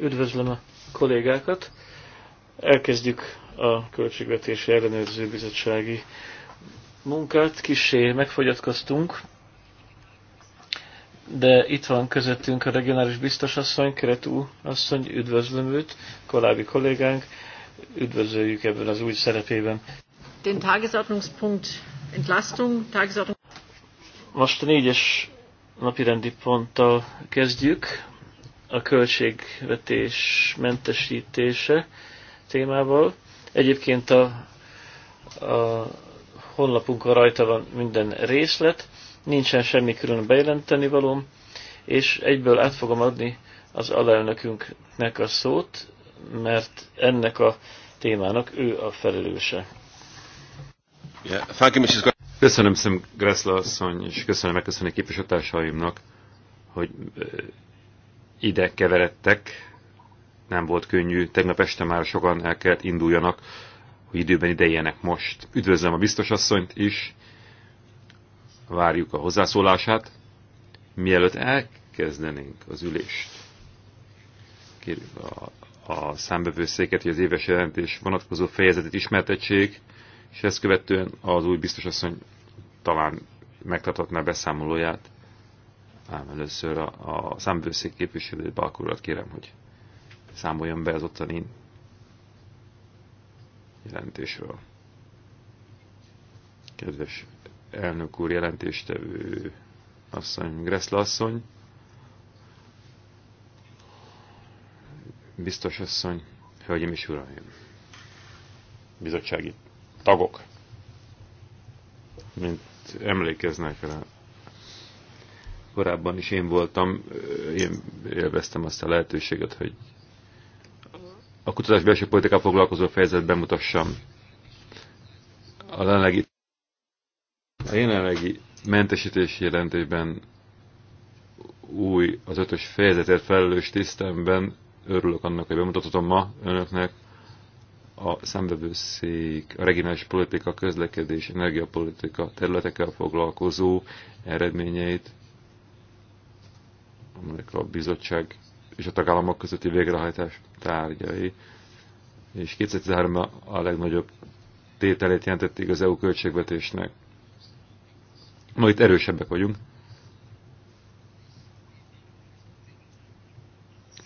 Üdvözlöm a kollégákat. Elkezdjük a Költségvetési Ellenőrző Bizottsági munkát. Kissé megfogyatkoztunk, de itt van közöttünk a regionális biztosasszony, Kretú asszony, üdvözlöm őt, korábbi kollégánk, üdvözöljük ebben az új szerepében. Den Tagesordnungspunkt Entlastung, Tagesordnung most a négyes napirendi ponttal kezdjük, a költségvetés mentesítése témával. Egyébként a, a honlapunkon rajta van minden részlet, nincsen semmi külön bejelenteni valóm, és egyből át fogom adni az alelnökünknek a szót, mert ennek a témának ő a felelőse. Yeah, thank you, Mrs. Köszönöm szem Greszla asszony, és köszönöm megköszönni képviselőtársaimnak, hogy ide keveredtek. Nem volt könnyű. Tegnap este már sokan el kellett induljanak, hogy időben idejenek most. Üdvözlöm a asszonyt is. Várjuk a hozzászólását. Mielőtt elkezdenénk az ülést, kérjük a, a számbevőszéket, hogy az éves jelentés vonatkozó fejezetet ismertetsék, és ezt követően az új biztosasszony talán megtartatná beszámolóját. Ám először a, a számbőszék képviselő Balkurat kérem, hogy számoljon be az ottani jelentésről. Kedves elnök úr jelentéstevő asszony, Greszla asszony, biztos asszony, hölgyem és uraim, bizottsági tagok, mint emlékeznek rá. Korábban is én voltam, én élveztem azt a lehetőséget, hogy a kutatás belső politikával foglalkozó fejezet bemutassam. A jelenlegi, a jelenlegi mentesítési jelentésben új, az ötös fejezetért felelős tisztemben örülök annak, hogy bemutathatom ma önöknek a szembevőszék, a regionális politika, közlekedés, energiapolitika területekkel foglalkozó eredményeit, amelyek a bizottság és a tagállamok közötti végrehajtás tárgyai. És 2013 a legnagyobb tételét jelentették az EU költségvetésnek. Ma itt erősebbek vagyunk.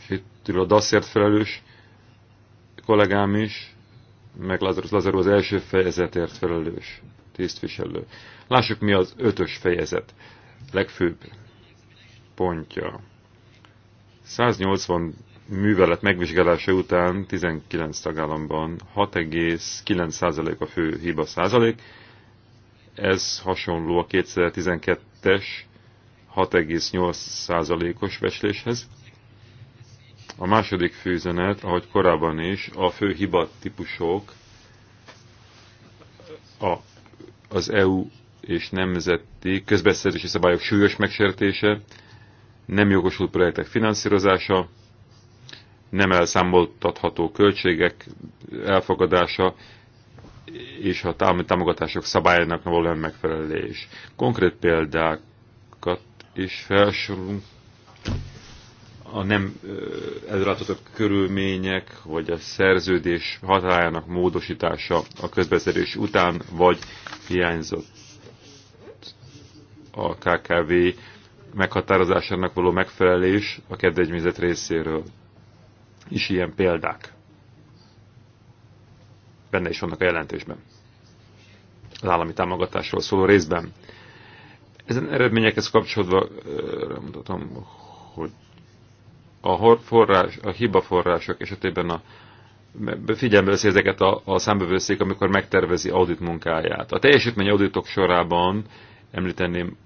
És itt a DASZ-ért felelős kollégám is, meg Lazarus, Lazarus az első fejezetért felelős tisztviselő. Lássuk, mi az ötös fejezet legfőbb pontja. 180 művelet megvizsgálása után 19 tagállamban 6,9% a fő hiba százalék. Ez hasonló a 2012-es 6,8%-os vesléshez. A második főzenet, ahogy korábban is, a fő hiba típusok a, az EU és nemzeti közbeszerzési szabályok súlyos megsértése, nem jogosult projektek finanszírozása, nem elszámoltatható költségek elfogadása, és a támogatások szabályának valóan megfelelés. Konkrét példákat is felsorolunk a nem előrelátható körülmények, vagy a szerződés hatájának módosítása a közbeszerés után, vagy hiányzott a KKV meghatározásának való megfelelés a kedvegyményzet részéről. Is ilyen példák. Benne is vannak a jelentésben. Az állami támogatásról szóló részben. Ezen eredményekhez kapcsolódva mondhatom, hogy a, forrás, a hiba források esetében a, figyelme veszi ezeket a, a számbevőszék, amikor megtervezi audit munkáját. A teljesítmény auditok sorában említeném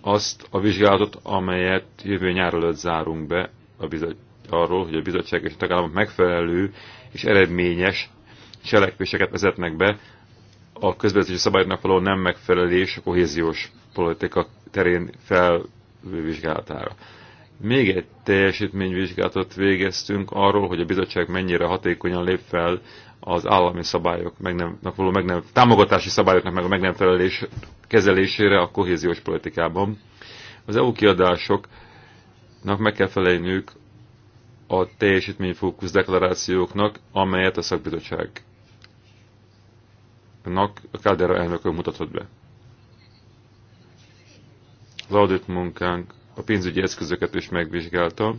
azt a vizsgálatot, amelyet jövő nyár előtt zárunk be a bizot, arról, hogy a bizottság és a tagállamok megfelelő és eredményes cselekvéseket vezetnek be a közvetési szabályoknak való nem megfelelés a kohéziós politika terén felvizsgálatára. Még egy teljesítményvizsgálatot végeztünk arról, hogy a bizottság mennyire hatékonyan lép fel az állami szabályok meg nem, való meg nem, támogatási szabályoknak meg a meg nem felelés kezelésére a kohéziós politikában. Az EU kiadásoknak meg kell felelniük a teljesítményfókusz deklarációknak, amelyet a szakbizottságnak a Kádera elnökön mutatott be. Az audit munkánk a pénzügyi eszközöket is megvizsgálta.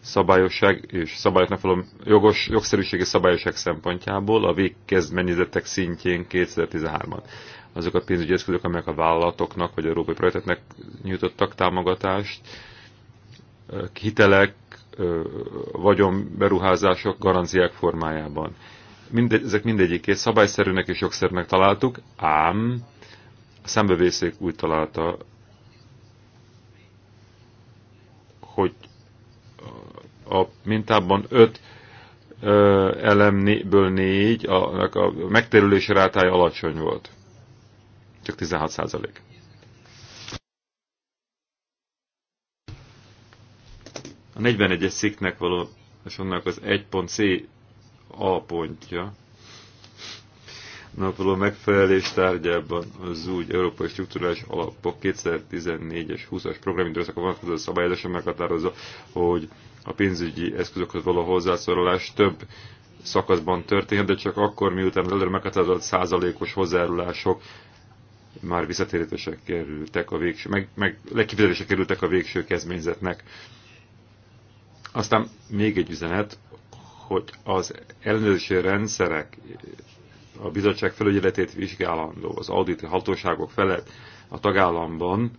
Szabályosság és szabályoknak való jogos, jogszerűség és szabályosság szempontjából a végkezdmennyezetek szintjén 2013-ban. Azok a pénzügyi eszközök, amelyek a vállalatoknak vagy európai projekteknek nyújtottak támogatást, hitelek, vagyonberuházások, garanciák formájában. Minde, ezek mindegyikét szabályszerűnek és jogszerűnek találtuk, ám a szembevészék úgy találta, a mintában 5 elemből 4, a, a megterülés rátája alacsony volt. Csak 16 százalék. A 41-es sziknek való, és annak az 1 C A pontja, napoló megfelelés tárgyában az úgy Európai Struktúrális Alapok 2014-es 20-as programidőszaka vonatkozó szabályozása meghatározza, hogy a pénzügyi eszközökhöz való hozzászorulás több szakaszban történhet, de csak akkor, miután az előre meghatározott százalékos hozzárulások már visszatérítések kerültek a végső, meg, meg lekifizetések kerültek a végső kezményzetnek. Aztán még egy üzenet, hogy az ellenőrzési rendszerek a bizottság felügyeletét vizsgálandó, az audit hatóságok felett a tagállamban,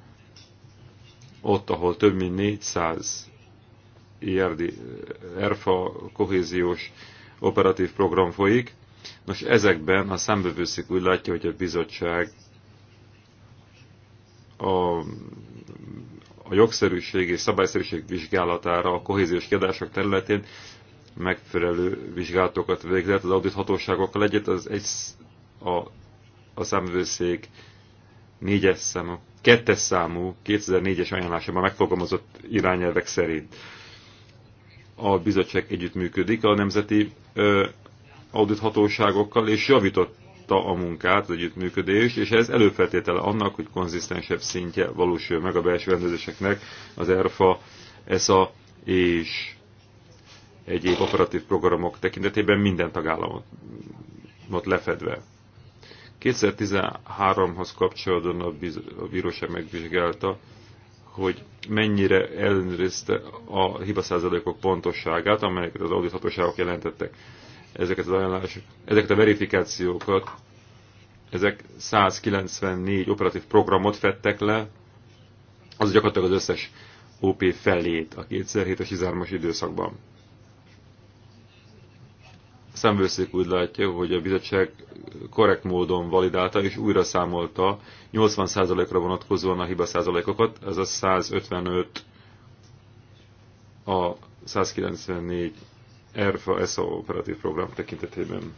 ott, ahol több mint 400 IRD, e ERFA kohéziós operatív program folyik. Nos, ezekben a számbevőszik úgy látja, hogy a bizottság a, a jogszerűség és szabályszerűség vizsgálatára a kohéziós kiadások területén megfelelő vizsgálatokat végzett az audit hatóságokkal egyet, az egy, a, a számvőszék négyes számú, kettes számú 2004-es ajánlásában megfogalmazott irányelvek szerint a bizottság együttműködik a nemzeti audithatóságokkal, és javította a munkát, az együttműködést, és ez előfeltétele annak, hogy konzisztensebb szintje valósul meg a belső rendezéseknek az ERFA, ESA és egyéb operatív programok tekintetében minden tagállamot lefedve. 2013-hoz kapcsolatban a bíróság megvizsgálta hogy mennyire ellenőrizte a hibaszázalékok pontosságát, amelyeket az audithatóságok jelentettek. Ezeket az ajánlások, ezeket a verifikációkat, ezek 194 operatív programot fettek le, az gyakorlatilag az összes OP felét a 2007-es 13-as időszakban szemvőszék úgy látja, hogy a bizottság korrekt módon validálta és újra számolta 80%-ra vonatkozóan a hiba százalékokat, ez a 155 a 194 ERFA ESA operatív program tekintetében.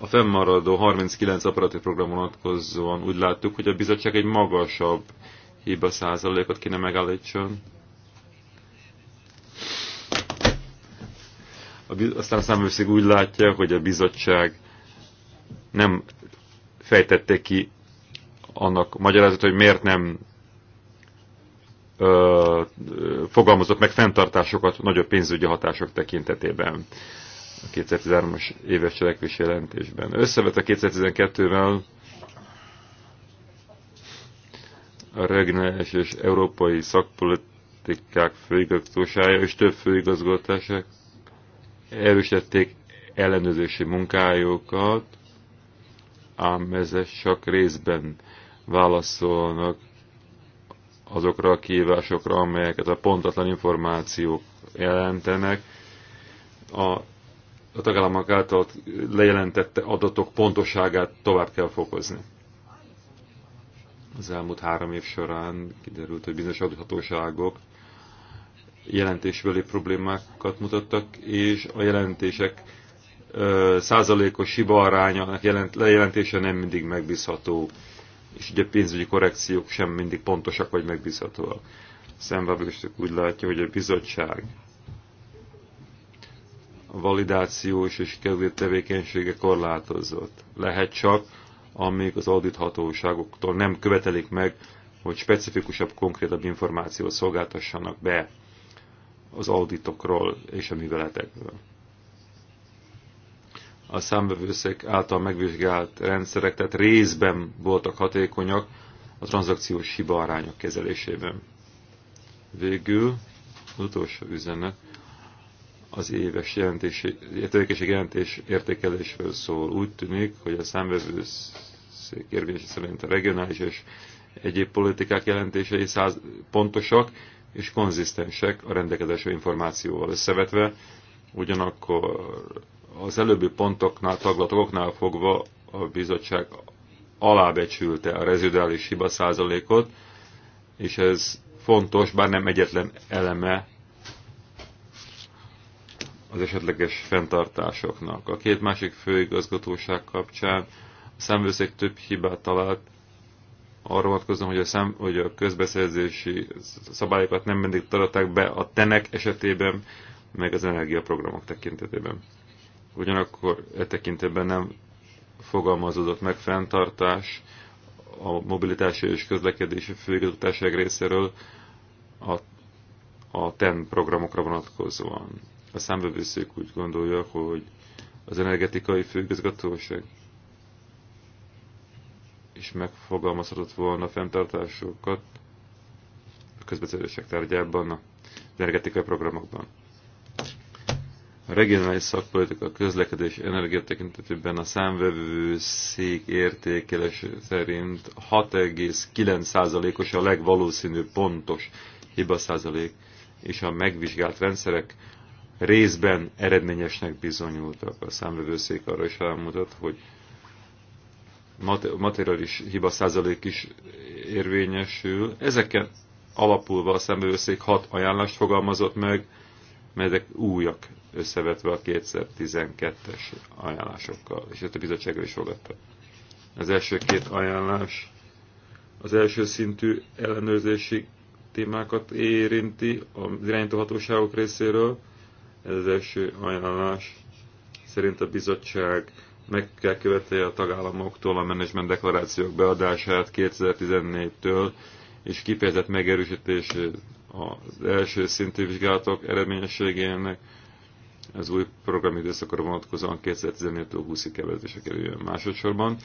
A fennmaradó 39 operatív program vonatkozóan úgy láttuk, hogy a bizottság egy magasabb hiba százalékot kéne megállítson, aztán a számőszög úgy látja, hogy a bizottság nem fejtette ki annak magyarázat, hogy miért nem ö, fogalmazott meg fenntartásokat nagyobb pénzügyi hatások tekintetében a 2013-as éves cselekvés jelentésben. Összevet a 2012-vel a regionális és európai szakpolitikák főigazgatósája és több főigazgatása erősítették ellenőrzési munkájukat, ám ezek csak részben válaszolnak azokra a kívásokra, amelyeket a pontatlan információk jelentenek. A, a tagállamok által lejelentette adatok pontoságát tovább kell fokozni. Az elmúlt három év során kiderült, hogy bizonyos adhatóságok jelentésbeli problémákat mutattak, és a jelentések ö, százalékos hiba aránya, jelent, lejelentése nem mindig megbízható, és ugye pénzügyi korrekciók sem mindig pontosak vagy megbízhatóak. Szemvábbikustok úgy látja, hogy a bizottság a validációs és kezdő tevékenysége korlátozott. Lehet csak, amíg az audithatóságoktól nem követelik meg, hogy specifikusabb, konkrétabb információt szolgáltassanak be az auditokról és a műveletekről. A számbevőszék által megvizsgált rendszerek, tehát részben voltak hatékonyak a tranzakciós hiba arányok kezelésében. Végül az utolsó üzenet az éves jelentés, jelentés értékelésről szól. Úgy tűnik, hogy a számbevőszék érvényese szerint a regionális és egyéb politikák jelentései száz, pontosak, és konzisztensek a rendelkezésre információval összevetve, ugyanakkor az előbbi pontoknál, taglatoknál fogva a bizottság alábecsülte a reziduális hiba százalékot, és ez fontos, bár nem egyetlen eleme az esetleges fenntartásoknak. A két másik főigazgatóság kapcsán a több hibát talált, arra vonatkozom, hogy a, szem, hogy a közbeszerzési szabályokat nem mindig tartották be a tenek esetében, meg az energiaprogramok tekintetében. Ugyanakkor e tekintetben nem fogalmazódott meg fenntartás a mobilitási és közlekedési főigazgatóság részéről a, a TEN programokra vonatkozóan. A számvevőszék úgy gondolja, hogy az energetikai főigazgatóság is megfogalmazhatott volna fenntartásokat a közbeszerzések tárgyában, a energetikai programokban. A regionális szakpolitika közlekedés energia tekintetében a szék értékelés szerint 6,9%-os a legvalószínűbb pontos hiba százalék, és a megvizsgált rendszerek részben eredményesnek bizonyultak. A számvevőszék arra is elmutat, hogy materiális hiba százalék is érvényesül. Ezeken alapulva a szemlőszék hat ajánlást fogalmazott meg, melyek újak összevetve a 2012-es ajánlásokkal, és ezt a bizottság is fogadta. Az első két ajánlás az első szintű ellenőrzési témákat érinti a irányítóhatóságok részéről. Ez az első ajánlás szerint a bizottság meg kell követelje a tagállamoktól a menedzsment deklarációk beadását 2014-től, és kifejezett megerősítés az első szintű vizsgálatok eredményességének az új programidőszakra vonatkozóan 2014-től 20-ig kevezetése kerüljön másodszorban.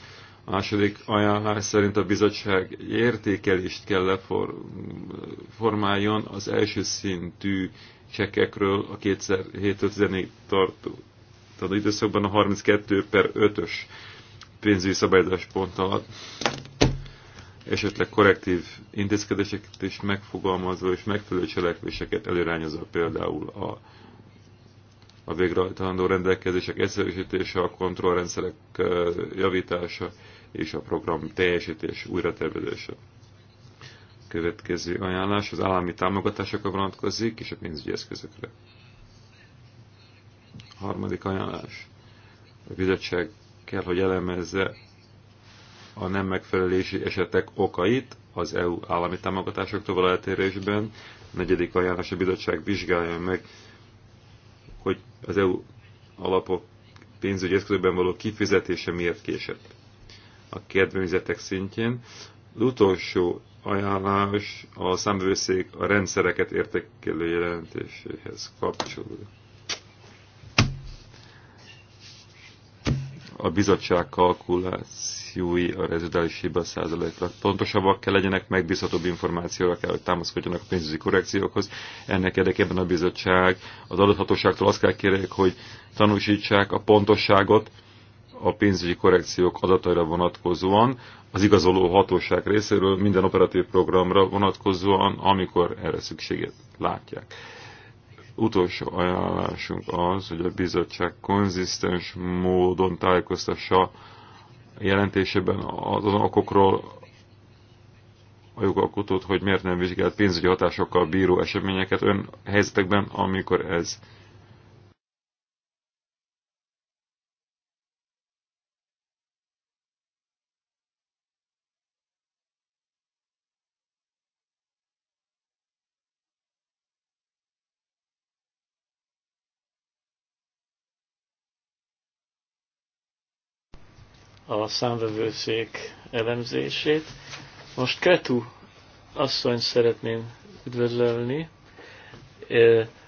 A második ajánlás szerint a bizottság értékelést kell formáljon az első szintű csekekről a 2007-14 tartó az időszakban a 32 per 5-ös pénzügyi szabályozás pont alatt esetleg korrektív intézkedéseket is megfogalmazva és megfelelő cselekvéseket előrányozva például a, a végrehajtandó rendelkezések egyszerűsítése, a kontrollrendszerek javítása és a program teljesítés újratervezése. Következő ajánlás az állami támogatásokra vonatkozik és a pénzügyi eszközökre. Harmadik ajánlás. A bizottság kell, hogy elemezze a nem megfelelési esetek okait az EU állami támogatásoktól való eltérésben. A negyedik ajánlás a bizottság vizsgálja meg, hogy az EU alapok pénzügyi eszközökben való kifizetése miért késett a kedvezményezetek szintjén. Az utolsó ajánlás a számvőszék a rendszereket értékelő jelentéséhez kapcsolódik. a bizottság kalkulációi a rezidális hiba százalékra. Pontosabbak kell legyenek, megbízhatóbb információra kell, hogy támaszkodjanak a pénzügyi korrekciókhoz. Ennek érdekében a bizottság az adathatóságtól azt kell kérjék, hogy tanúsítsák a pontosságot a pénzügyi korrekciók adataira vonatkozóan, az igazoló hatóság részéről minden operatív programra vonatkozóan, amikor erre szükséget látják utolsó ajánlásunk az, hogy a bizottság konzisztens módon tájékoztassa a jelentésében azon okokról a jogalkotót, hogy miért nem vizsgált pénzügyi hatásokkal bíró eseményeket ön helyzetekben, amikor ez a számvevőszék elemzését. Most Ketu asszony szeretném üdvözölni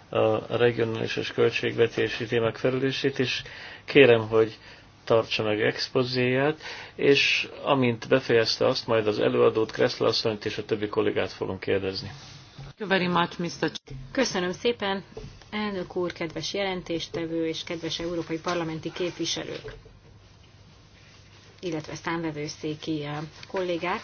a regionális és költségvetési témák felülését, és kérem, hogy tartsa meg expozéját, és amint befejezte azt, majd az előadót, Kressler asszonyt és a többi kollégát fogunk kérdezni. Köszönöm szépen, elnök úr, kedves jelentéstevő és kedves európai parlamenti képviselők! illetve számvevőszéki eh, kollégák.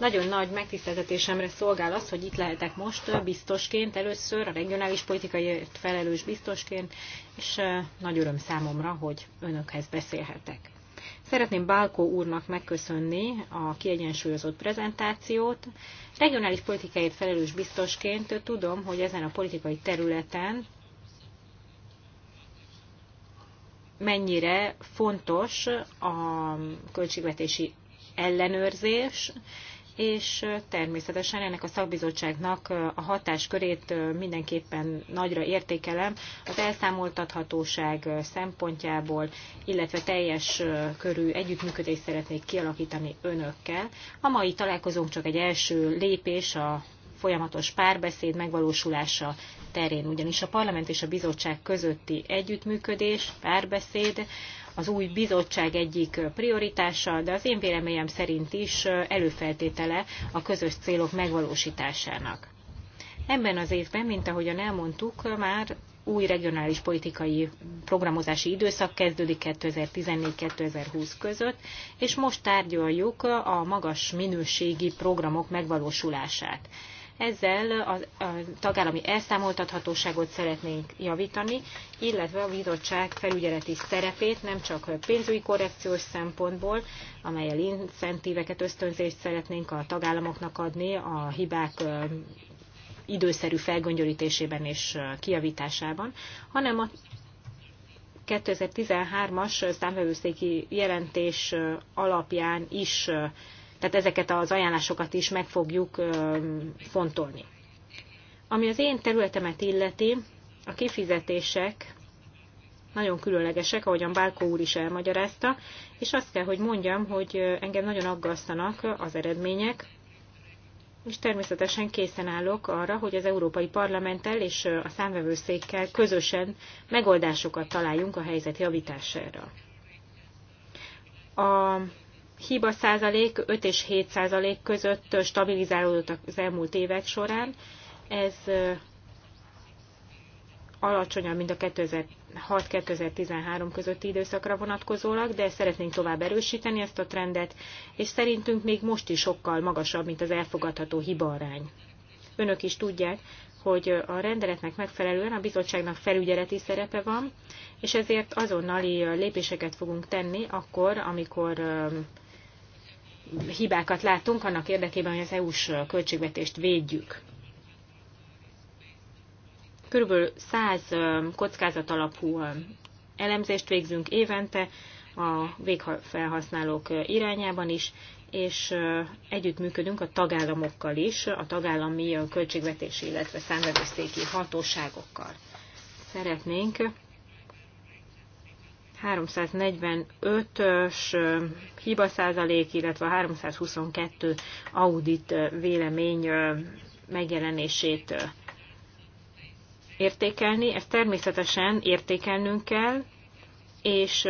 Nagyon nagy megtiszteltetésemre szolgál az, hogy itt lehetek most eh, biztosként, először a regionális politikaiért felelős biztosként, és eh, nagy öröm számomra, hogy önökhez beszélhetek. Szeretném Bálkó úrnak megköszönni a kiegyensúlyozott prezentációt. Regionális politikáért felelős biztosként tudom, hogy ezen a politikai területen mennyire fontos a költségvetési ellenőrzés, és természetesen ennek a szakbizottságnak a hatáskörét mindenképpen nagyra értékelem az elszámoltathatóság szempontjából, illetve teljes körű együttműködést szeretnék kialakítani önökkel. A mai találkozónk csak egy első lépés a folyamatos párbeszéd megvalósulása terén, ugyanis a parlament és a bizottság közötti együttműködés, párbeszéd az új bizottság egyik prioritása, de az én véleményem szerint is előfeltétele a közös célok megvalósításának. Ebben az évben, mint ahogyan elmondtuk, már új regionális politikai programozási időszak kezdődik 2014-2020 között, és most tárgyaljuk a magas minőségi programok megvalósulását. Ezzel a, tagállami elszámoltathatóságot szeretnénk javítani, illetve a bizottság felügyeleti szerepét nem csak pénzügyi korrekciós szempontból, amelyel incentíveket, ösztönzést szeretnénk a tagállamoknak adni a hibák időszerű felgöngyörítésében és kiavításában, hanem a 2013-as számvevőszéki jelentés alapján is tehát ezeket az ajánlásokat is meg fogjuk fontolni. Ami az én területemet illeti, a kifizetések nagyon különlegesek, ahogyan Bálkó úr is elmagyarázta, és azt kell, hogy mondjam, hogy engem nagyon aggasztanak az eredmények, és természetesen készen állok arra, hogy az Európai Parlamenttel és a számvevőszékkel közösen megoldásokat találjunk a helyzet javítására. A hiba százalék 5 és 7 százalék között stabilizálódott az elmúlt évek során. Ez alacsonyabb, mint a 2006-2013 közötti időszakra vonatkozólag, de szeretnénk tovább erősíteni ezt a trendet, és szerintünk még most is sokkal magasabb, mint az elfogadható hibaarány. Önök is tudják, hogy a rendeletnek megfelelően a bizottságnak felügyeleti szerepe van, és ezért azonnali lépéseket fogunk tenni akkor, amikor hibákat látunk annak érdekében, hogy az EU-s költségvetést védjük. Körülbelül 100 kockázat alapú elemzést végzünk évente a végfelhasználók irányában is, és együttműködünk a tagállamokkal is, a tagállami költségvetési, illetve számvevőszéki hatóságokkal. Szeretnénk 345-ös hibaszázalék, illetve a 322 audit vélemény megjelenését értékelni. Ezt természetesen értékelnünk kell, és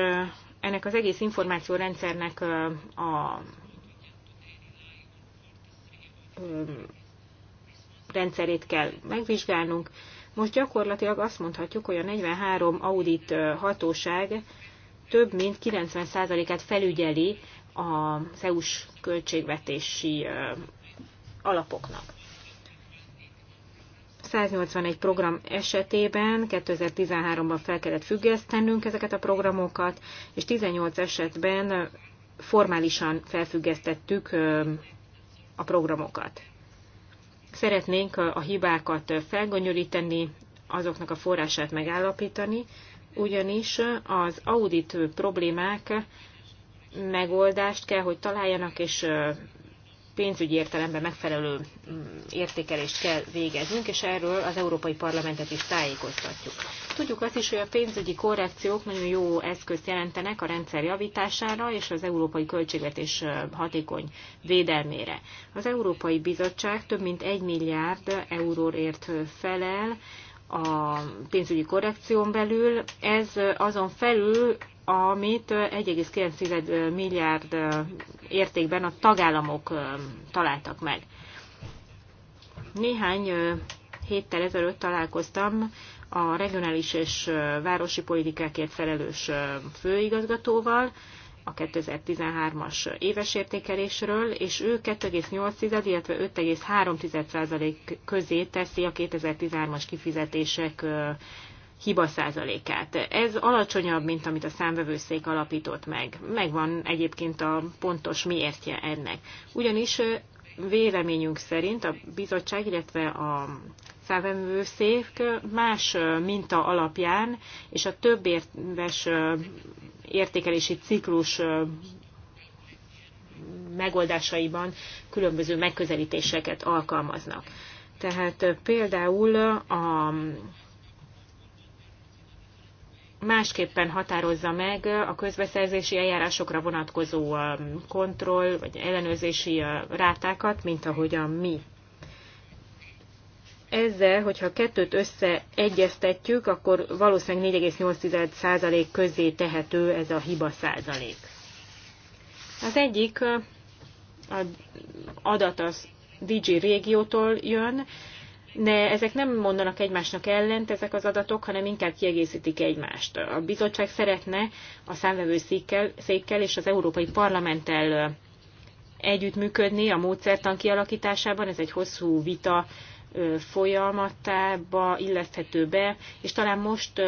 ennek az egész információrendszernek a rendszerét kell megvizsgálnunk. Most gyakorlatilag azt mondhatjuk, hogy a 43 audit hatóság több mint 90%-át felügyeli a EU-s költségvetési alapoknak. 181 program esetében 2013-ban fel kellett függesztenünk ezeket a programokat, és 18 esetben formálisan felfüggesztettük a programokat. Szeretnénk a hibákat felgonyolítani, azoknak a forrását megállapítani, ugyanis az audit problémák megoldást kell, hogy találjanak, és pénzügyi értelemben megfelelő mm, értékelést kell végeznünk, és erről az Európai Parlamentet is tájékoztatjuk. Tudjuk azt is, hogy a pénzügyi korrekciók nagyon jó eszközt jelentenek a rendszer javítására és az európai költségvetés hatékony védelmére. Az Európai Bizottság több mint egy milliárd euróért felel a pénzügyi korrekción belül, ez azon felül, amit 1,9 milliárd értékben a tagállamok találtak meg. Néhány héttel ezelőtt találkoztam a regionális és városi politikákért felelős főigazgatóval, a 2013-as éves értékelésről, és ő 2,8, illetve 5,3% közé teszi a 2013-as kifizetések hiba százalékát. Ez alacsonyabb, mint amit a számvevőszék alapított meg. Megvan egyébként a pontos miértje ennek. Ugyanis véleményünk szerint a bizottság, illetve a számvevőszék más minta alapján és a több éves értékelési ciklus megoldásaiban különböző megközelítéseket alkalmaznak. Tehát például a másképpen határozza meg a közbeszerzési eljárásokra vonatkozó kontroll vagy ellenőrzési rátákat, mint ahogy a mi ezzel, hogyha kettőt összeegyeztetjük, akkor valószínűleg 4,8% közé tehető ez a hiba százalék. Az egyik adat az DG régiótól jön, de ezek nem mondanak egymásnak ellent ezek az adatok, hanem inkább kiegészítik egymást. A bizottság szeretne a számvevőszékkel és az Európai Parlamenttel együttműködni a módszertan kialakításában. Ez egy hosszú vita folyamatába illeszthető be, és talán most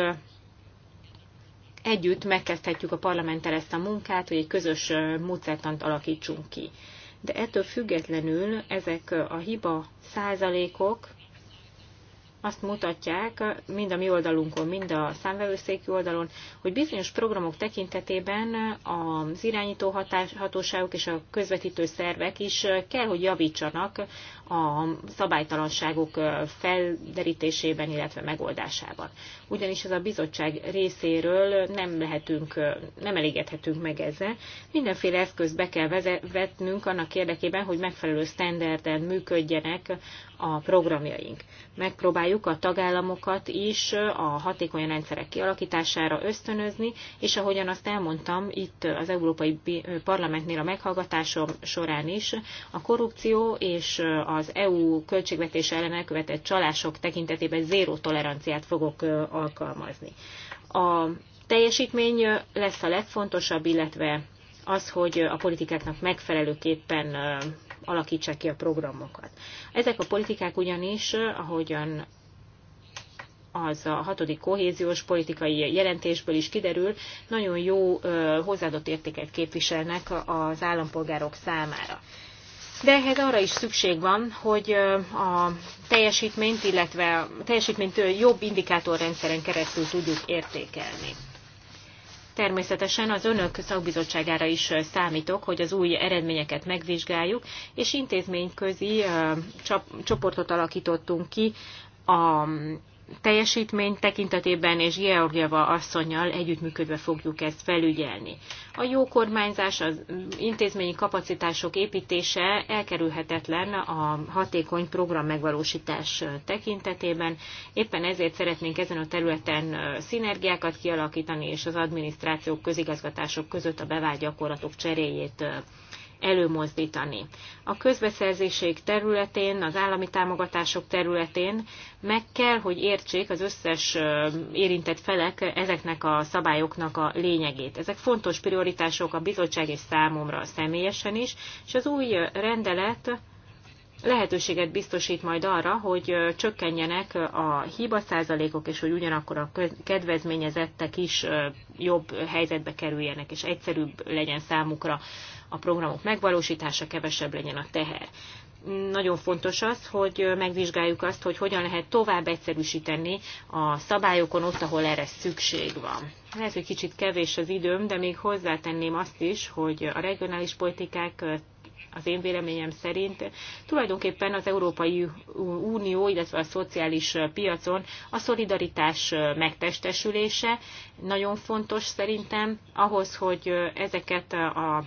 együtt megkezdhetjük a parlamenttel ezt a munkát, hogy egy közös módszertant alakítsunk ki. De ettől függetlenül ezek a hiba százalékok azt mutatják, mind a mi oldalunkon, mind a számvevőszéki oldalon, hogy bizonyos programok tekintetében az irányító hatóságok és a közvetítő szervek is kell, hogy javítsanak a szabálytalanságok felderítésében, illetve megoldásában. Ugyanis ez a bizottság részéről nem lehetünk, nem elégedhetünk meg ezzel. Mindenféle eszközt be kell vetnünk annak érdekében, hogy megfelelő sztenderden működjenek a programjaink. Megpróbáljuk a tagállamokat is a hatékony rendszerek kialakítására ösztönözni, és ahogyan azt elmondtam itt az Európai Parlamentnél a meghallgatásom során is, a korrupció és a az EU költségvetése ellen elkövetett csalások tekintetében zéró toleranciát fogok alkalmazni. A teljesítmény lesz a legfontosabb, illetve az, hogy a politikáknak megfelelőképpen alakítsák ki a programokat. Ezek a politikák ugyanis, ahogyan az a hatodik kohéziós politikai jelentésből is kiderül, nagyon jó hozzáadott értéket képviselnek az állampolgárok számára de ehhez arra is szükség van, hogy a teljesítményt, illetve a teljesítményt jobb indikátorrendszeren keresztül tudjuk értékelni. Természetesen az önök szakbizottságára is számítok, hogy az új eredményeket megvizsgáljuk, és intézményközi csoportot alakítottunk ki a teljesítmény tekintetében és Georgieva asszonynal együttműködve fogjuk ezt felügyelni. A jó kormányzás, az intézményi kapacitások építése elkerülhetetlen a hatékony program megvalósítás tekintetében. Éppen ezért szeretnénk ezen a területen szinergiákat kialakítani, és az adminisztrációk, közigazgatások között a bevált gyakorlatok cseréjét előmozdítani. A közbeszerzéség területén, az állami támogatások területén meg kell, hogy értsék az összes érintett felek ezeknek a szabályoknak a lényegét. Ezek fontos prioritások a bizottság és számomra személyesen is, és az új rendelet lehetőséget biztosít majd arra, hogy csökkenjenek a hiba százalékok, és hogy ugyanakkor a kedvezményezettek is jobb helyzetbe kerüljenek, és egyszerűbb legyen számukra a programok megvalósítása, kevesebb legyen a teher. Nagyon fontos az, hogy megvizsgáljuk azt, hogy hogyan lehet tovább egyszerűsíteni a szabályokon ott, ahol erre szükség van. Lehet, hogy kicsit kevés az időm, de még hozzátenném azt is, hogy a regionális politikák az én véleményem szerint tulajdonképpen az Európai Unió, illetve a szociális piacon a szolidaritás megtestesülése nagyon fontos szerintem ahhoz, hogy ezeket a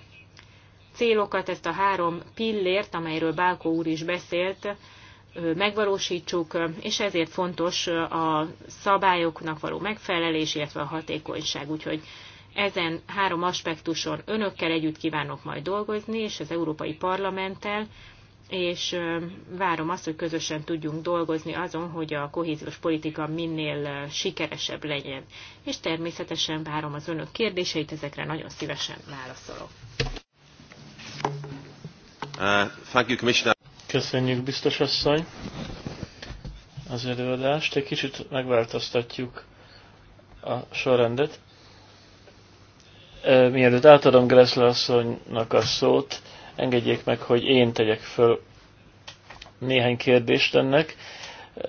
célokat, ezt a három pillért, amelyről Bálkó úr is beszélt, megvalósítsuk, és ezért fontos a szabályoknak való megfelelés, illetve a hatékonyság. Úgyhogy ezen három aspektuson önökkel együtt kívánok majd dolgozni, és az Európai Parlamenttel, és várom azt, hogy közösen tudjunk dolgozni azon, hogy a kohéziós politika minél sikeresebb legyen. És természetesen várom az önök kérdéseit, ezekre nagyon szívesen válaszolok. Uh, Köszönjük, biztos asszony, az előadást. Egy kicsit megváltoztatjuk a sorrendet. Uh, mielőtt átadom Gressler asszonynak a szót, engedjék meg, hogy én tegyek föl néhány kérdést ennek,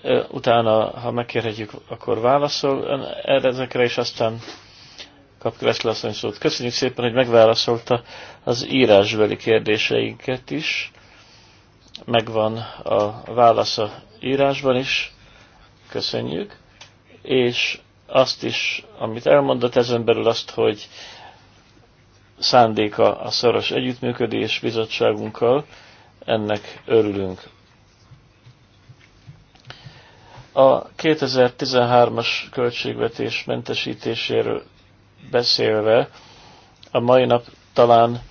uh, utána, ha megkérhetjük, akkor válaszol erre ezekre, és aztán kapja Leszle asszony szót. Köszönjük szépen, hogy megválaszolta az írásbeli kérdéseinket is. Megvan a válasza írásban is. Köszönjük. És azt is, amit elmondott ezen belül azt, hogy szándéka a szoros együttműködés bizottságunkkal, ennek örülünk. A 2013-as költségvetés mentesítéséről beszélve a mai nap talán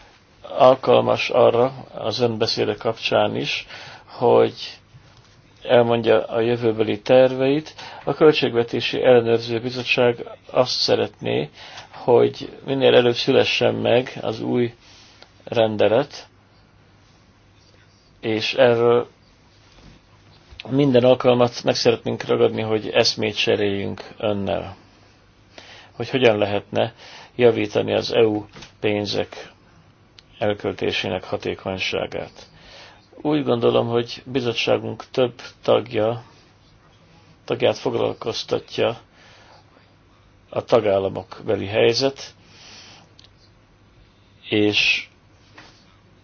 alkalmas arra az önbeszéde kapcsán is, hogy elmondja a jövőbeli terveit. A Költségvetési Ellenőrző Bizottság azt szeretné, hogy minél előbb szülessen meg az új rendelet, és erről minden alkalmat meg szeretnénk ragadni, hogy eszmét cseréljünk önnel hogy hogyan lehetne javítani az EU pénzek elköltésének hatékonyságát. Úgy gondolom, hogy bizottságunk több tagja, tagját foglalkoztatja a tagállamok beli helyzet, és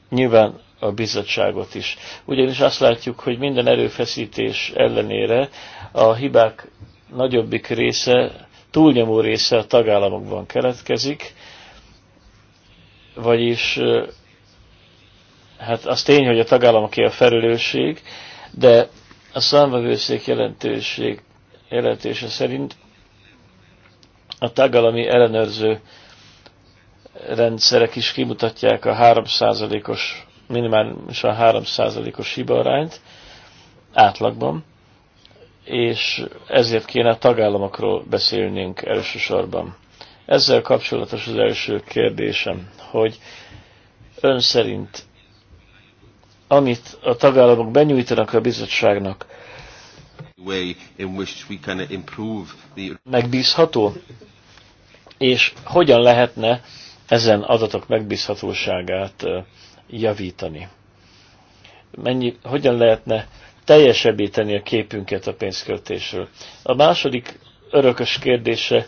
nyilván a bizottságot is. Ugyanis azt látjuk, hogy minden erőfeszítés ellenére a hibák nagyobbik része túlnyomó része a tagállamokban keletkezik, vagyis hát az tény, hogy a tagállamoké a felelősség, de a számvevőszék jelentőség, jelentése szerint a tagállami ellenőrző rendszerek is kimutatják a 3%-os, minimálisan 3%-os hibarányt átlagban és ezért kéne a tagállamokról beszélnünk elsősorban. Ezzel kapcsolatos az első kérdésem, hogy ön szerint, amit a tagállamok benyújtanak a bizottságnak, megbízható? És hogyan lehetne ezen adatok megbízhatóságát javítani? Mennyi, hogyan lehetne teljesebbíteni a képünket a pénzköltésről. A második örökös kérdése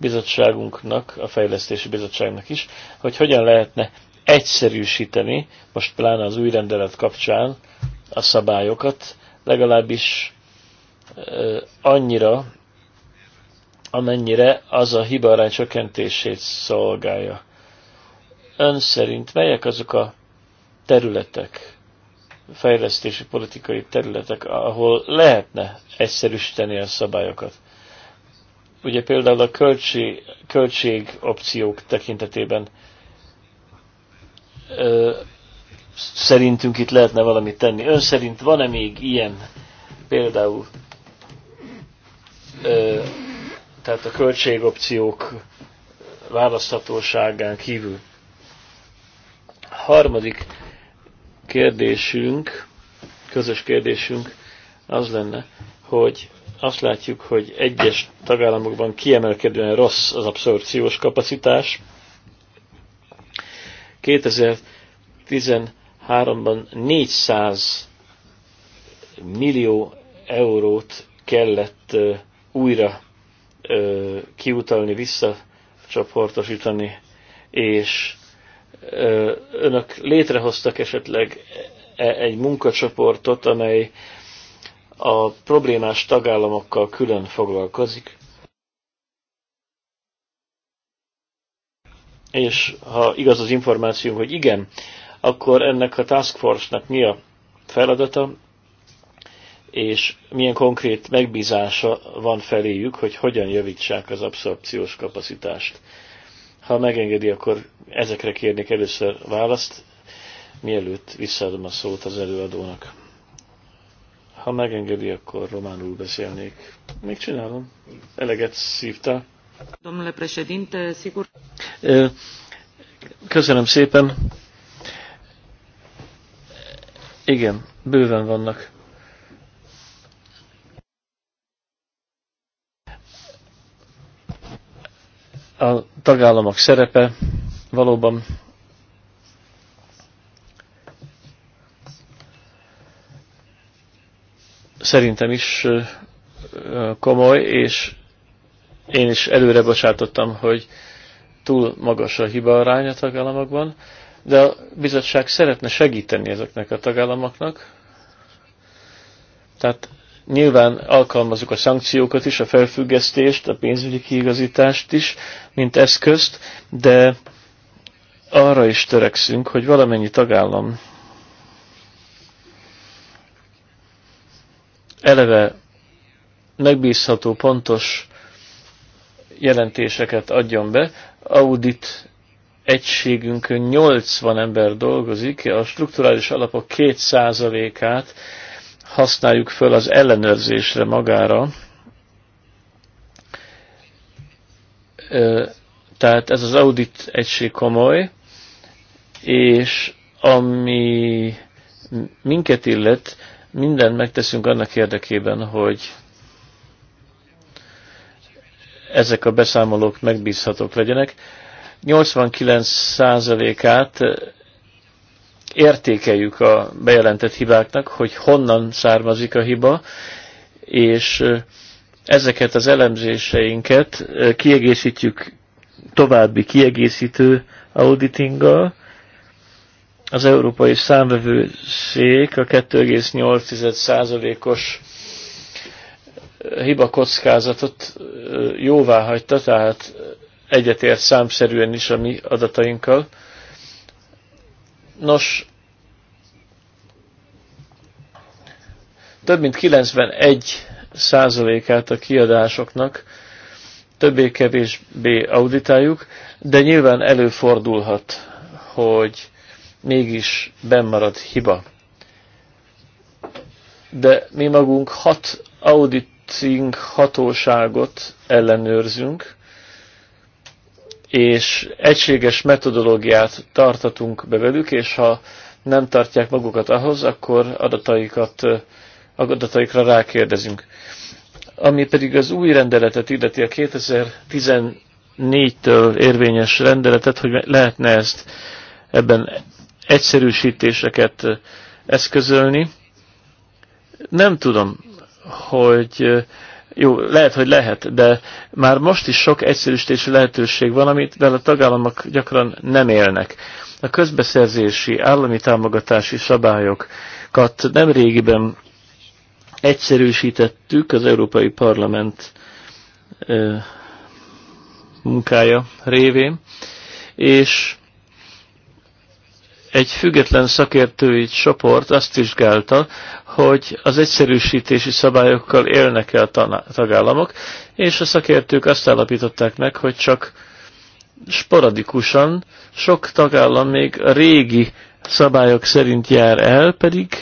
bizottságunknak, a fejlesztési bizottságnak is, hogy hogyan lehetne egyszerűsíteni, most pláne az új rendelet kapcsán a szabályokat, legalábbis annyira, amennyire az a arány csökkentését szolgálja. Ön szerint melyek azok a területek, fejlesztési politikai területek, ahol lehetne egyszerűsíteni a szabályokat. Ugye például a költség, opciók tekintetében ö, szerintünk itt lehetne valamit tenni. Ön szerint van-e még ilyen például ö, tehát a költségopciók választhatóságán kívül? Harmadik kérdésünk, közös kérdésünk az lenne, hogy azt látjuk, hogy egyes tagállamokban kiemelkedően rossz az abszorpciós kapacitás. 2013-ban 400 millió eurót kellett újra kiutalni, visszacsoportosítani, és önök létrehoztak esetleg e egy munkacsoportot, amely a problémás tagállamokkal külön foglalkozik. És ha igaz az információ, hogy igen, akkor ennek a task force-nak mi a feladata, és milyen konkrét megbízása van feléjük, hogy hogyan javítsák az abszorpciós kapacitást. Ha megengedi, akkor ezekre kérnék először választ, mielőtt visszaadom a szót az előadónak. Ha megengedi, akkor románul beszélnék. Még csinálom. Eleget szívta. Domnule președinte, sigur. Köszönöm szépen. Igen, bőven vannak a tagállamok szerepe valóban szerintem is komoly, és én is előre bocsátottam, hogy túl magas a hiba arány a tagállamokban, de a bizottság szeretne segíteni ezeknek a tagállamoknak. Tehát Nyilván alkalmazzuk a szankciókat is, a felfüggesztést, a pénzügyi kiigazítást is, mint eszközt, de arra is törekszünk, hogy valamennyi tagállam eleve megbízható, pontos jelentéseket adjon be. Audit egységünkön 80 ember dolgozik, a strukturális alapok 2%-át használjuk föl az ellenőrzésre magára. Tehát ez az audit egység komoly, és ami minket illet, mindent megteszünk annak érdekében, hogy ezek a beszámolók megbízhatók legyenek. 89%-át értékeljük a bejelentett hibáknak, hogy honnan származik a hiba, és ezeket az elemzéseinket kiegészítjük további kiegészítő auditinggal. Az Európai Számvevőszék a 2,8%-os hiba kockázatot jóvá hagyta, tehát egyetért számszerűen is a mi adatainkkal. Nos, több mint 91 százalékát a kiadásoknak többé-kevésbé auditáljuk, de nyilván előfordulhat, hogy mégis bennmarad hiba. De mi magunk hat auditing hatóságot ellenőrzünk, és egységes metodológiát tartatunk be velük, és ha nem tartják magukat ahhoz, akkor adataikat, adataikra rákérdezünk. Ami pedig az új rendeletet illeti a 2014-től érvényes rendeletet, hogy lehetne ezt ebben egyszerűsítéseket eszközölni. Nem tudom, hogy jó, lehet, hogy lehet, de már most is sok egyszerűsítési lehetőség van, amit a tagállamok gyakran nem élnek. A közbeszerzési, állami támogatási szabályokat nem régiben egyszerűsítettük az Európai Parlament munkája révén, és egy független szakértői csoport azt vizsgálta, hogy az egyszerűsítési szabályokkal élnek-e a tagállamok, és a szakértők azt állapították meg, hogy csak sporadikusan sok tagállam még a régi szabályok szerint jár el, pedig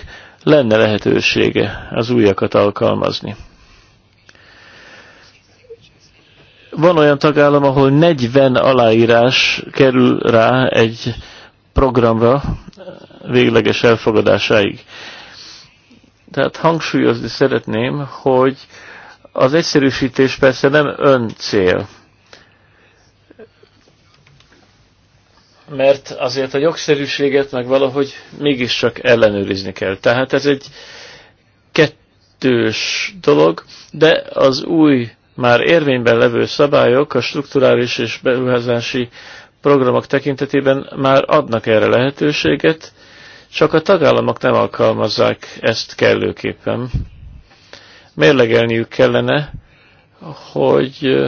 lenne lehetősége az újakat alkalmazni. Van olyan tagállam, ahol 40 aláírás kerül rá egy programra végleges elfogadásáig. Tehát hangsúlyozni szeretném, hogy az egyszerűsítés persze nem ön cél, mert azért a jogszerűséget meg valahogy mégiscsak ellenőrizni kell. Tehát ez egy kettős dolog, de az új, már érvényben levő szabályok a strukturális és beruházási programok tekintetében már adnak erre lehetőséget, csak a tagállamok nem alkalmazzák ezt kellőképpen. Mérlegelniük kellene, hogy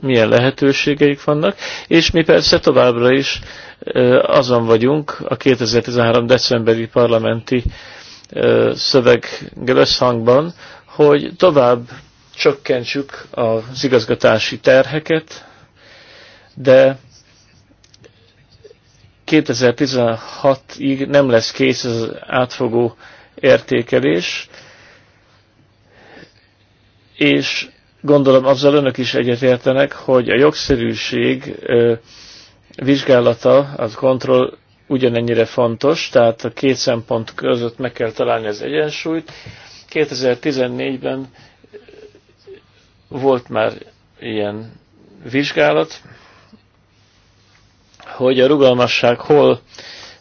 milyen lehetőségeik vannak, és mi persze továbbra is azon vagyunk a 2013. decemberi parlamenti szöveggel összhangban, hogy tovább csökkentsük az igazgatási terheket, de 2016-ig nem lesz kész az átfogó értékelés, és gondolom azzal önök is egyetértenek, hogy a jogszerűség vizsgálata, az kontroll ugyanennyire fontos, tehát a két szempont között meg kell találni az egyensúlyt. 2014-ben volt már ilyen vizsgálat, hogy a rugalmasság hol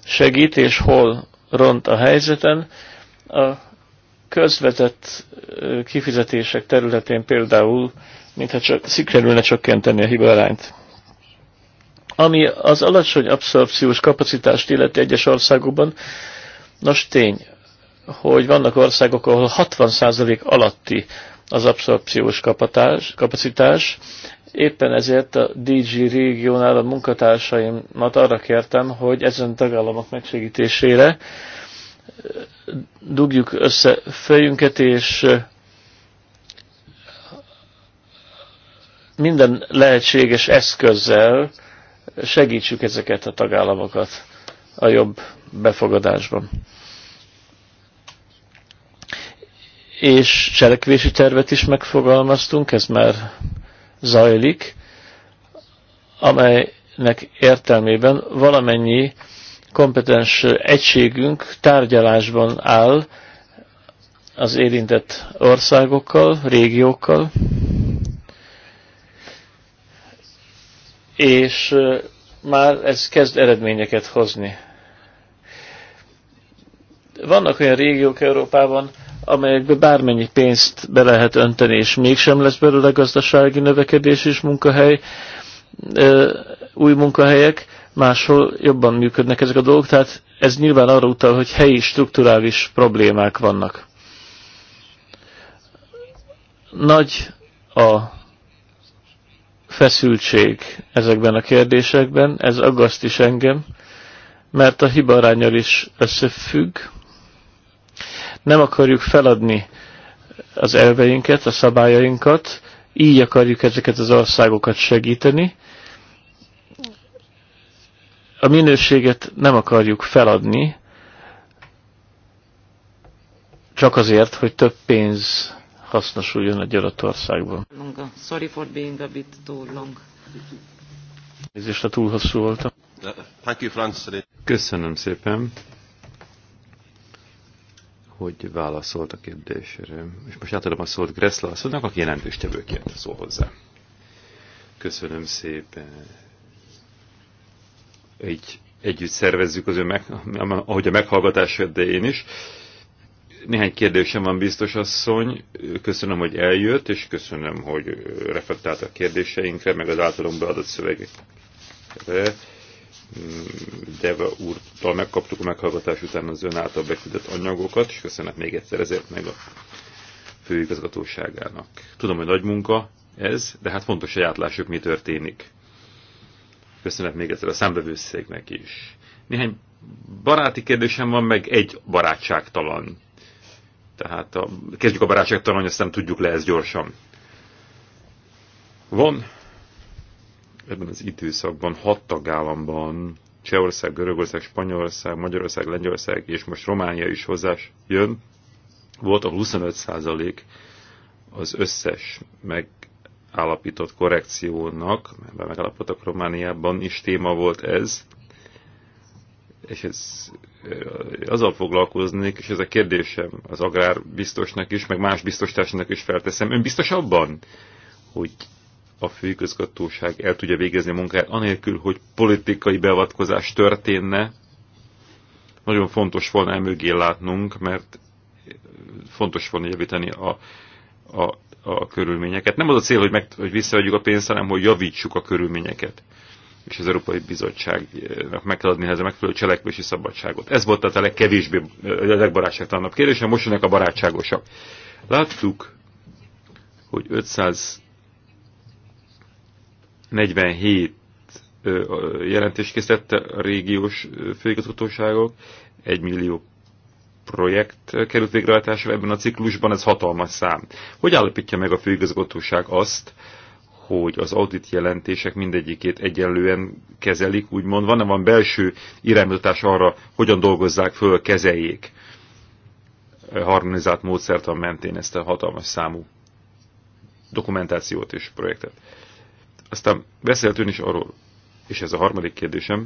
segít és hol ront a helyzeten. A közvetett kifizetések területén például, mintha csak sikerülne csökkenteni a hibarányt. Ami az alacsony abszorpciós kapacitást illeti egyes országokban, nos tény, hogy vannak országok, ahol 60% alatti az abszorpciós kapacitás, Éppen ezért a DG régiónál a munkatársaimat arra kértem, hogy ezen tagállamok megsegítésére eh, dugjuk össze fejünket, és eh, minden lehetséges eszközzel segítsük ezeket a tagállamokat a jobb befogadásban. És cselekvési tervet is megfogalmaztunk, ez már zajlik, amelynek értelmében valamennyi kompetens egységünk tárgyalásban áll az érintett országokkal, régiókkal, és már ez kezd eredményeket hozni. Vannak olyan régiók Európában, amelyekbe bármennyi pénzt be lehet önteni, és mégsem lesz belőle gazdasági növekedés és munkahely, új munkahelyek, máshol jobban működnek ezek a dolgok, tehát ez nyilván arra utal, hogy helyi strukturális problémák vannak. Nagy a feszültség ezekben a kérdésekben, ez aggaszt is engem, mert a hibarányal is összefügg, nem akarjuk feladni az elveinket, a szabályainkat, így akarjuk ezeket az országokat segíteni. A minőséget nem akarjuk feladni, csak azért, hogy több pénz hasznosuljon egy adott országban. Sorry for being a bit too long. túl hosszú voltam. Köszönöm szépen hogy válaszolt a kérdésre. És most átadom a szót Gressla asszonynak, aki jelentős tevőként szól hozzá. Köszönöm szépen. Így együtt szervezzük az ő meg, ahogy a meghallgatás de én is. Néhány kérdésem van, biztos asszony. Köszönöm, hogy eljött, és köszönöm, hogy reflektált a kérdéseinkre, meg az általunk beadott szövegekre. Deva úrtól megkaptuk a meghallgatás után az ön által beküldött anyagokat, és köszönet még egyszer ezért meg a főigazgatóságának. Tudom, hogy nagy munka ez, de hát fontos, hogy átlássuk, mi történik. Köszönet még egyszer a számbevőszégnek is. Néhány baráti kérdésem van, meg egy barátságtalan. Tehát a, kezdjük a barátságtalan, hogy aztán tudjuk le ezt gyorsan. Van ebben az időszakban hat tagállamban, Csehország, Görögország, Spanyolország, Magyarország, Lengyelország és most Románia is hozzás jön, volt a 25 az összes megállapított korrekciónak, mert megállapodtak Romániában is téma volt ez, és ez azzal foglalkoznék, és ez a kérdésem az agrárbiztosnak is, meg más biztosításnak is felteszem. Ön biztos abban, hogy a főigazgatóság el tudja végezni a munkáját, anélkül, hogy politikai beavatkozás történne, nagyon fontos volna emögé látnunk, mert fontos volna javítani a, a, a körülményeket. Nem az a cél, hogy, meg, hogy visszaadjuk a pénzt, hanem hogy javítsuk a körülményeket. És az Európai Bizottságnak meg kell adni ehhez a megfelelő cselekvési szabadságot. Ez volt tehát a legkevésbé, a legbarátságtalanabb kérdés, most jönnek a barátságosak. Láttuk, hogy 500 47 jelentést készített a régiós főigazgatóságok, 1 millió projekt került végrehajtásra ebben a ciklusban, ez hatalmas szám. Hogy állapítja meg a főigazgatóság azt, hogy az audit jelentések mindegyikét egyenlően kezelik, úgymond van-e van belső iránymutatás arra, hogyan dolgozzák föl, kezeljék harmonizált módszertan mentén ezt a hatalmas számú dokumentációt és projektet. Aztán beszélt ön is arról, és ez a harmadik kérdésem,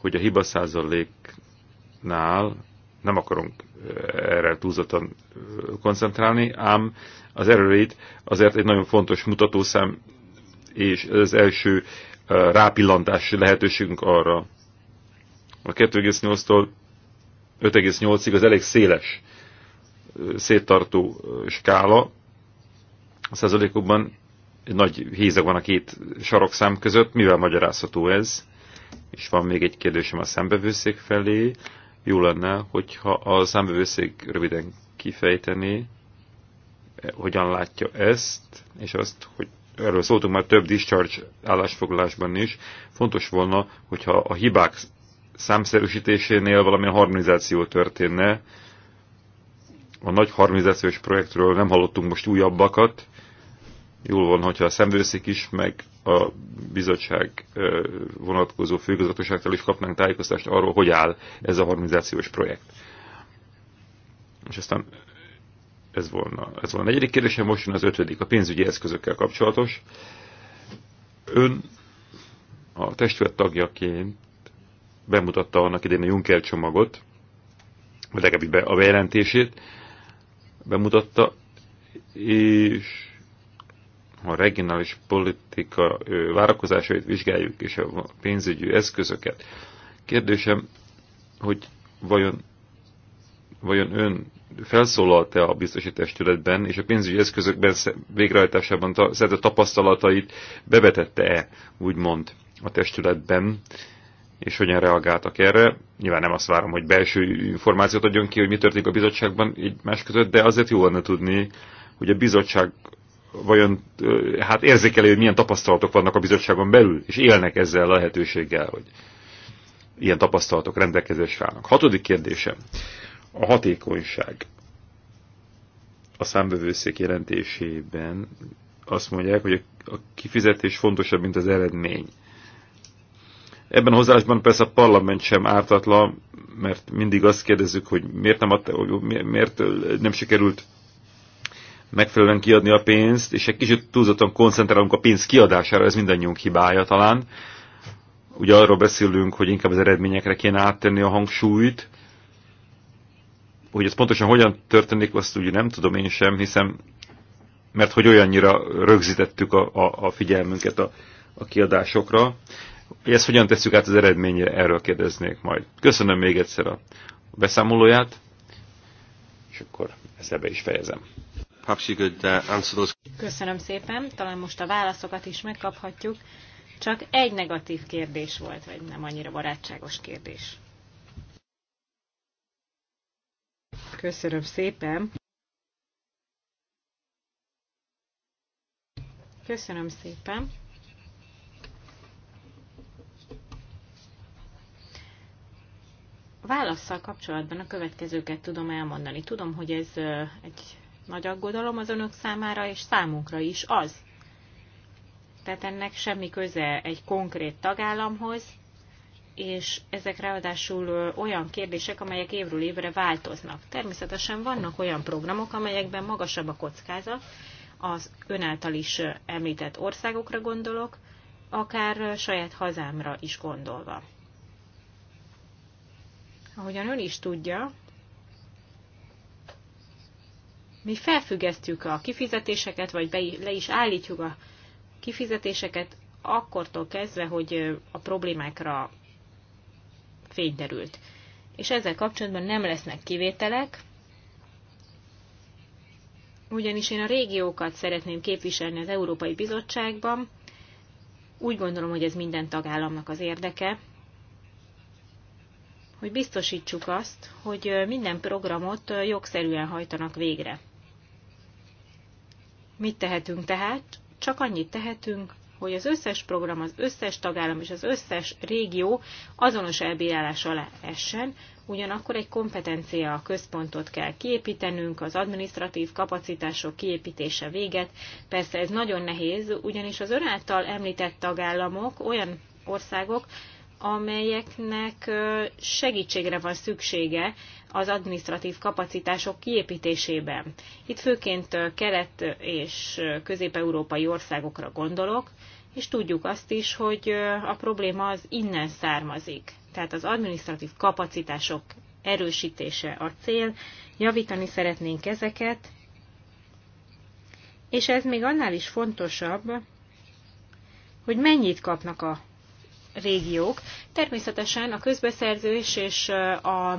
hogy a hiba százaléknál nem akarunk eh, erre túlzottan eh, koncentrálni, ám az erőrét azért egy nagyon fontos mutatószám, és ez az első eh, rápillantás lehetőségünk arra. A 2,8-tól 5,8-ig az elég széles széttartó skála, a százalékokban nagy hízag van a két sarokszám között, mivel magyarázható ez? És van még egy kérdésem a szembevőszék felé. Jó lenne, hogyha a szembevőszék röviden kifejteni, eh, hogyan látja ezt, és azt, hogy erről szóltunk már több discharge állásfoglalásban is, fontos volna, hogyha a hibák számszerűsítésénél valamilyen harmonizáció történne. A nagy harmonizációs projektről nem hallottunk most újabbakat, Jól van, hogyha a szemvőszik is, meg a bizottság vonatkozó főigazgatóságtól is kapnánk tájékoztást arról, hogy áll ez a harmonizációs projekt. És aztán ez volna, ez volna a negyedik kérdésem, most jön az ötödik, a pénzügyi eszközökkel kapcsolatos. Ön a testület tagjaként bemutatta annak idején a Juncker csomagot, vagy legalábbis a bejelentését bemutatta, és a regionális politika várakozásait vizsgáljuk, és a pénzügyi eszközöket, kérdésem, hogy vajon, vajon ön felszólalt-e a biztosítás testületben, és a pénzügyi eszközökben végrehajtásában szerte tapasztalatait bevetette-e, úgymond, a testületben, és hogyan reagáltak erre. Nyilván nem azt várom, hogy belső információt adjon ki, hogy mi történik a bizottságban egymás között, de azért jó lenne tudni, hogy a bizottság vajon hát érzékelő, hogy milyen tapasztalatok vannak a bizottságon belül, és élnek ezzel a lehetőséggel, hogy ilyen tapasztalatok rendelkezésre állnak. Hatodik kérdésem. A hatékonyság. A számbevőszék jelentésében azt mondják, hogy a kifizetés fontosabb, mint az eredmény. Ebben a hozzáállásban persze a parlament sem ártatlan, mert mindig azt kérdezzük, hogy miért nem, adta, miért nem sikerült megfelelően kiadni a pénzt, és egy kicsit túlzottan koncentrálunk a pénz kiadására, ez mindannyiunk hibája talán. Ugye arról beszélünk, hogy inkább az eredményekre kéne áttenni a hangsúlyt, hogy ez pontosan hogyan történik, azt ugye nem tudom én sem, hiszen mert hogy olyannyira rögzítettük a, a, a figyelmünket a, a kiadásokra, hogy ezt hogyan tesszük át az eredményre, erről kérdeznék majd. Köszönöm még egyszer a beszámolóját, és akkor ezt ebbe is fejezem perhaps you could uh, answer those. Köszönöm szépen, talán most a válaszokat is megkaphatjuk. Csak egy negatív kérdés volt, vagy nem annyira barátságos kérdés. Köszönöm szépen. Köszönöm szépen. Válasszal kapcsolatban a következőket tudom elmondani. Tudom, hogy ez egy nagy aggodalom az önök számára, és számunkra is az. Tehát ennek semmi köze egy konkrét tagállamhoz, és ezek ráadásul olyan kérdések, amelyek évről évre változnak. Természetesen vannak olyan programok, amelyekben magasabb a kockázat, az önáltal is említett országokra gondolok, akár saját hazámra is gondolva. Ahogyan ön is tudja, mi felfüggesztjük a kifizetéseket, vagy be, le is állítjuk a kifizetéseket, akkortól kezdve, hogy a problémákra fény derült. És ezzel kapcsolatban nem lesznek kivételek, ugyanis én a régiókat szeretném képviselni az Európai Bizottságban. Úgy gondolom, hogy ez minden tagállamnak az érdeke, hogy biztosítsuk azt, hogy minden programot jogszerűen hajtanak végre. Mit tehetünk tehát? Csak annyit tehetünk, hogy az összes program, az összes tagállam és az összes régió azonos elbírálás alá essen, ugyanakkor egy kompetencia a központot kell kiépítenünk, az administratív kapacitások kiépítése véget. Persze ez nagyon nehéz, ugyanis az ön által említett tagállamok olyan országok, amelyeknek segítségre van szüksége az administratív kapacitások kiépítésében. Itt főként kelet- és közép-európai országokra gondolok, és tudjuk azt is, hogy a probléma az innen származik. Tehát az administratív kapacitások erősítése a cél, javítani szeretnénk ezeket, és ez még annál is fontosabb, hogy mennyit kapnak a régiók. Természetesen a közbeszerzés és a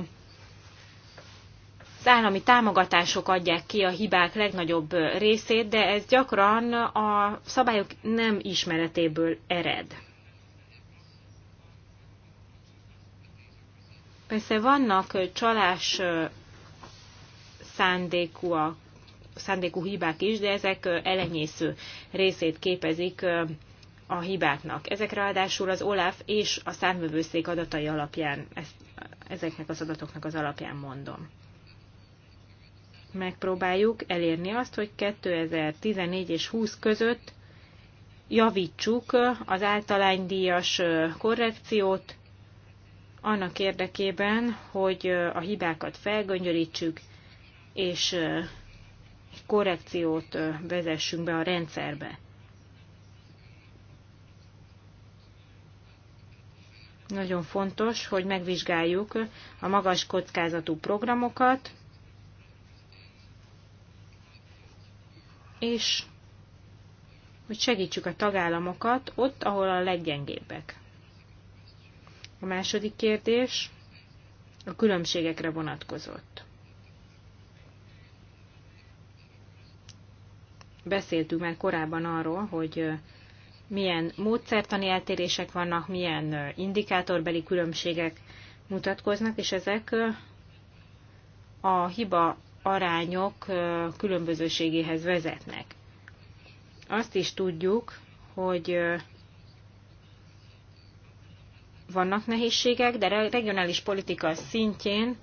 az állami támogatások adják ki a hibák legnagyobb részét, de ez gyakran a szabályok nem ismeretéből ered. Persze vannak csalás szándékú, szándékú hibák is, de ezek elenyésző részét képezik a hibáknak. Ezek ráadásul az OLAF és a számvevőszék adatai alapján, ezt, ezeknek az adatoknak az alapján mondom. Megpróbáljuk elérni azt, hogy 2014 és 20 között javítsuk az általánydíjas korrekciót, annak érdekében, hogy a hibákat felgöngyörítsük, és korrekciót vezessünk be a rendszerbe. Nagyon fontos, hogy megvizsgáljuk a magas kockázatú programokat, és hogy segítsük a tagállamokat ott, ahol a leggyengébbek. A második kérdés a különbségekre vonatkozott. Beszéltünk már korábban arról, hogy milyen módszertani eltérések vannak, milyen indikátorbeli különbségek mutatkoznak, és ezek a hiba arányok különbözőségéhez vezetnek. Azt is tudjuk, hogy vannak nehézségek, de regionális politika szintjén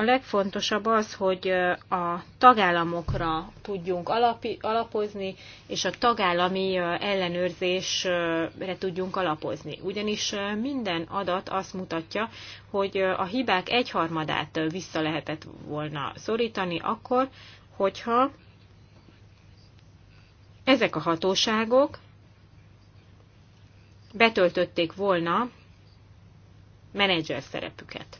a legfontosabb az, hogy a tagállamokra tudjunk alapi, alapozni, és a tagállami ellenőrzésre tudjunk alapozni. Ugyanis minden adat azt mutatja, hogy a hibák egyharmadát vissza lehetett volna szorítani akkor, hogyha ezek a hatóságok betöltötték volna menedzser szerepüket.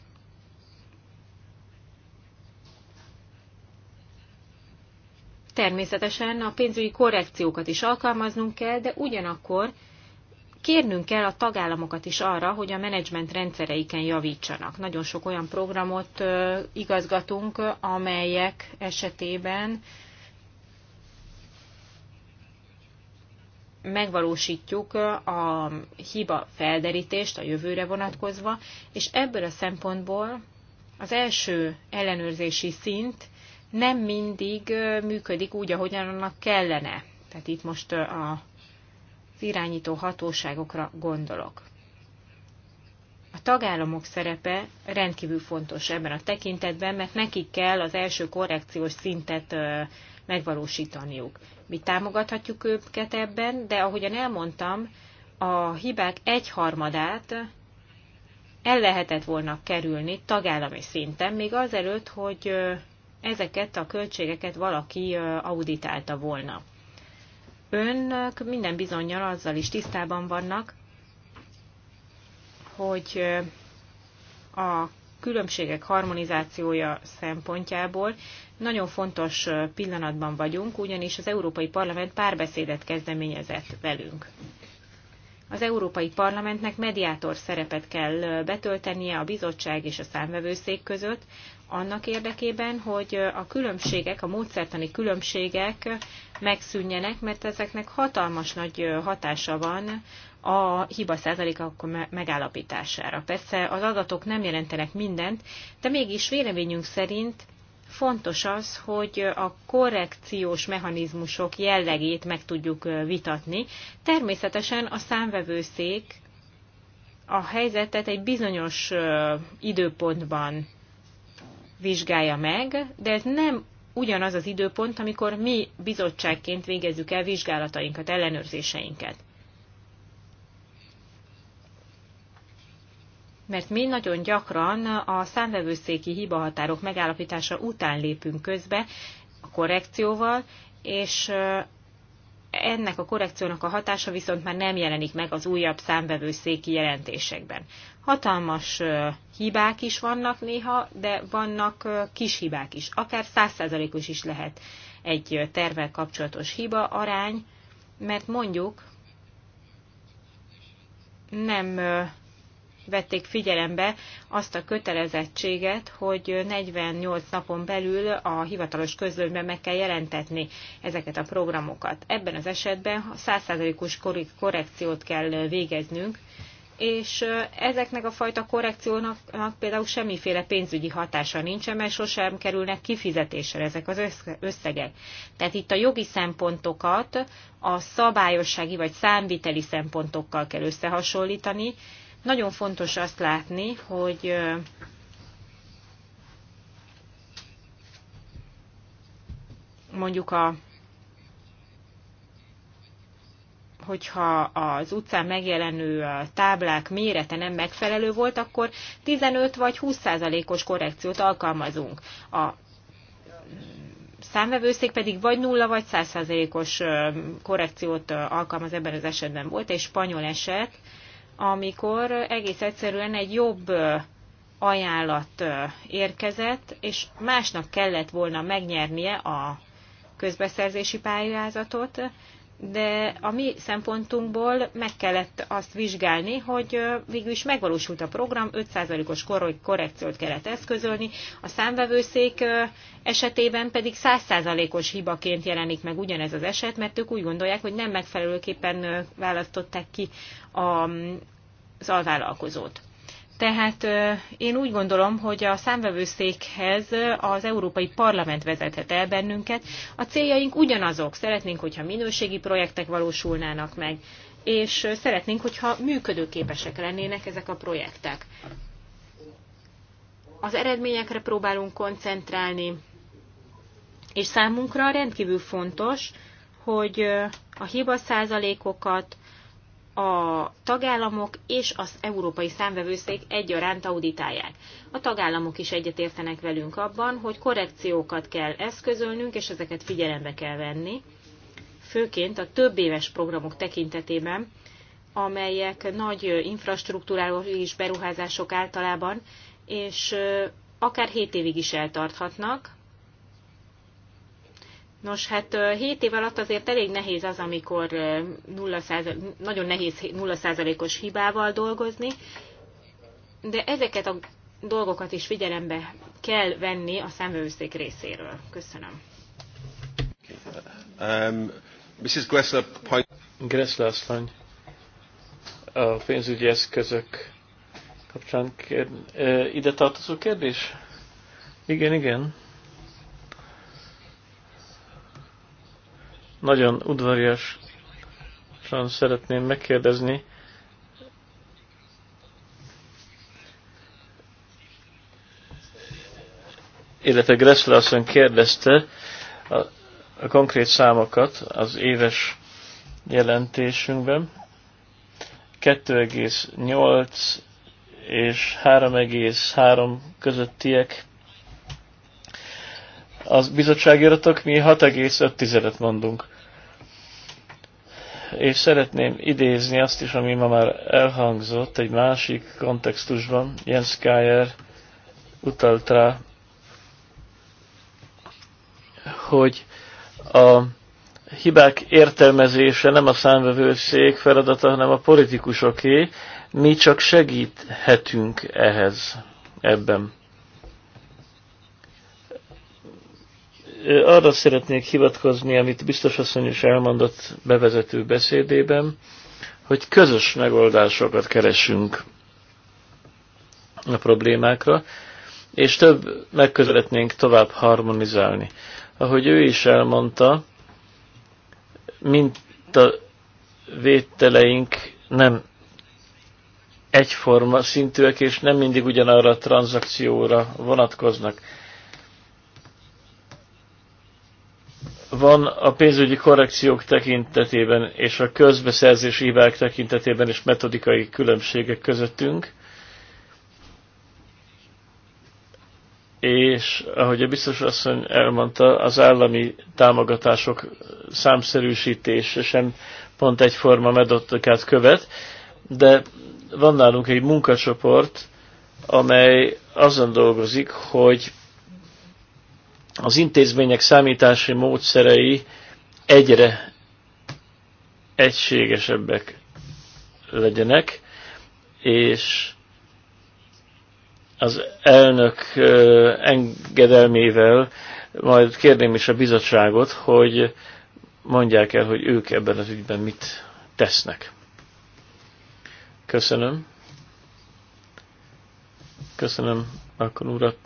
természetesen a pénzügyi korrekciókat is alkalmaznunk kell, de ugyanakkor kérnünk kell a tagállamokat is arra, hogy a menedzsment rendszereiken javítsanak. Nagyon sok olyan programot igazgatunk, amelyek esetében megvalósítjuk a hiba felderítést a jövőre vonatkozva, és ebből a szempontból az első ellenőrzési szint nem mindig működik úgy, ahogyan annak kellene. Tehát itt most a irányító hatóságokra gondolok. A tagállamok szerepe rendkívül fontos ebben a tekintetben, mert nekik kell az első korrekciós szintet megvalósítaniuk. Mi támogathatjuk őket ebben, de ahogyan elmondtam, a hibák egyharmadát el lehetett volna kerülni tagállami szinten, még azelőtt, hogy ezeket a költségeket valaki auditálta volna. Önök minden bizonyal azzal is tisztában vannak, hogy a különbségek harmonizációja szempontjából nagyon fontos pillanatban vagyunk, ugyanis az Európai Parlament párbeszédet kezdeményezett velünk az Európai Parlamentnek mediátor szerepet kell betöltenie a bizottság és a számvevőszék között, annak érdekében, hogy a különbségek, a módszertani különbségek megszűnjenek, mert ezeknek hatalmas nagy hatása van a hiba százalékok megállapítására. Persze az adatok nem jelentenek mindent, de mégis véleményünk szerint fontos az, hogy a korrekciós mechanizmusok jellegét meg tudjuk vitatni. Természetesen a számvevőszék a helyzetet egy bizonyos időpontban vizsgálja meg, de ez nem ugyanaz az időpont, amikor mi bizottságként végezzük el vizsgálatainkat, ellenőrzéseinket. mert mi nagyon gyakran a számvevőszéki hibahatárok megállapítása után lépünk közbe a korrekcióval, és ennek a korrekciónak a hatása viszont már nem jelenik meg az újabb számvevőszéki jelentésekben. Hatalmas hibák is vannak néha, de vannak kis hibák is. Akár százszázalékos is lehet egy tervel kapcsolatos hiba arány, mert mondjuk nem vették figyelembe azt a kötelezettséget, hogy 48 napon belül a hivatalos közlönyben meg kell jelentetni ezeket a programokat. Ebben az esetben 100%-os korrekciót kell végeznünk, és ezeknek a fajta korrekciónak például semmiféle pénzügyi hatása nincsen, mert sosem kerülnek kifizetésre ezek az összegek. Tehát itt a jogi szempontokat a szabályossági vagy számviteli szempontokkal kell összehasonlítani, nagyon fontos azt látni, hogy mondjuk a hogyha az utcán megjelenő táblák mérete nem megfelelő volt, akkor 15 vagy 20 százalékos korrekciót alkalmazunk. A számvevőszék pedig vagy nulla, vagy 100 százalékos korrekciót alkalmaz ebben az esetben volt, egy spanyol eset, amikor egész egyszerűen egy jobb ajánlat érkezett, és másnak kellett volna megnyernie a közbeszerzési pályázatot, de a mi szempontunkból meg kellett azt vizsgálni, hogy végül is megvalósult a program, 5%-os korrekciót kellett eszközölni, a számvevőszék esetében pedig 100%-os hibaként jelenik meg ugyanez az eset, mert ők úgy gondolják, hogy nem megfelelőképpen választották ki az alvállalkozót. Tehát én úgy gondolom, hogy a számvevőszékhez az Európai Parlament vezethet el bennünket. A céljaink ugyanazok. Szeretnénk, hogyha minőségi projektek valósulnának meg, és szeretnénk, hogyha működőképesek lennének ezek a projektek. Az eredményekre próbálunk koncentrálni, és számunkra rendkívül fontos, hogy a hiba százalékokat, a tagállamok és az európai számvevőszék egyaránt auditálják. A tagállamok is egyetértenek velünk abban, hogy korrekciókat kell eszközölnünk, és ezeket figyelembe kell venni, főként a több éves programok tekintetében, amelyek nagy infrastruktúrális beruházások általában, és akár 7 évig is eltarthatnak, Nos, hát 7 év alatt azért elég nehéz az, amikor 0 nagyon nehéz 0%-os hibával dolgozni, de ezeket a dolgokat is figyelembe kell venni a számvevőszék részéről. Köszönöm. Um, Mrs. Gressler, point... Gressler asszony, a pénzügyi eszközök kapcsán kérd... ide tartozó kérdés? Igen, igen. nagyon udvariasan szeretném megkérdezni, illetve Gressler asszony kérdezte a, a konkrét számokat az éves jelentésünkben. 2,8 és 3,3 közöttiek az bizottságiratok mi 6,5-et mondunk és szeretném idézni azt is, ami ma már elhangzott egy másik kontextusban, Jens Kájer utalt rá, hogy a hibák értelmezése nem a számvevőszék feladata, hanem a politikusoké, mi csak segíthetünk ehhez ebben. arra szeretnék hivatkozni, amit biztos asszony is elmondott bevezető beszédében, hogy közös megoldásokat keresünk a problémákra, és több megközelhetnénk tovább harmonizálni. Ahogy ő is elmondta, mint a vételeink nem egyforma szintűek, és nem mindig ugyanarra a tranzakcióra vonatkoznak. van a pénzügyi korrekciók tekintetében és a közbeszerzési hibák tekintetében és metodikai különbségek közöttünk. És ahogy a biztos asszony elmondta, az állami támogatások számszerűsítése sem pont egyforma metodikát követ, de van nálunk egy munkacsoport, amely azon dolgozik, hogy az intézmények számítási módszerei egyre egységesebbek legyenek, és az elnök engedelmével majd kérném is a bizottságot, hogy mondják el, hogy ők ebben az ügyben mit tesznek. Köszönöm. Köszönöm akkor urat,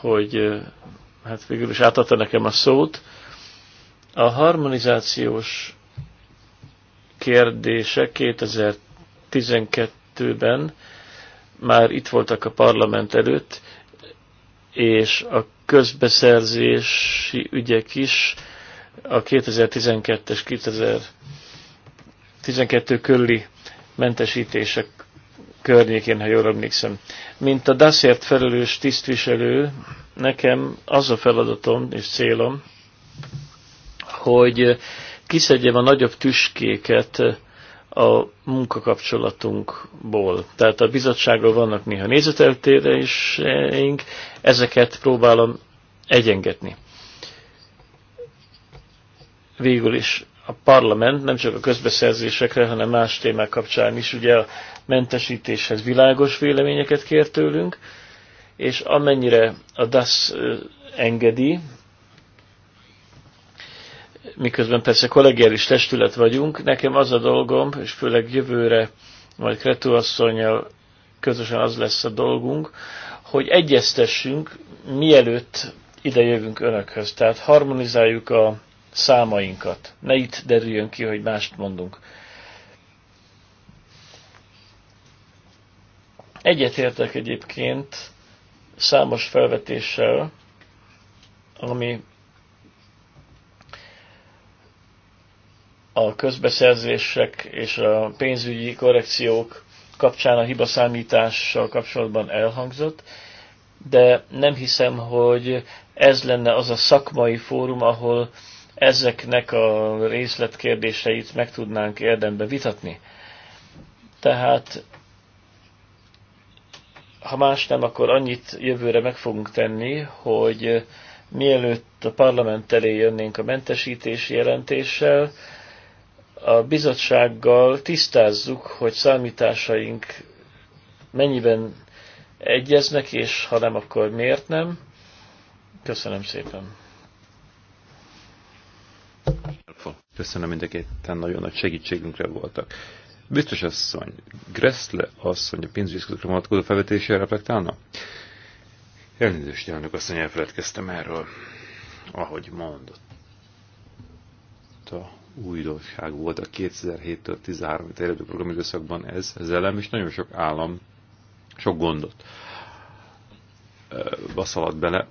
hogy hát végül is átadta nekem a szót. A harmonizációs kérdése 2012-ben már itt voltak a parlament előtt, és a közbeszerzési ügyek is a 2012-es 2012 körüli mentesítések környékén, ha jól emlékszem. Mint a DASZért felelős tisztviselő, nekem az a feladatom és célom, hogy kiszedjem a nagyobb tüskéket a munkakapcsolatunkból. Tehát a bizottságról vannak néha nézeteltéréseink, ezeket próbálom egyengetni. Végül is a parlament nem csak a közbeszerzésekre, hanem más témák kapcsán is ugye a mentesítéshez világos véleményeket kér tőlünk, és amennyire a DASZ engedi, miközben persze kollegiális testület vagyunk, nekem az a dolgom, és főleg jövőre majd Kretó asszonyjal közösen az lesz a dolgunk, hogy egyeztessünk, mielőtt ide jövünk önökhöz. Tehát harmonizáljuk a számainkat. Ne itt derüljön ki, hogy mást mondunk. Egyetértek egyébként számos felvetéssel, ami a közbeszerzések és a pénzügyi korrekciók kapcsán a hibaszámítással kapcsolatban elhangzott, de nem hiszem, hogy ez lenne az a szakmai fórum, ahol ezeknek a részletkérdéseit meg tudnánk érdembe vitatni. Tehát ha más nem, akkor annyit jövőre meg fogunk tenni, hogy mielőtt a parlament elé jönnénk a mentesítési jelentéssel, a bizottsággal tisztázzuk, hogy számításaink mennyiben egyeznek, és ha nem, akkor miért nem. Köszönöm szépen. Köszönöm mindenképpen, nagyon nagy segítségünkre voltak. Biztos asszony, Gressle asszony a pénzügyeszközökre vonatkozó felvetésére reflektálna? Elnézést, elnök asszony, elfeledkeztem erről, ahogy mondott. A újdonság volt a 2007-től 13 terjedő programidőszakban ez, ez elem, és nagyon sok állam sok gondot baszaladt bele,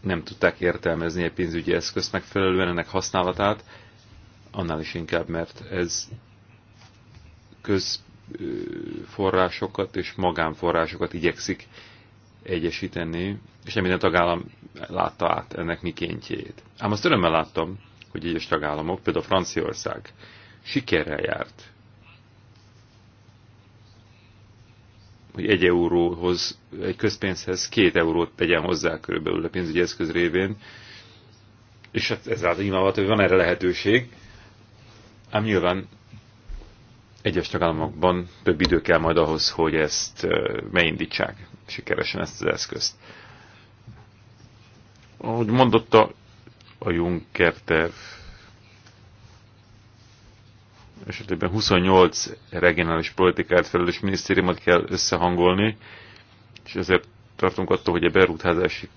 nem tudták értelmezni egy pénzügyi eszközt megfelelően ennek használatát, annál is inkább, mert ez közforrásokat és magánforrásokat igyekszik egyesíteni, és nem minden tagállam látta át ennek mikéntjét. Ám azt örömmel láttam, hogy egyes tagállamok, például Franciaország sikerrel járt, hogy egy euróhoz, egy közpénzhez két eurót tegyen hozzá körülbelül a pénzügyi eszköz révén, és hát ezáltal nyilvánvalóan, hogy van erre lehetőség, ám nyilván egyes tagállamokban több idő kell majd ahhoz, hogy ezt beindítsák sikeresen ezt az eszközt. Ahogy mondotta a Juncker terv, esetében 28 regionális politikát felelős minisztériumot kell összehangolni, és ezért tartunk attól, hogy a beruházási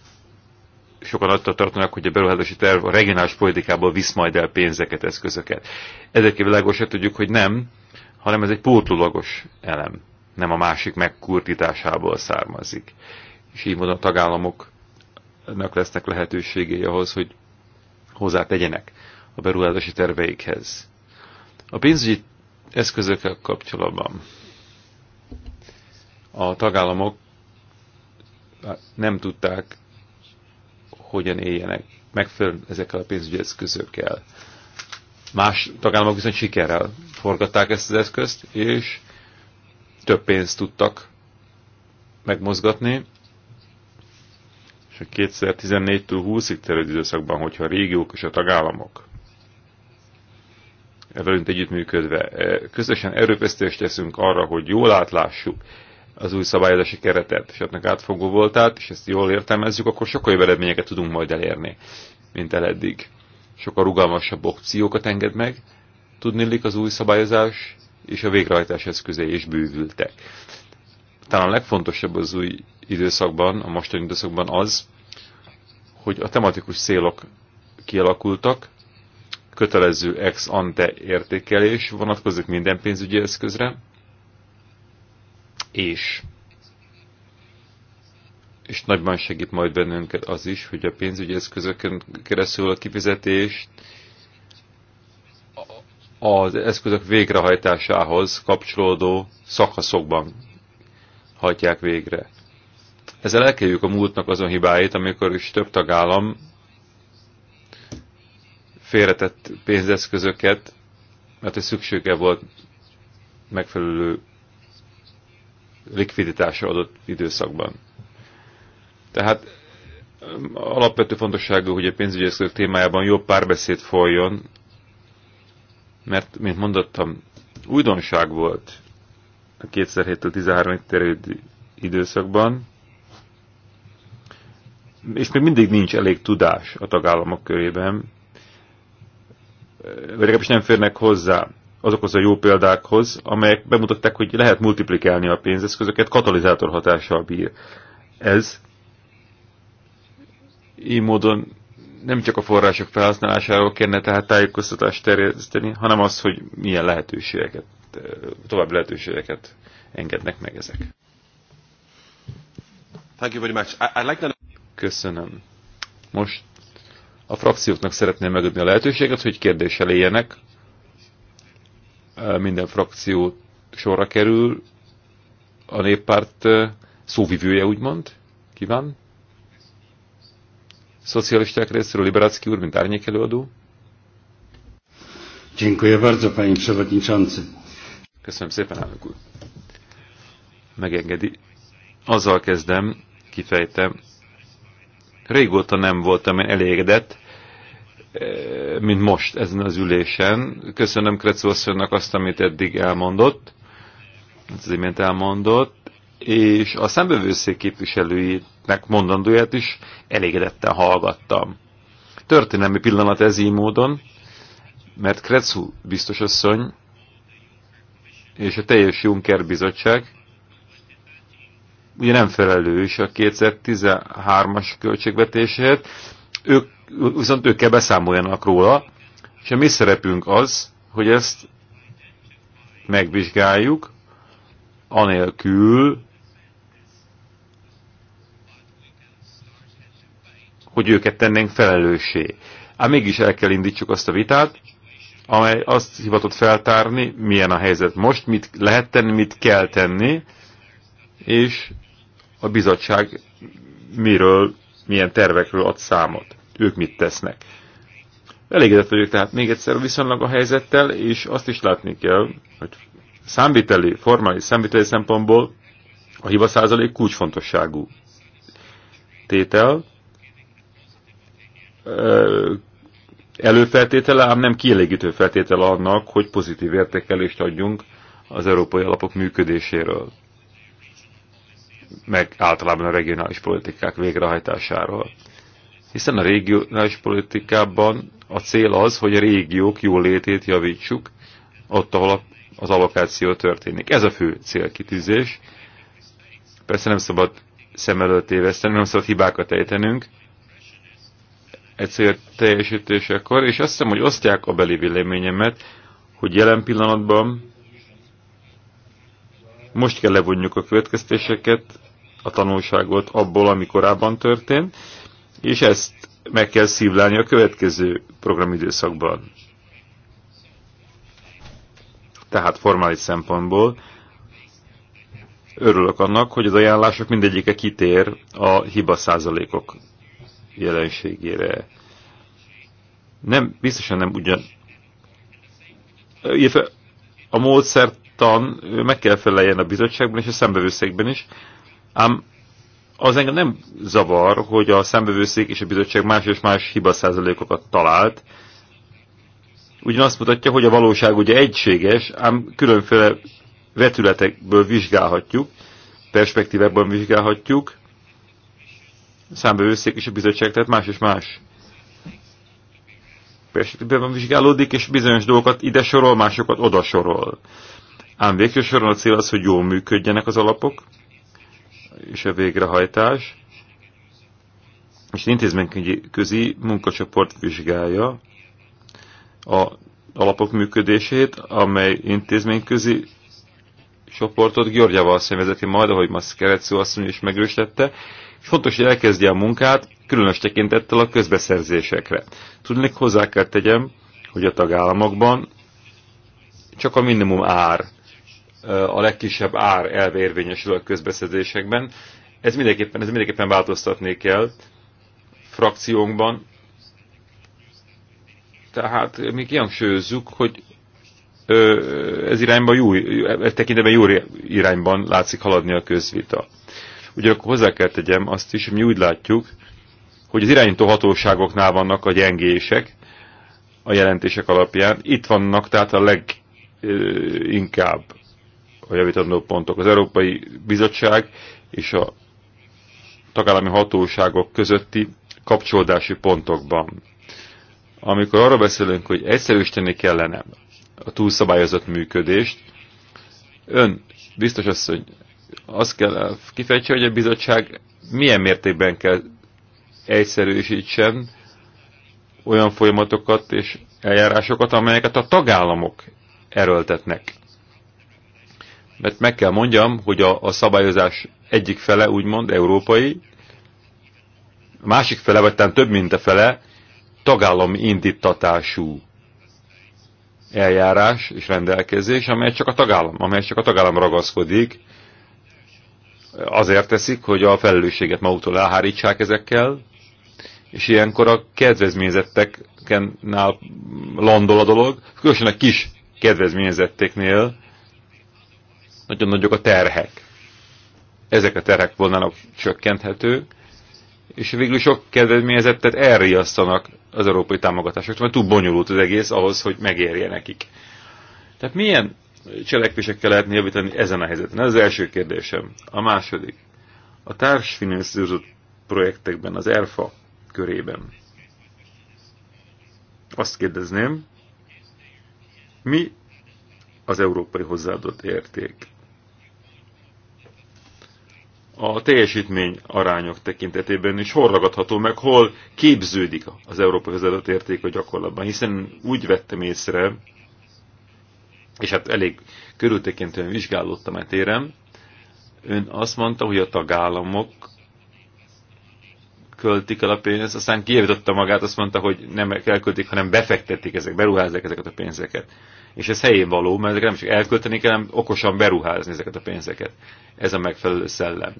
sokan attól tartanak, hogy a beruházási terv a regionális politikából visz majd el pénzeket, eszközöket. Ezekkel világosan tudjuk, hogy nem, hanem ez egy pótlulagos elem, nem a másik megkurtításából származik. És így módon a tagállamoknak lesznek lehetőségei ahhoz, hogy tegyenek a beruházási terveikhez. A pénzügyi eszközökkel kapcsolatban a tagállamok nem tudták, hogyan éljenek megfelelően ezekkel a pénzügyi eszközökkel. Más tagállamok viszont sikerrel forgatták ezt az eszközt, és több pénzt tudtak megmozgatni, és a 2014-től 20-ig terjedő időszakban, hogyha a régiók és a tagállamok velünk együttműködve e, közösen erőfeszítést teszünk arra, hogy jól átlássuk az új szabályozási keretet, és ennek átfogó voltát, és ezt jól értelmezzük, akkor sokkal jobb eredményeket tudunk majd elérni, mint el eddig sokkal rugalmasabb opciókat enged meg, tudnélik az új szabályozás és a végrehajtás eszközei is bővültek. Talán a legfontosabb az új időszakban, a mostani időszakban az, hogy a tematikus célok kialakultak, kötelező ex ante értékelés vonatkozik minden pénzügyi eszközre, és és nagyban segít majd bennünket az is, hogy a pénzügyi eszközökön keresztül a kifizetést az eszközök végrehajtásához kapcsolódó szakaszokban hajtják végre. Ezzel elkerüljük a múltnak azon hibáit, amikor is több tagállam félretett pénzeszközöket, mert a szüksége volt megfelelő likviditásra adott időszakban. Tehát um, alapvető fontosságú, hogy a pénzügyi eszközök témájában jobb párbeszéd folyjon, mert, mint mondottam, újdonság volt a 2007-13 terő időszakban, és még mindig nincs elég tudás a tagállamok körében, vagy legalábbis nem férnek hozzá azokhoz a jó példákhoz, amelyek bemutatták, hogy lehet multiplikálni a pénzeszközöket, katalizátor hatással bír. Ez így módon nem csak a források felhasználásáról kérne tehát tájékoztatást terjeszteni, hanem az, hogy milyen lehetőségeket, további lehetőségeket engednek meg ezek. Thank you very much. I, I like to... Köszönöm. Most a frakcióknak szeretném megadni a lehetőséget, hogy kérdéssel éljenek. Minden frakció sorra kerül. A néppárt szóvivője úgymond. Kíván? szocialisták részéről Liberácki úr, mint árnyék előadó. bardzo, przewodniczący. Köszönöm szépen, elnök úr. Megengedi. Azzal kezdem, kifejtem. Régóta nem voltam én elégedett, eh, mint most ezen az ülésen. Köszönöm Krecó azt, amit eddig elmondott, az imént elmondott és a szembevőszék képviselőinek mondandóját is elégedetten hallgattam. Történelmi pillanat ez így módon, mert Kretszú biztosasszony és a teljes Juncker bizottság ugye nem felelős a 2013-as költségvetésért, ők, viszont ők kell beszámoljanak róla, és a mi szerepünk az, hogy ezt megvizsgáljuk, anélkül, hogy őket tennénk felelőssé. Ám mégis el kell indítsuk azt a vitát, amely azt hivatott feltárni, milyen a helyzet most, mit lehet tenni, mit kell tenni, és a bizottság miről, milyen tervekről ad számot. Ők mit tesznek. Elégedett vagyok tehát még egyszer viszonylag a helyzettel, és azt is látni kell, hogy számviteli, formális számviteli szempontból a hiba százalék kulcsfontosságú tétel, előfeltétele, ám nem kielégítő feltétele annak, hogy pozitív értékelést adjunk az európai alapok működéséről, meg általában a regionális politikák végrehajtásáról. Hiszen a regionális politikában a cél az, hogy a régiók jólétét javítsuk, ott, ahol az allokáció történik. Ez a fő célkitűzés. Persze nem szabad szem előtt éveszteni, nem szabad hibákat ejtenünk, e cél teljesítésekor, és azt hiszem, hogy osztják a beli véleményemet, hogy jelen pillanatban most kell levonjuk a következtéseket, a tanulságot abból, ami korábban történt, és ezt meg kell szívlálni a következő programidőszakban. Tehát formális szempontból örülök annak, hogy az ajánlások mindegyike kitér a hiba százalékok jelenségére. Nem, biztosan nem ugyan. Illetve a módszertan meg kell feleljen a bizottságban és a szembevőszékben is, ám az engem nem zavar, hogy a szembevőszék és a bizottság más és más hibaszázalékokat talált, ugyanazt mutatja, hogy a valóság ugye egységes, ám különféle vetületekből vizsgálhatjuk, perspektívekből vizsgálhatjuk, számbevőszék és a bizottság, tehát más és más perspektívában vizsgálódik, és bizonyos dolgokat ide sorol, másokat oda sorol. Ám végső soron a cél az, hogy jól működjenek az alapok, és a végrehajtás, és az intézményközi munkacsoport vizsgálja a alapok működését, amely intézményközi csoportot Györgyával szemvezeti majd, ahogy Maszkeretszó asszony is megerősítette, és fontos, hogy elkezdje a munkát, különös tekintettel a közbeszerzésekre. Tudnék hozzá kell tegyem, hogy a tagállamokban csak a minimum ár, a legkisebb ár elve érvényesül a közbeszerzésekben. Ez mindenképpen, ez mindenképpen változtatni kell frakciónkban. Tehát mi kihangsúlyozzuk, hogy ez irányban jó, tekintetben jó irányban látszik haladni a közvita. Ugyanakkor hozzá kell tegyem azt is, hogy mi úgy látjuk, hogy az irányító hatóságoknál vannak a gyengések a jelentések alapján. Itt vannak tehát a leginkább a javítandó pontok. Az Európai Bizottság és a tagállami hatóságok közötti kapcsolódási pontokban. Amikor arra beszélünk, hogy egyszerűsíteni kellene a túlszabályozott működést, ön biztos hogy azt kell kifejtse, hogy a bizottság milyen mértékben kell egyszerűsítsen olyan folyamatokat és eljárásokat, amelyeket a tagállamok erőltetnek. Mert meg kell mondjam, hogy a, a szabályozás egyik fele úgymond európai, a másik fele, vagy talán több mint a fele tagállami indítatású eljárás és rendelkezés, amely csak a tagállam, amely csak a tagállam ragaszkodik azért teszik, hogy a felelősséget maguktól elhárítsák ezekkel, és ilyenkor a kedvezményezetteknál landol a dolog, különösen a kis kedvezményezettéknél nagyon nagyok a terhek. Ezek a terhek volnának csökkenthetők, és végül sok kedvezményezettet elriasztanak az európai támogatások, mert túl bonyolult az egész ahhoz, hogy megérje nekik. Tehát milyen cselekvésekkel lehetne javítani ezen a helyzeten? Ez az első kérdésem. A második. A társfinanszírozott projektekben, az ERFA körében. Azt kérdezném, mi az európai hozzáadott érték? a teljesítmény arányok tekintetében is hol ragadható meg, hol képződik az európai hozzáadott érték a gyakorlatban. Hiszen úgy vettem észre, és hát elég körültekintően vizsgálódtam a e téren, ön azt mondta, hogy a tagállamok költik el a pénzt, aztán kijavította magát, azt mondta, hogy nem elköltik, hanem befektetik ezek, beruházzák ezeket a pénzeket. És ez helyén való, mert ezeket nem csak elkölteni kell, hanem okosan beruházni ezeket a pénzeket. Ez a megfelelő szellem.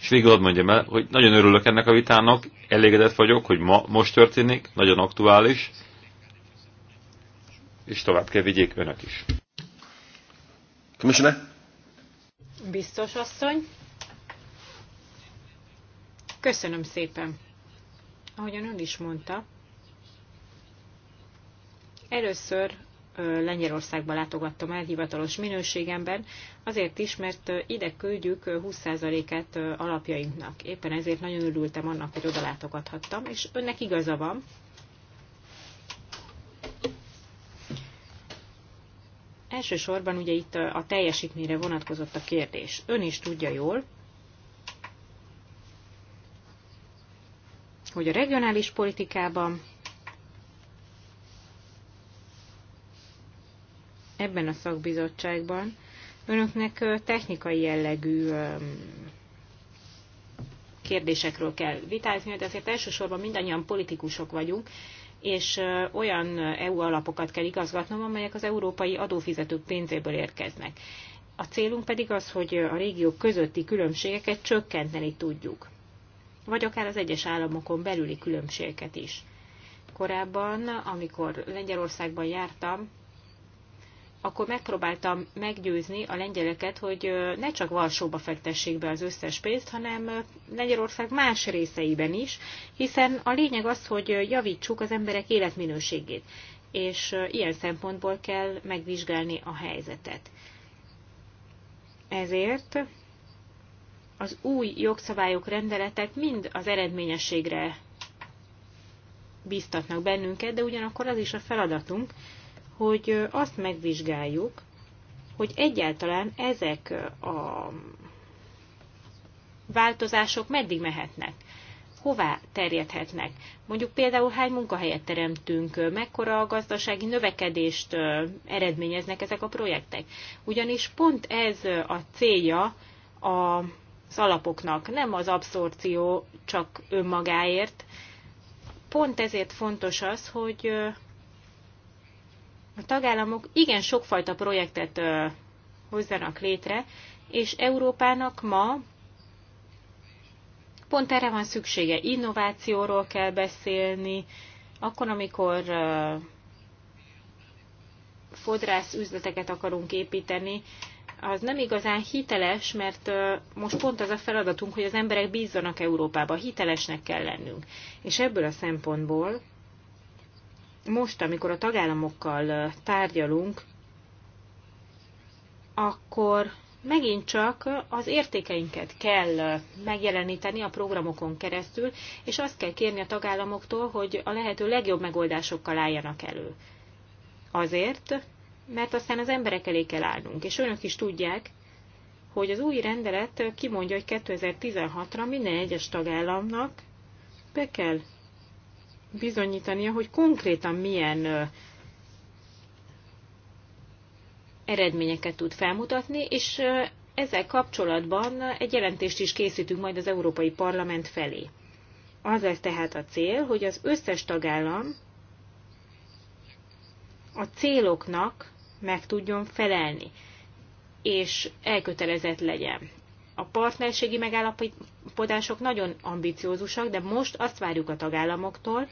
És végül ott mondjam el, hogy nagyon örülök ennek a vitának, elégedett vagyok, hogy ma, most történik, nagyon aktuális, és tovább kell vigyék önök is. Commissioner? Biztos asszony. Köszönöm szépen. Ahogyan ön is mondta, először Lengyelországba látogattam el hivatalos minőségemben, azért is, mert ide küldjük 20%-át alapjainknak. Éppen ezért nagyon örültem annak, hogy oda látogathattam, és önnek igaza van, Elsősorban ugye itt a teljesítményre vonatkozott a kérdés. Ön is tudja jól, hogy a regionális politikában ebben a szakbizottságban önöknek technikai jellegű kérdésekről kell vitázni, de azért elsősorban mindannyian politikusok vagyunk, és olyan EU alapokat kell igazgatnom, amelyek az európai adófizetők pénzéből érkeznek. A célunk pedig az, hogy a régiók közötti különbségeket csökkenteni tudjuk, vagy akár az egyes államokon belüli különbségeket is. Korábban, amikor Lengyelországban jártam, akkor megpróbáltam meggyőzni a lengyeleket, hogy ne csak Varsóba fektessék be az összes pénzt, hanem Lengyelország más részeiben is, hiszen a lényeg az, hogy javítsuk az emberek életminőségét, és ilyen szempontból kell megvizsgálni a helyzetet. Ezért az új jogszabályok, rendeletek mind az eredményességre biztatnak bennünket, de ugyanakkor az is a feladatunk, hogy azt megvizsgáljuk, hogy egyáltalán ezek a változások meddig mehetnek, hová terjedhetnek. Mondjuk például hány munkahelyet teremtünk, mekkora a gazdasági növekedést eredményeznek ezek a projektek. Ugyanis pont ez a célja az alapoknak, nem az abszorció csak önmagáért. Pont ezért fontos az, hogy a tagállamok igen sokfajta projektet hozzanak létre, és Európának ma pont erre van szüksége. Innovációról kell beszélni, akkor, amikor fodrász üzleteket akarunk építeni, az nem igazán hiteles, mert most pont az a feladatunk, hogy az emberek bízzanak Európába, hitelesnek kell lennünk. És ebből a szempontból most, amikor a tagállamokkal tárgyalunk, akkor megint csak az értékeinket kell megjeleníteni a programokon keresztül, és azt kell kérni a tagállamoktól, hogy a lehető legjobb megoldásokkal álljanak elő. Azért, mert aztán az emberek elé kell állnunk, és önök is tudják, hogy az új rendelet kimondja, hogy 2016-ra minden egyes tagállamnak be kell bizonyítania, hogy konkrétan milyen eredményeket tud felmutatni, és ezzel kapcsolatban egy jelentést is készítünk majd az Európai Parlament felé. Az lesz tehát a cél, hogy az összes tagállam a céloknak meg tudjon felelni, és elkötelezett legyen. A partnerségi megállapodások nagyon ambiciózusak, de most azt várjuk a tagállamoktól,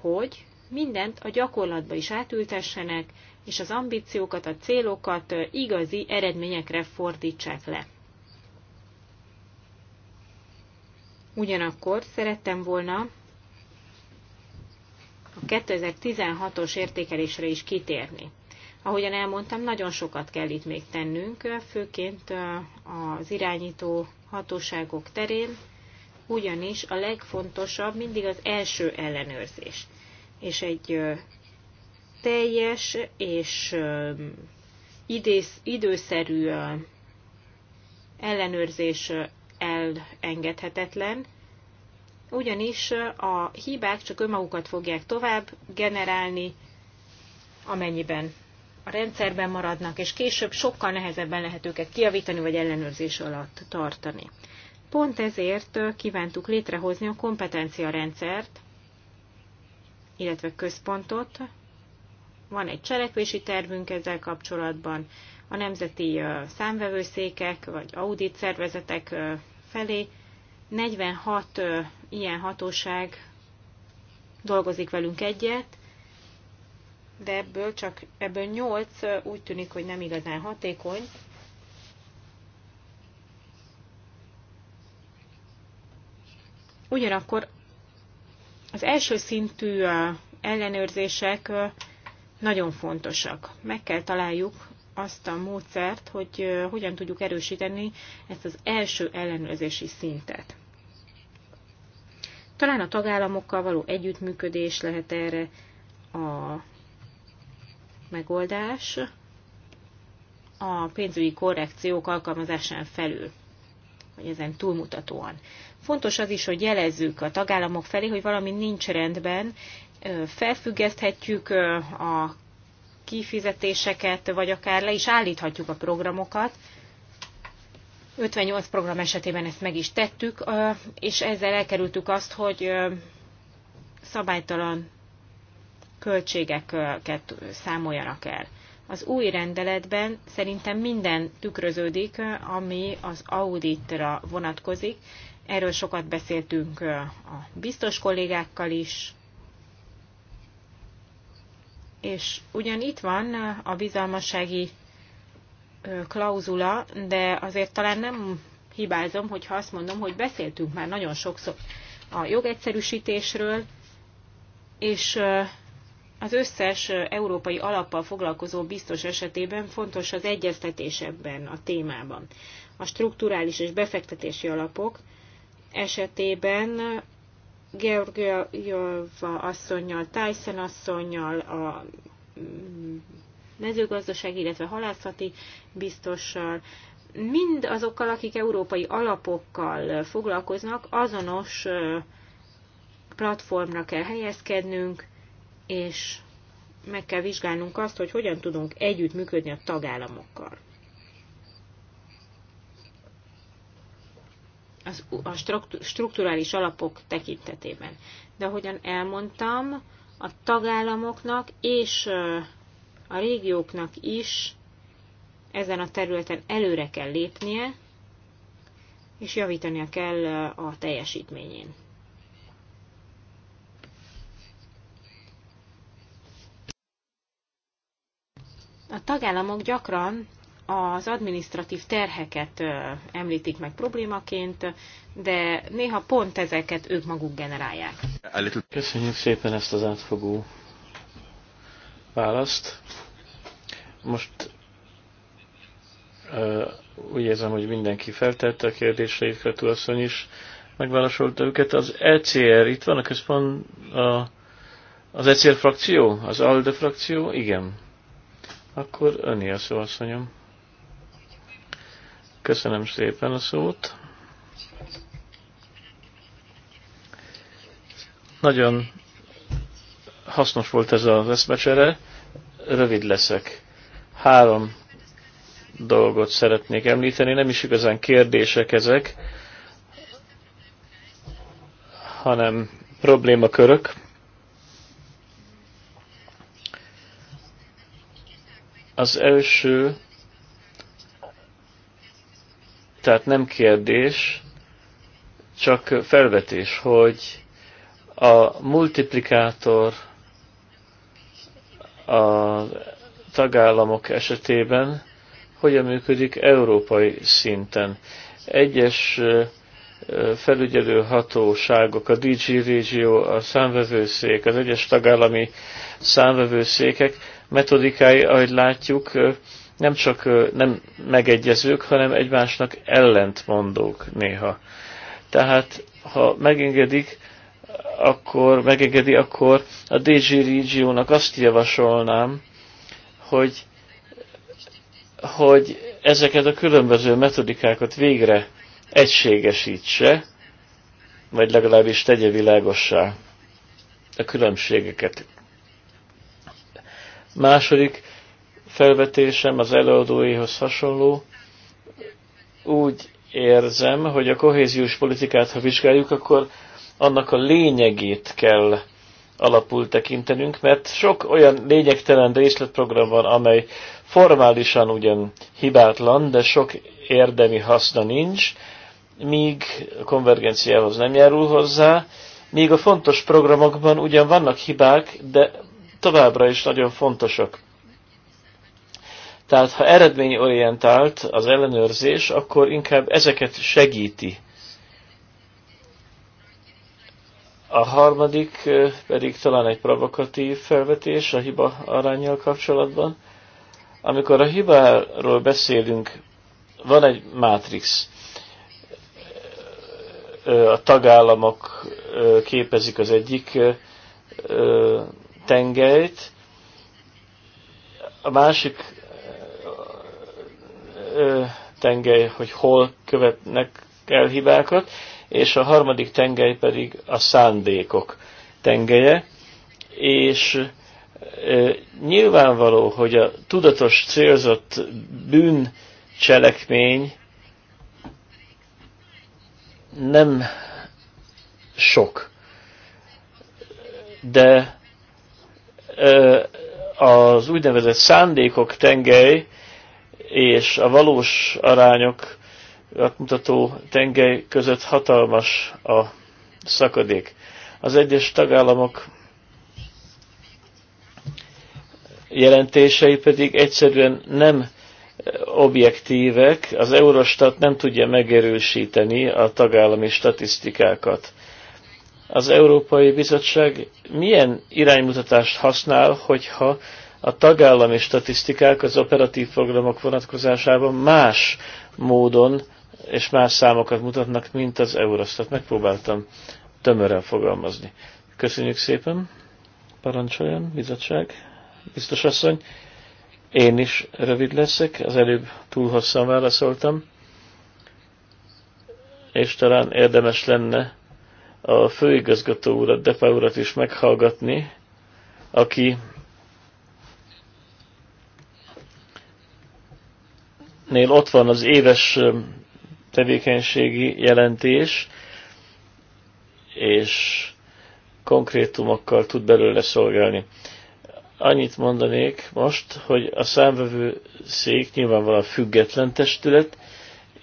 hogy mindent a gyakorlatba is átültessenek, és az ambíciókat, a célokat igazi eredményekre fordítsák le. Ugyanakkor szerettem volna a 2016-os értékelésre is kitérni. Ahogyan elmondtam, nagyon sokat kell itt még tennünk, főként az irányító hatóságok terén, ugyanis a legfontosabb mindig az első ellenőrzés. És egy teljes és idész, időszerű ellenőrzés elengedhetetlen, ugyanis a hibák csak önmagukat fogják tovább generálni, amennyiben a rendszerben maradnak, és később sokkal nehezebben lehet őket kiavítani vagy ellenőrzés alatt tartani. Pont ezért kívántuk létrehozni a kompetenciarendszert, illetve központot. Van egy cselekvési tervünk ezzel kapcsolatban, a nemzeti számvevőszékek vagy audit szervezetek felé 46 ilyen hatóság dolgozik velünk egyet, de ebből csak ebből 8 úgy tűnik, hogy nem igazán hatékony, Ugyanakkor az első szintű ellenőrzések nagyon fontosak. Meg kell találjuk azt a módszert, hogy hogyan tudjuk erősíteni ezt az első ellenőrzési szintet. Talán a tagállamokkal való együttműködés lehet erre a megoldás a pénzügyi korrekciók alkalmazásán felül vagy ezen túlmutatóan. Fontos az is, hogy jelezzük a tagállamok felé, hogy valami nincs rendben, felfüggeszthetjük a kifizetéseket, vagy akár le is állíthatjuk a programokat. 58 program esetében ezt meg is tettük, és ezzel elkerültük azt, hogy szabálytalan költségeket számoljanak el. Az új rendeletben szerintem minden tükröződik, ami az auditra vonatkozik. Erről sokat beszéltünk a biztos kollégákkal is. És ugyan itt van a bizalmassági klauzula, de azért talán nem hibázom, hogyha azt mondom, hogy beszéltünk már nagyon sokszor a jogegyszerűsítésről, és az összes európai alappal foglalkozó biztos esetében fontos az egyeztetés ebben a témában. A strukturális és befektetési alapok esetében Georgiova asszonynal, Tyson asszonynal, a mm, mezőgazdaság, illetve halászati biztossal, mind azokkal, akik európai alapokkal foglalkoznak, azonos platformra kell helyezkednünk, és meg kell vizsgálnunk azt, hogy hogyan tudunk együttműködni a tagállamokkal. Az, a strukturális alapok tekintetében. De ahogyan elmondtam, a tagállamoknak és a régióknak is ezen a területen előre kell lépnie, és javítania kell a teljesítményén. A tagállamok gyakran az administratív terheket említik meg problémaként, de néha pont ezeket ők maguk generálják. Köszönjük szépen ezt az átfogó választ. Most úgy érzem, hogy mindenki feltette a kérdéseit, Kretú asszony is megválaszolta őket. Az ECR, itt van a központ, a, az ECR frakció, az ALDE frakció, igen. Akkor öné a szó, asszonyom. Köszönöm szépen a szót. Nagyon hasznos volt ez az eszmecsere. Rövid leszek. Három dolgot szeretnék említeni. Nem is igazán kérdések ezek, hanem problémakörök. Az első, tehát nem kérdés, csak felvetés, hogy a multiplikátor a tagállamok esetében hogyan működik európai szinten. Egyes felügyelő hatóságok, a DG Régió, a számvevőszék, az egyes tagállami számvevőszékek metodikái, ahogy látjuk, nem csak nem megegyezők, hanem egymásnak ellentmondók néha. Tehát, ha megengedik, akkor megengedi, akkor a DG Regionnak azt javasolnám, hogy, hogy ezeket a különböző metodikákat végre egységesítse, vagy legalábbis tegye világossá a különbségeket. Második felvetésem az előadóihoz hasonló. Úgy érzem, hogy a kohéziós politikát, ha vizsgáljuk, akkor annak a lényegét kell alapul tekintenünk, mert sok olyan lényegtelen részletprogram van, amely formálisan ugyan hibátlan, de sok érdemi haszna nincs, míg a konvergenciához nem járul hozzá, míg a fontos programokban ugyan vannak hibák, de továbbra is nagyon fontosak. Tehát ha eredményorientált az ellenőrzés, akkor inkább ezeket segíti. A harmadik pedig talán egy provokatív felvetés a hiba arányjal kapcsolatban. Amikor a hibáról beszélünk, van egy mátrix. A tagállamok képezik az egyik tengelyt, a másik tengely, hogy hol követnek el hibákat, és a harmadik tengely pedig a szándékok tengelye, és nyilvánvaló, hogy a tudatos célzott bűncselekmény nem sok, de az úgynevezett szándékok tengely és a valós arányok mutató tengely között hatalmas a szakadék. Az egyes tagállamok jelentései pedig egyszerűen nem objektívek, az Eurostat nem tudja megerősíteni a tagállami statisztikákat az Európai Bizottság milyen iránymutatást használ, hogyha a tagállami statisztikák az operatív programok vonatkozásában más módon és más számokat mutatnak, mint az Eurostat. Megpróbáltam tömören fogalmazni. Köszönjük szépen. Parancsoljon, bizottság, biztos asszony. Én is rövid leszek, az előbb túl hosszan válaszoltam, és talán érdemes lenne a főigazgató urat, Depa urat is meghallgatni, aki nél ott van az éves tevékenységi jelentés, és konkrétumokkal tud belőle szolgálni. Annyit mondanék most, hogy a számvevő szék nyilvánvalóan független testület,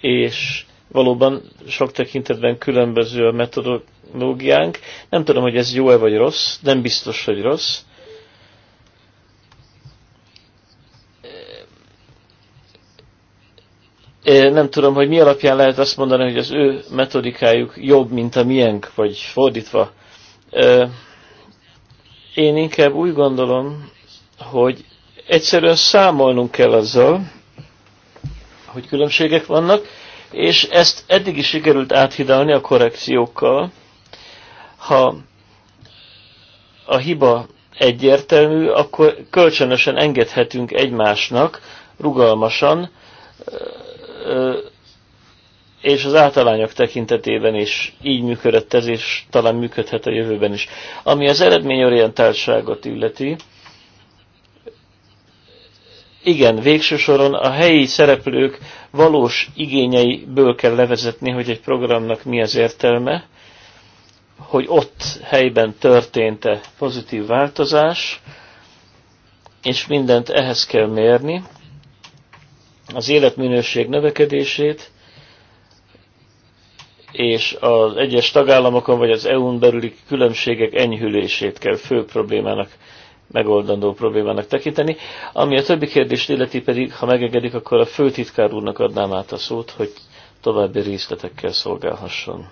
és valóban sok tekintetben különböző a metodológiánk. Nem tudom, hogy ez jó-e vagy rossz, nem biztos, hogy rossz. Nem tudom, hogy mi alapján lehet azt mondani, hogy az ő metodikájuk jobb, mint a miénk, vagy fordítva. Én inkább úgy gondolom, hogy egyszerűen számolnunk kell azzal, hogy különbségek vannak, és ezt eddig is sikerült áthidalni a korrekciókkal. Ha a hiba egyértelmű, akkor kölcsönösen engedhetünk egymásnak, rugalmasan, és az általányok tekintetében is így működött ez, és talán működhet a jövőben is. Ami az eredményorientáltságot illeti, igen, végső soron a helyi szereplők valós igényeiből kell levezetni, hogy egy programnak mi az értelme, hogy ott helyben történt-e pozitív változás, és mindent ehhez kell mérni, az életminőség növekedését, és az egyes tagállamokon vagy az EU-n belüli különbségek enyhülését kell fő problémának megoldandó problémának tekinteni. Ami a többi kérdést illeti pedig, ha megengedik, akkor a főtitkár úrnak adnám át a szót, hogy további részletekkel szolgálhasson.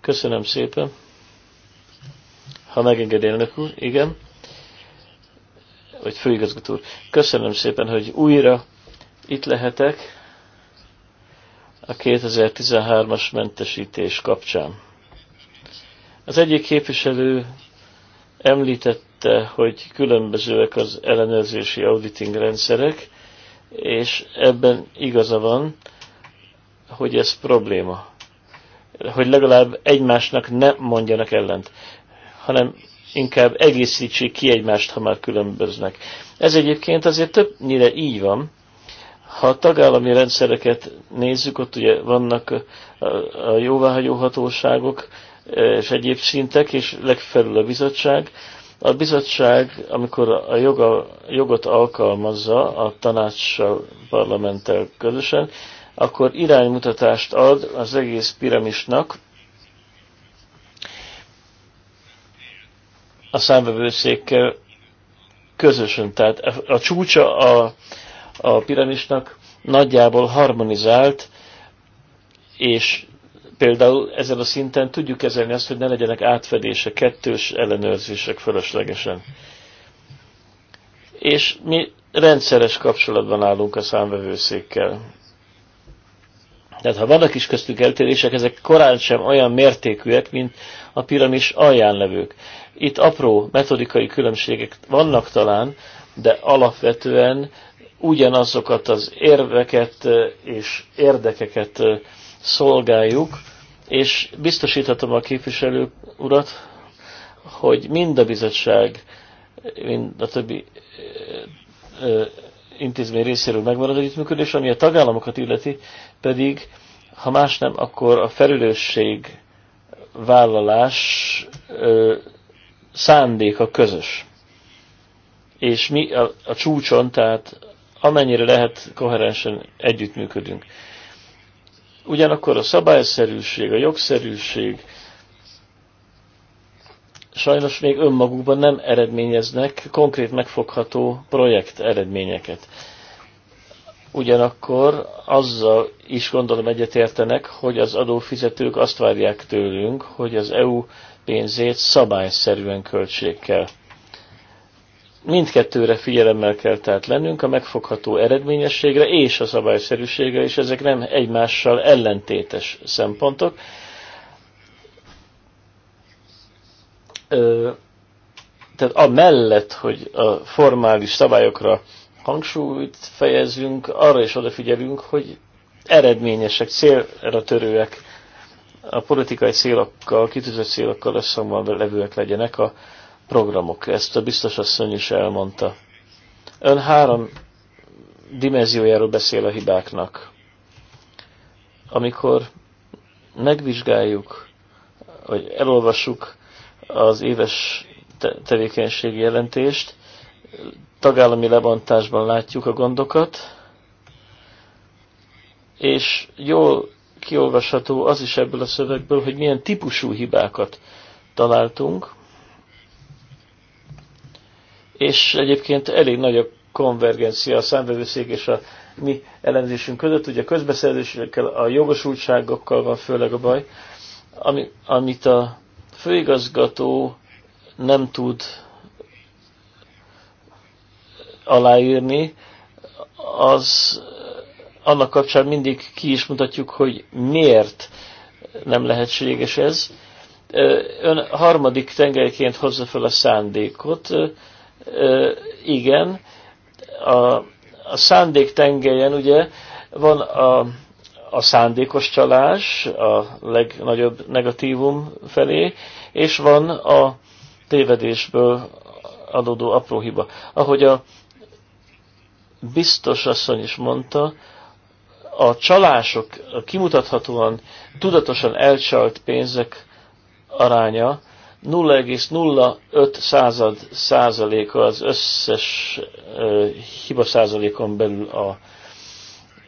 Köszönöm szépen. Ha megengedi elnök úr, igen. Vagy főigazgató úr. Köszönöm szépen, hogy újra itt lehetek a 2013-as mentesítés kapcsán. Az egyik képviselő Említette, hogy különbözőek az ellenőrzési auditing rendszerek, és ebben igaza van, hogy ez probléma. Hogy legalább egymásnak ne mondjanak ellent, hanem inkább egészítsék ki egymást, ha már különböznek. Ez egyébként azért többnyire így van. Ha a tagállami rendszereket nézzük, ott ugye vannak a jóváhagyó hatóságok, és egyéb szintek, és legfelül a bizottság. A bizottság, amikor a joga, jogot alkalmazza a tanácssal, parlamenttel közösen, akkor iránymutatást ad az egész piramisnak, a számvevőszékkel közösen. Tehát a csúcsa a, a piramisnak nagyjából harmonizált és például ezen a szinten tudjuk kezelni azt, hogy ne legyenek átfedések, kettős ellenőrzések fölöslegesen. És mi rendszeres kapcsolatban állunk a számvevőszékkel. Tehát ha vannak is köztük eltérések, ezek korán sem olyan mértékűek, mint a piramis alján levők. Itt apró metodikai különbségek vannak talán, de alapvetően ugyanazokat az érveket eh, és érdekeket eh, szolgáljuk, és biztosíthatom a képviselő urat, hogy mind a bizottság, mind a többi ö, ö, intézmény részéről megmarad működés, ami a tagállamokat illeti, pedig ha más nem, akkor a felülősség vállalás ö, szándéka közös. És mi a, a csúcson, tehát amennyire lehet koherensen együttműködünk. Ugyanakkor a szabályszerűség, a jogszerűség sajnos még önmagukban nem eredményeznek konkrét megfogható projekt eredményeket. Ugyanakkor azzal is gondolom egyetértenek, hogy az adófizetők azt várják tőlünk, hogy az EU pénzét szabályszerűen költsék kell. Mindkettőre figyelemmel kell tehát lennünk, a megfogható eredményességre és a szabályszerűségre, és ezek nem egymással ellentétes szempontok. Ö, tehát mellett, hogy a formális szabályokra hangsúlyt fejezünk, arra is odafigyelünk, hogy eredményesek, célra törőek, a politikai célokkal, kitűzött célokkal összhangban levőek legyenek a programok. Ezt a biztos asszony is elmondta. Ön három dimenziójáról beszél a hibáknak. Amikor megvizsgáljuk, vagy elolvassuk az éves tevékenységi jelentést, tagállami lebontásban látjuk a gondokat, és jól kiolvasható az is ebből a szövegből, hogy milyen típusú hibákat találtunk, és egyébként elég nagy a konvergencia a számvevőszék és a mi elemzésünk között. Ugye a közbeszerzésekkel, a jogosultságokkal van főleg a baj, ami, amit a főigazgató nem tud aláírni, az annak kapcsán mindig ki is mutatjuk, hogy miért nem lehetséges ez. Ön harmadik tengelyként hozza fel a szándékot, igen, a, a szándék tengelyen ugye van a, a szándékos csalás a legnagyobb negatívum felé, és van a tévedésből adódó apró hiba. Ahogy a biztos asszony is mondta, a csalások, a kimutathatóan, tudatosan elcsalt pénzek aránya 0,05 század százaléka az összes hiba százalékon belül a,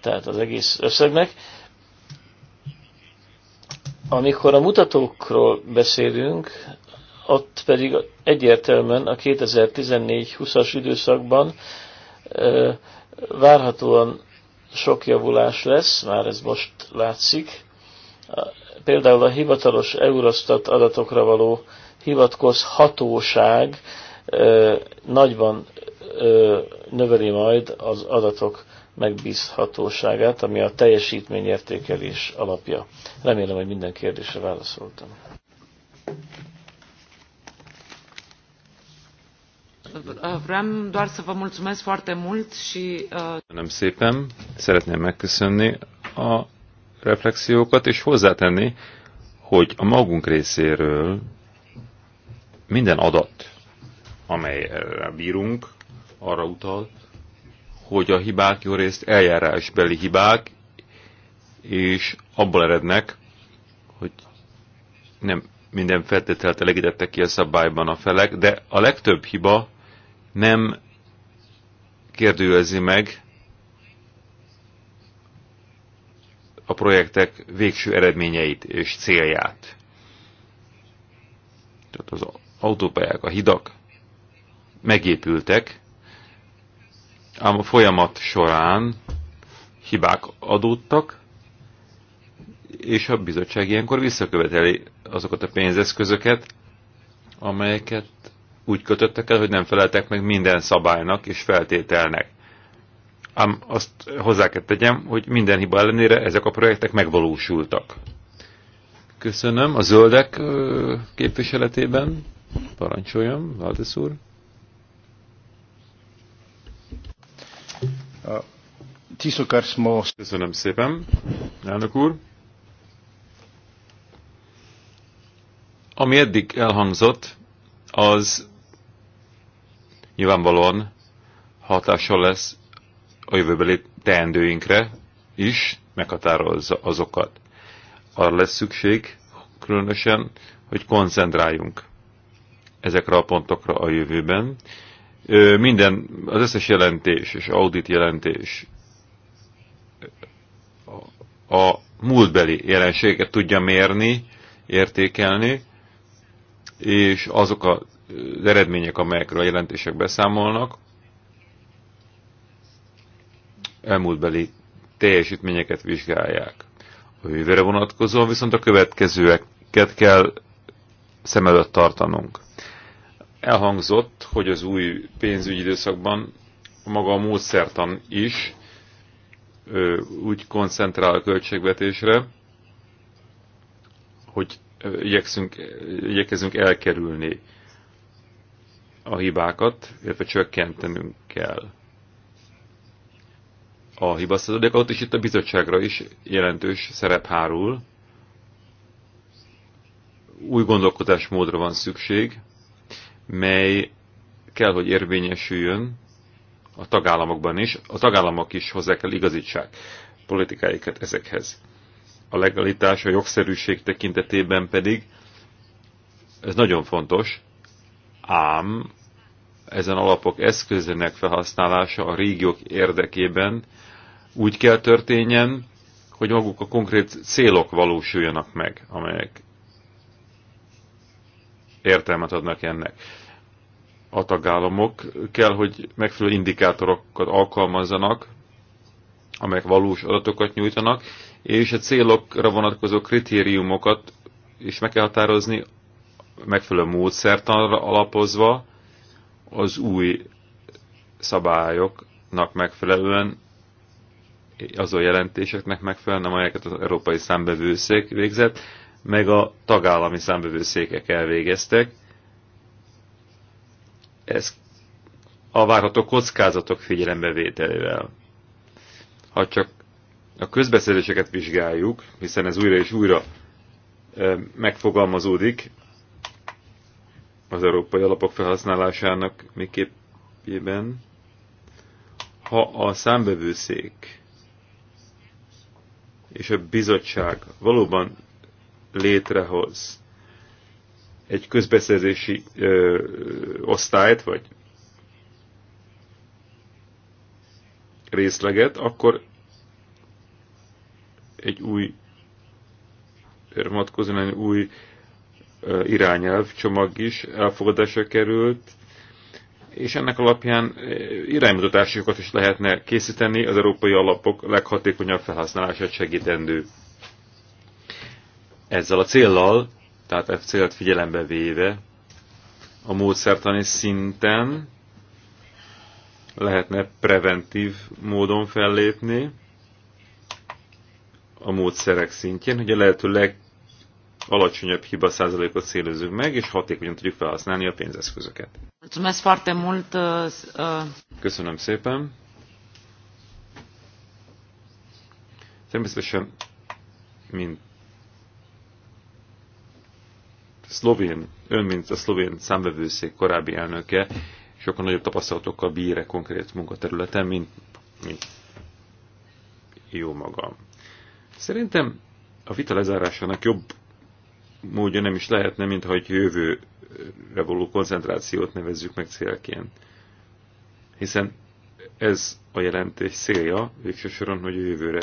tehát az egész összegnek. Amikor a mutatókról beszélünk, ott pedig egyértelműen a 2014-20-as időszakban ö, várhatóan sok javulás lesz, már ez most látszik. Például a hivatalos Eurostat adatokra való hivatkozhatóság nagyban növeli majd az adatok megbízhatóságát, ami a teljesítményértékelés alapja. Remélem, hogy minden kérdésre válaszoltam. Vrem doar să vă mulțumesc foarte mult și... Nem szépen, szeretném megköszönni a reflexiókat, és hozzátenni, hogy a magunk részéről minden adat, amelyre eh, bírunk, arra utal, hogy a hibák jó részt eljárásbeli hibák, és abból erednek, hogy nem minden feltételt elegítettek ki a szabályban a felek, de a legtöbb hiba nem kérdőjelzi meg a projektek végső eredményeit és célját. Tehát az autópályák, a hidak megépültek, ám a folyamat során hibák adódtak, és a bizottság ilyenkor visszaköveteli azokat a pénzeszközöket, amelyeket úgy kötöttek el, hogy nem feleltek meg minden szabálynak és feltételnek. Ám azt hozzá kell tegyem, hogy minden hiba ellenére ezek a projektek megvalósultak. Köszönöm a zöldek képviseletében. Parancsoljon, Valdesz úr. Köszönöm szépen, elnök úr. Ami eddig elhangzott, az nyilvánvalóan hatással lesz a jövőbeli teendőinkre is, meghatározza azokat. Arra lesz szükség, különösen, hogy koncentráljunk ezekre a pontokra a jövőben. Minden, az összes jelentés és audit jelentés a múltbeli jelenségeket tudja mérni, értékelni, és azok az eredmények, amelyekről a jelentések beszámolnak, elmúltbeli teljesítményeket vizsgálják. A jövőre vonatkozóan viszont a következőeket kell szem előtt tartanunk elhangzott, hogy az új pénzügyi időszakban maga a módszertan is ö, úgy koncentrál a költségvetésre, hogy igyekszünk, igyekezünk elkerülni a hibákat, illetve csökkentenünk kell a hibaszadékot, és itt a bizottságra is jelentős szerep hárul. Új gondolkodásmódra van szükség, mely kell, hogy érvényesüljön a tagállamokban is. A tagállamok is hozzá kell igazítsák politikáikat ezekhez. A legalitás, a jogszerűség tekintetében pedig ez nagyon fontos, ám ezen alapok eszközének felhasználása a régiók érdekében úgy kell történjen, hogy maguk a konkrét célok valósuljanak meg, amelyek értelmet adnak ennek. A tagállamok kell, hogy megfelelő indikátorokat alkalmazzanak, amelyek valós adatokat nyújtanak, és a célokra vonatkozó kritériumokat is meg kell határozni, megfelelő módszertanra alapozva az új szabályoknak megfelelően, azon jelentéseknek megfelelően, amelyeket az Európai Számbevőszék végzett, meg a tagállami számbevőszékek elvégeztek. Ez a várható kockázatok figyelembevételével. Ha csak a közbeszéléseket vizsgáljuk, hiszen ez újra és újra megfogalmazódik az európai alapok felhasználásának miképpében, ha a számbevőszék és a bizottság valóban létrehoz egy közbeszerzési ö, osztályt, vagy részleget, akkor egy új vonatkozóan egy új irányelv csomag is elfogadásra került, és ennek alapján iránymutatásokat is lehetne készíteni az európai alapok leghatékonyabb felhasználását segítendő ezzel a céllal, tehát ezt célt figyelembe véve, a módszertani szinten lehetne preventív módon fellépni a módszerek szintjén, hogy a lehető leg alacsonyabb hiba százalékot célozunk meg, és hatékonyan tudjuk felhasználni a pénzeszközöket. Uh, Köszönöm szépen. Természetesen, mint szlovén, ön, mint a szlovén számvevőszék korábbi elnöke, sokkal nagyobb tapasztalatokkal bír -e konkrét munkaterületen, mint, mint jó magam. Szerintem a vita lezárásának jobb módja nem is lehetne, mint hogy jövőre való koncentrációt nevezzük meg célként. Hiszen ez a jelentés célja végső soron, hogy a jövőre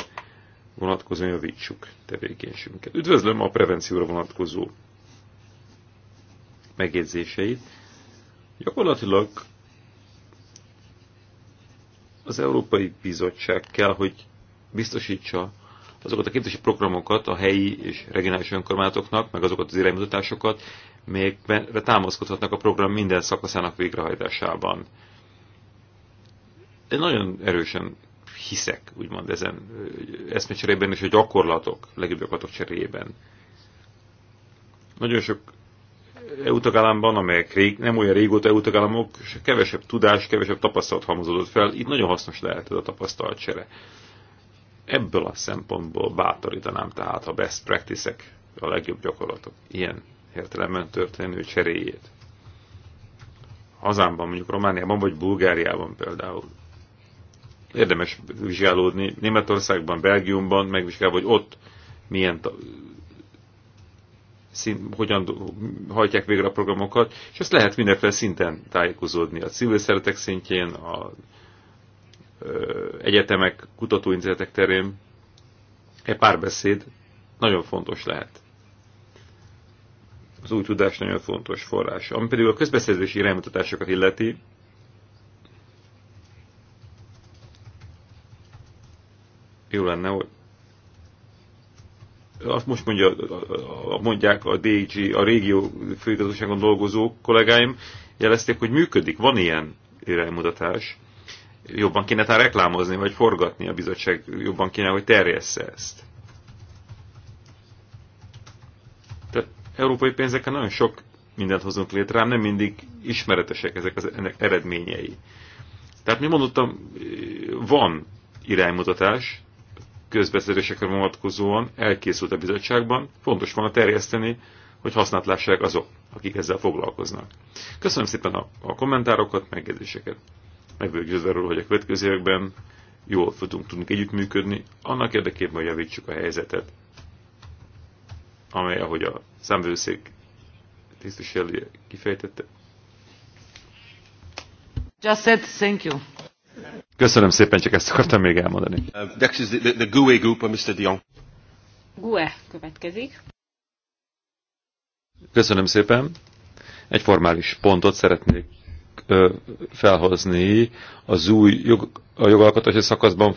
vonatkozóan javítsuk tevékenységünket. Üdvözlöm a prevencióra vonatkozó megjegyzéseit. Gyakorlatilag az Európai Bizottság kell, hogy biztosítsa azokat a képzési programokat a helyi és regionális önkormányzatoknak, meg azokat az iránymutatásokat, melyekre támaszkodhatnak a program minden szakaszának végrehajtásában. Én nagyon erősen hiszek, úgymond ezen eszmecserében és a gyakorlatok, legjobb gyakorlatok cserében. Nagyon sok EU tagállamban, amelyek rég, nem olyan régóta EU tagállamok, és kevesebb tudás, kevesebb tapasztalat halmozódott fel, itt nagyon hasznos lehet ez a tapasztalat csere. Ebből a szempontból bátorítanám tehát a best practices a legjobb gyakorlatok ilyen értelemben történő cseréjét. Hazámban, mondjuk Romániában vagy Bulgáriában például. Érdemes vizsgálódni Németországban, Belgiumban, megvizsgálva, hogy ott milyen szín, hogyan hajtják végre a programokat, és ezt lehet mindenféle szinten tájékozódni. A civil szeretek szintjén, a ö, egyetemek, kutatóintézetek terén egy párbeszéd nagyon fontos lehet. Az új tudás nagyon fontos forrás. Ami pedig a közbeszerzési iránymutatásokat illeti, jó lenne, hogy azt most mondja, mondják a DG, a régió főigazgatóságon dolgozó kollégáim, jelezték, hogy működik, van ilyen iránymutatás. Jobban kéne talán reklámozni, vagy forgatni a bizottság, jobban kéne, hogy terjessze ezt. Tehát európai pénzekkel nagyon sok mindent hozunk létre, nem mindig ismeretesek ezek az ennek eredményei. Tehát, mi mondottam, van iránymutatás, közbeszerzésekre vonatkozóan elkészült a bizottságban, fontos volna terjeszteni, hogy használt lássák azok, akik ezzel foglalkoznak. Köszönöm szépen a, a kommentárokat, megjegyzéseket. Megvőgyőzve arról, hogy a következő években jól tudunk tudni együttműködni, annak érdekében, hogy javítsuk a helyzetet, amely, ahogy a számvőszék tisztviselője kifejtette. Just said thank you. Köszönöm szépen, csak ezt akartam még elmondani. Uh, next is the, the, GUE group, Mr. Dion. GUE következik. Köszönöm szépen. Egy formális pontot szeretnék ö, felhozni az új jog, a jogalkotási szakaszban.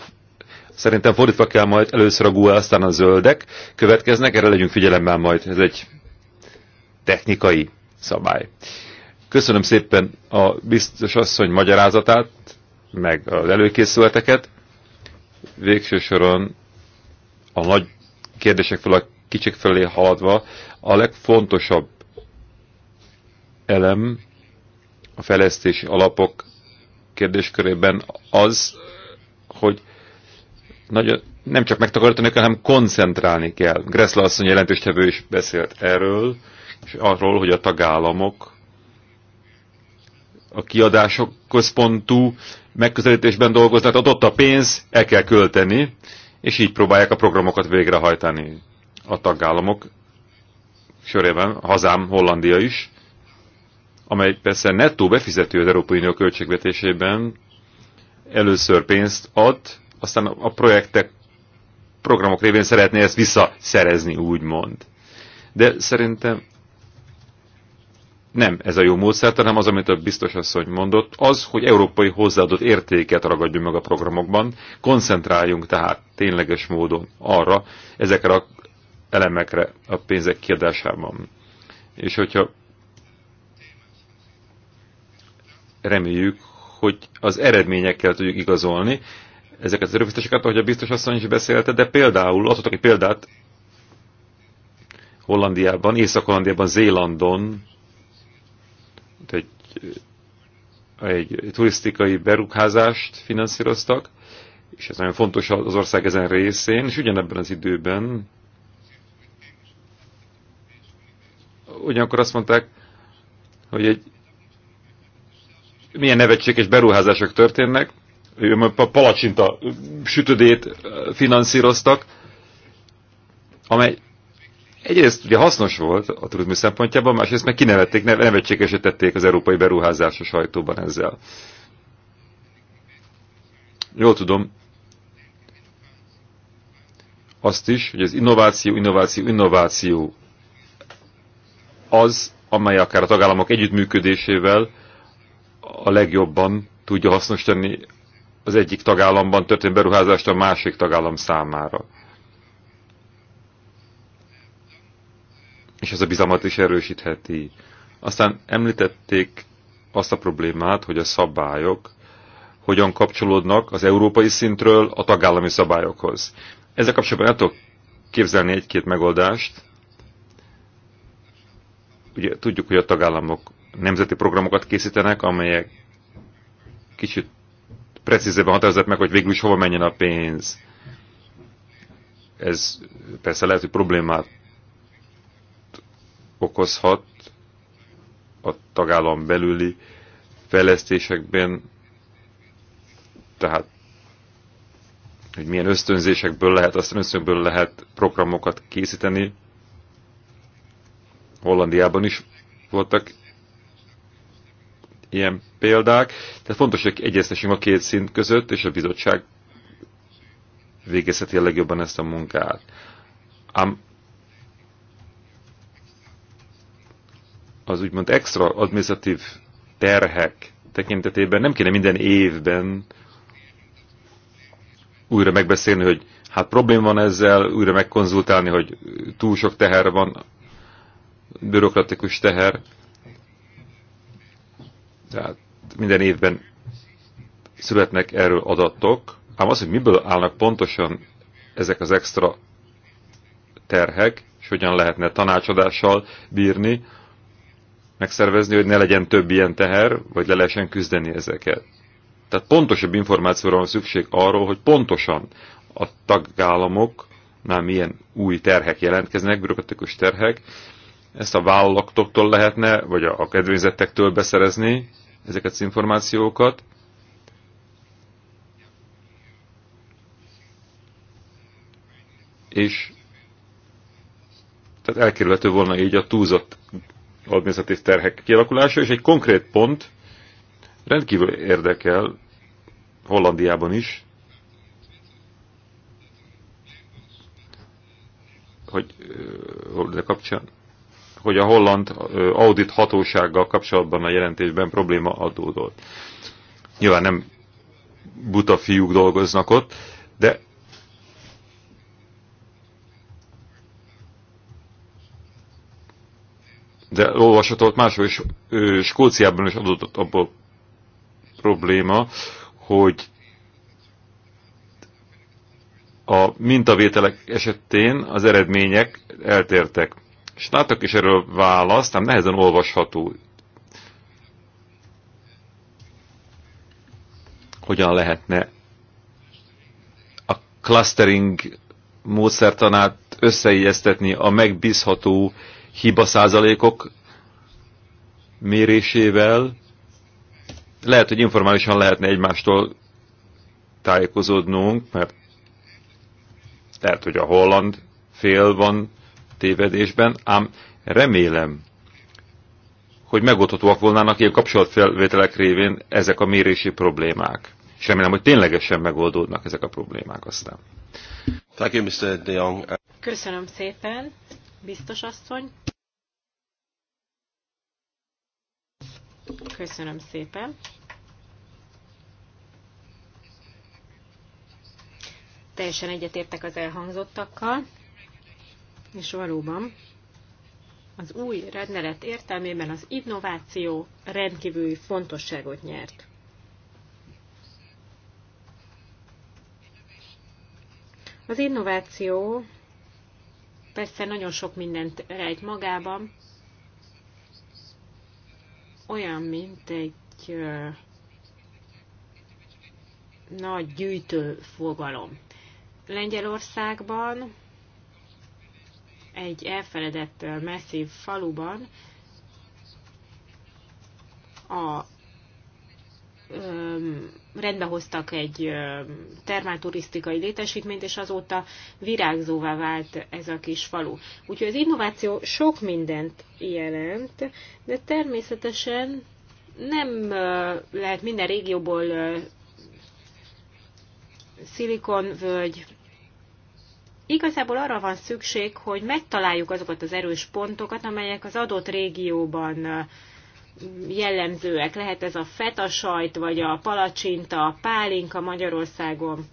Szerintem fordítva kell majd először a GUE, aztán a zöldek következnek, erre legyünk figyelemmel majd. Ez egy technikai szabály. Köszönöm szépen a biztos asszony magyarázatát, meg az előkészületeket. Végső soron a nagy kérdések fel a kicsik felé haladva a legfontosabb elem a fejlesztési alapok kérdéskörében az, hogy nagyon, nem csak megtakarítani kell, hanem koncentrálni kell. Gressler asszony tevő is beszélt erről, és arról, hogy a tagállamok a kiadások központú megközelítésben dolgoznak, ott a pénz, el kell költeni, és így próbálják a programokat végrehajtani a tagállamok sörében, a hazám Hollandia is, amely persze nettó befizető az Európai Unió költségvetésében, először pénzt ad, aztán a projektek, programok révén szeretné ezt visszaszerezni, úgymond. De szerintem nem ez a jó módszer, hanem az, amit a biztos asszony mondott, az, hogy európai hozzáadott értéket ragadjunk meg a programokban, koncentráljunk tehát tényleges módon arra, ezekre a elemekre a pénzek kiadásában. És hogyha reméljük, hogy az eredményekkel tudjuk igazolni ezeket az erőfeszítéseket, ahogy a biztos asszony is beszélte, de például, adhatok egy példát, Hollandiában, Észak-Hollandiában, Zélandon egy turisztikai beruházást finanszíroztak, és ez nagyon fontos az ország ezen részén, és ugyanebben az időben ugyanakkor azt mondták, hogy egy milyen nevetséges beruházások történnek, a palacsinta sütödét finanszíroztak, amely egyrészt ugye hasznos volt a turizmus szempontjában, másrészt meg kinevették, nevetségesítették az európai beruházás a sajtóban ezzel. Jól tudom, azt is, hogy az innováció, innováció, innováció az, amely akár a tagállamok együttműködésével a legjobban tudja hasznos tenni az egyik tagállamban történő beruházást a másik tagállam számára. és ez a bizalmat is erősítheti. Aztán említették azt a problémát, hogy a szabályok hogyan kapcsolódnak az európai szintről a tagállami szabályokhoz. Ezzel kapcsolatban el tudok képzelni egy-két megoldást. Ugye tudjuk, hogy a tagállamok nemzeti programokat készítenek, amelyek kicsit precízebben határozott meg, hogy végül is hova menjen a pénz. Ez persze lehet, hogy problémát okozhat a tagállam belüli fejlesztésekben, tehát hogy milyen ösztönzésekből lehet, aztán ösztönzőből lehet programokat készíteni. Hollandiában is voltak ilyen példák. Tehát fontos, hogy egyeztessünk a két szint között, és a bizottság végezheti a legjobban ezt a munkát. Ám az úgymond extra administratív terhek tekintetében nem kéne minden évben újra megbeszélni, hogy hát probléma van ezzel, újra megkonzultálni, hogy túl sok teher van, bürokratikus teher. Tehát minden évben születnek erről adatok, ám az, hogy miből állnak pontosan ezek az extra terhek, és hogyan lehetne tanácsadással bírni, megszervezni, hogy ne legyen több ilyen teher, vagy le lehessen küzdeni ezeket. Tehát pontosabb információra van szükség arról, hogy pontosan a tagállamoknál milyen új terhek jelentkeznek, bürokratikus terhek, ezt a vállalatoktól lehetne, vagy a kedvényzettektől beszerezni ezeket az információkat. És tehát elkerülhető volna így a túlzott administratív terhek kialakulása, és egy konkrét pont rendkívül érdekel Hollandiában is, hogy de kapcsán, hogy a holland audit hatósággal kapcsolatban a jelentésben probléma adódott. Nyilván nem buta fiúk dolgoznak ott, de de olvasható máshol is, Skóciában is adott a probléma, hogy a mintavételek esetén az eredmények eltértek. És láttak is erről választ, nem nehezen olvasható. Hogyan lehetne a clustering módszertanát összeegyeztetni a megbízható hiba százalékok mérésével. Lehet, hogy informálisan lehetne egymástól tájékozódnunk, mert lehet, hogy a holland fél van tévedésben, ám remélem, hogy megoldhatóak volnának ilyen kapcsolatfelvételek révén ezek a mérési problémák. És remélem, hogy ténylegesen megoldódnak ezek a problémák aztán. Thank you, Mr. De Jong. Köszönöm szépen. Biztos asszony. Köszönöm szépen. Teljesen egyetértek az elhangzottakkal, és valóban az új rendelet értelmében az innováció rendkívül fontosságot nyert. Az innováció persze nagyon sok mindent rejt magában, olyan, mint egy ö, nagy gyűjtő fogalom. Lengyelországban, egy elfeledett messzív faluban a rendbe hoztak egy termálturisztikai létesítményt, és azóta virágzóvá vált ez a kis falu. Úgyhogy az innováció sok mindent jelent, de természetesen nem lehet minden régióból szilikonvölgy. Igazából arra van szükség, hogy megtaláljuk azokat az erős pontokat, amelyek az adott régióban jellemzőek. Lehet ez a feta sajt, vagy a palacsinta, a pálinka Magyarországon.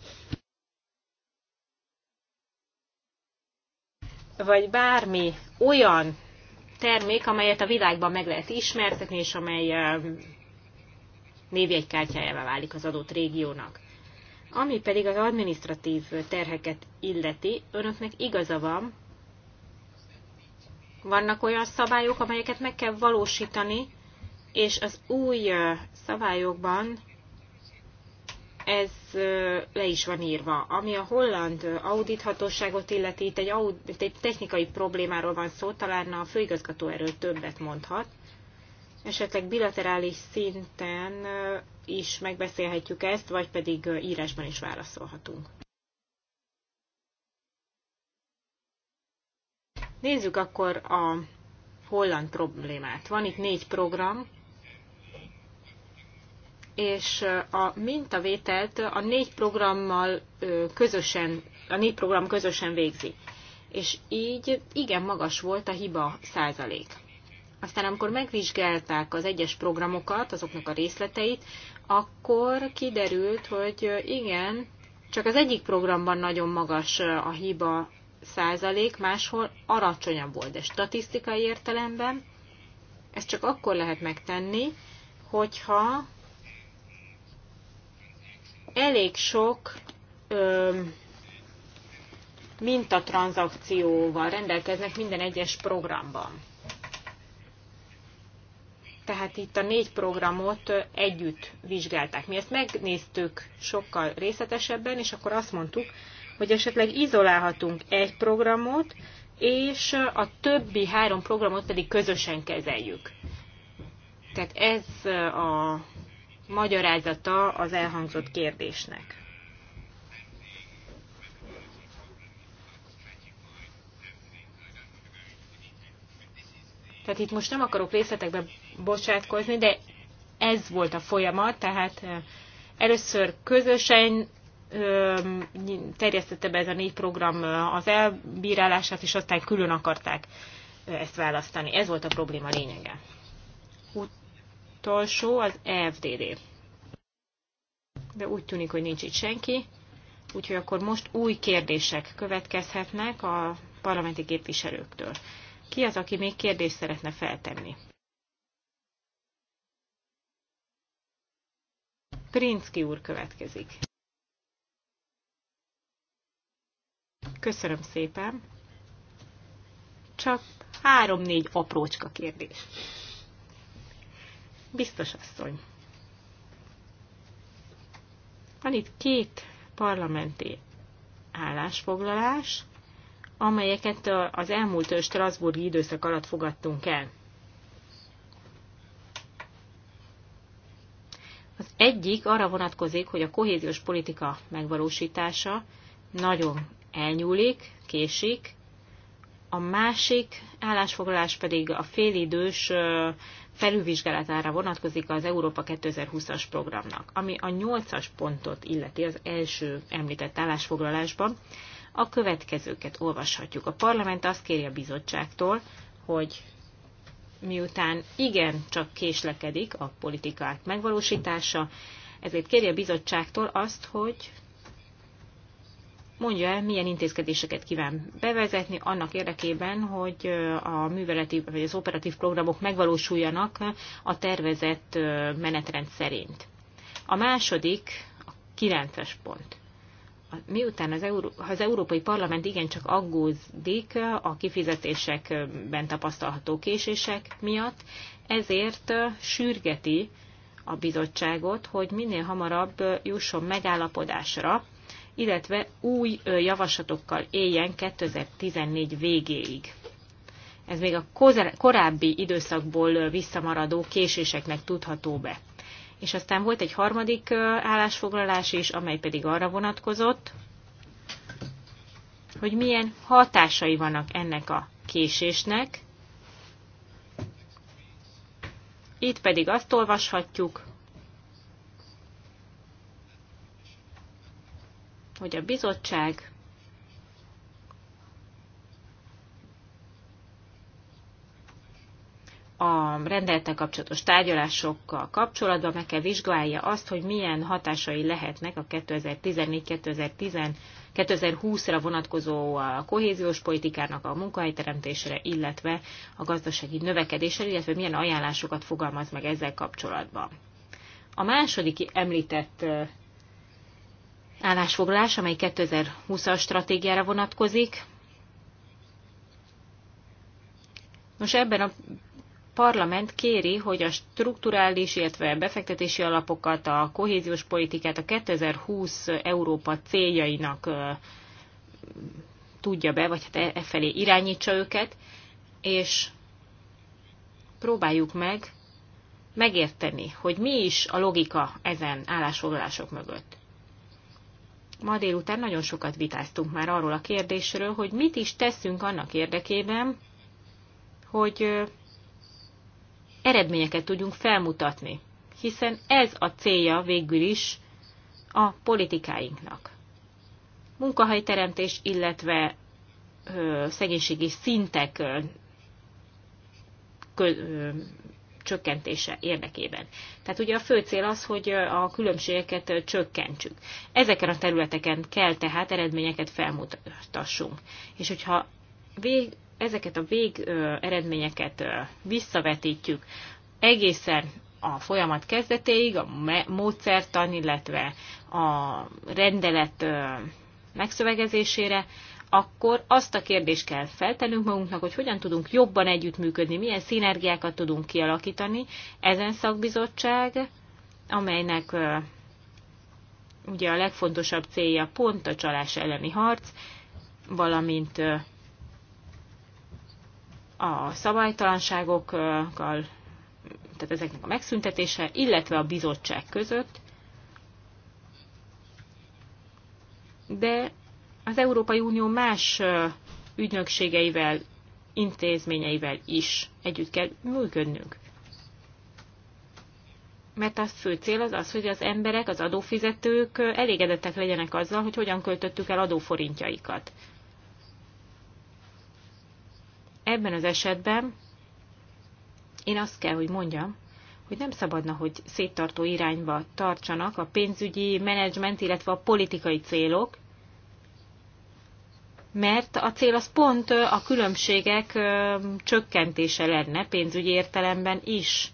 Vagy bármi olyan termék, amelyet a világban meg lehet ismertetni, és amely névjegykártyájává válik az adott régiónak. Ami pedig az administratív terheket illeti, önöknek igaza van, vannak olyan szabályok, amelyeket meg kell valósítani, és az új szabályokban ez le is van írva. Ami a holland audíthatóságot illeti, itt egy, audit, egy technikai problémáról van szó, talán a főigazgató erről többet mondhat. Esetleg bilaterális szinten is megbeszélhetjük ezt, vagy pedig írásban is válaszolhatunk. Nézzük akkor a holland problémát. Van itt négy program, és a mintavételt a négy programmal közösen, a négy program közösen végzi. És így igen magas volt a hiba százalék. Aztán amikor megvizsgálták az egyes programokat, azoknak a részleteit, akkor kiderült, hogy igen, csak az egyik programban nagyon magas a hiba százalék, máshol alacsonyabb volt, de statisztikai értelemben ezt csak akkor lehet megtenni, hogyha elég sok ö, mintatranzakcióval rendelkeznek minden egyes programban. Tehát itt a négy programot együtt vizsgálták. Mi ezt megnéztük sokkal részletesebben, és akkor azt mondtuk, hogy esetleg izolálhatunk egy programot, és a többi három programot pedig közösen kezeljük. Tehát ez a magyarázata az elhangzott kérdésnek. Tehát itt most nem akarok részletekbe bocsátkozni, de ez volt a folyamat, tehát először közösen terjesztette be ez a négy program az elbírálását, és aztán külön akarták ezt választani. Ez volt a probléma lényege utolsó az EFDD. De úgy tűnik, hogy nincs itt senki, úgyhogy akkor most új kérdések következhetnek a parlamenti képviselőktől. Ki az, aki még kérdést szeretne feltenni? Prinszki úr következik. Köszönöm szépen. Csak három-négy aprócska kérdés. Biztos asszony. Van itt két parlamenti állásfoglalás, amelyeket az elmúlt Strasburgi időszak alatt fogadtunk el. Az egyik arra vonatkozik, hogy a kohéziós politika megvalósítása nagyon elnyúlik, késik, a másik állásfoglalás pedig a félidős felülvizsgálatára vonatkozik az Európa 2020-as programnak, ami a 8-as pontot illeti az első említett állásfoglalásban. A következőket olvashatjuk. A parlament azt kéri a bizottságtól, hogy miután igen csak késlekedik a politikák megvalósítása, ezért kéri a bizottságtól azt, hogy mondja el, milyen intézkedéseket kíván bevezetni annak érdekében, hogy a műveleti vagy az operatív programok megvalósuljanak a tervezett menetrend szerint. A második, a kilences pont miután az, Euró- az Európai Parlament igencsak aggódik a kifizetésekben tapasztalható késések miatt, ezért sürgeti a bizottságot, hogy minél hamarabb jusson megállapodásra illetve új javaslatokkal éljen 2014 végéig. Ez még a korábbi időszakból visszamaradó késéseknek tudható be. És aztán volt egy harmadik állásfoglalás is, amely pedig arra vonatkozott, hogy milyen hatásai vannak ennek a késésnek. Itt pedig azt olvashatjuk, hogy a bizottság a rendelettel kapcsolatos tárgyalásokkal kapcsolatban meg kell vizsgálja azt, hogy milyen hatásai lehetnek a 2014-2020-ra vonatkozó kohéziós politikának a munkahelyteremtésre, illetve a gazdasági növekedésre, illetve milyen ajánlásokat fogalmaz meg ezzel kapcsolatban. A második említett állásfoglalás, amely 2020-as stratégiára vonatkozik. Nos, ebben a parlament kéri, hogy a strukturális, illetve befektetési alapokat, a kohéziós politikát a 2020 Európa céljainak tudja be, vagy hát e, e felé irányítsa őket, és próbáljuk meg megérteni, hogy mi is a logika ezen állásfoglalások mögött. Ma délután nagyon sokat vitáztunk már arról a kérdésről, hogy mit is teszünk annak érdekében, hogy eredményeket tudjunk felmutatni, hiszen ez a célja végül is a politikáinknak. Munkahelyteremtés, illetve szegénységi szintek csökkentése érdekében. Tehát ugye a fő cél az, hogy a különbségeket csökkentsük. Ezeken a területeken kell tehát eredményeket felmutassunk. És hogyha vég, ezeket a vég eredményeket visszavetítjük egészen a folyamat kezdetéig, a módszertan, illetve a rendelet megszövegezésére, akkor azt a kérdést kell feltennünk magunknak, hogy hogyan tudunk jobban együttműködni, milyen szinergiákat tudunk kialakítani ezen szakbizottság, amelynek ugye a legfontosabb célja pont a csalás elleni harc, valamint a szabálytalanságokkal, tehát ezeknek a megszüntetése, illetve a bizottság között, de az Európai Unió más ügynökségeivel, intézményeivel is együtt kell működnünk. Mert a fő cél az az, hogy az emberek, az adófizetők elégedettek legyenek azzal, hogy hogyan költöttük el adóforintjaikat. Ebben az esetben én azt kell, hogy mondjam, hogy nem szabadna, hogy széttartó irányba tartsanak a pénzügyi menedzsment, illetve a politikai célok, mert a cél az pont a különbségek csökkentése lenne pénzügyi értelemben is.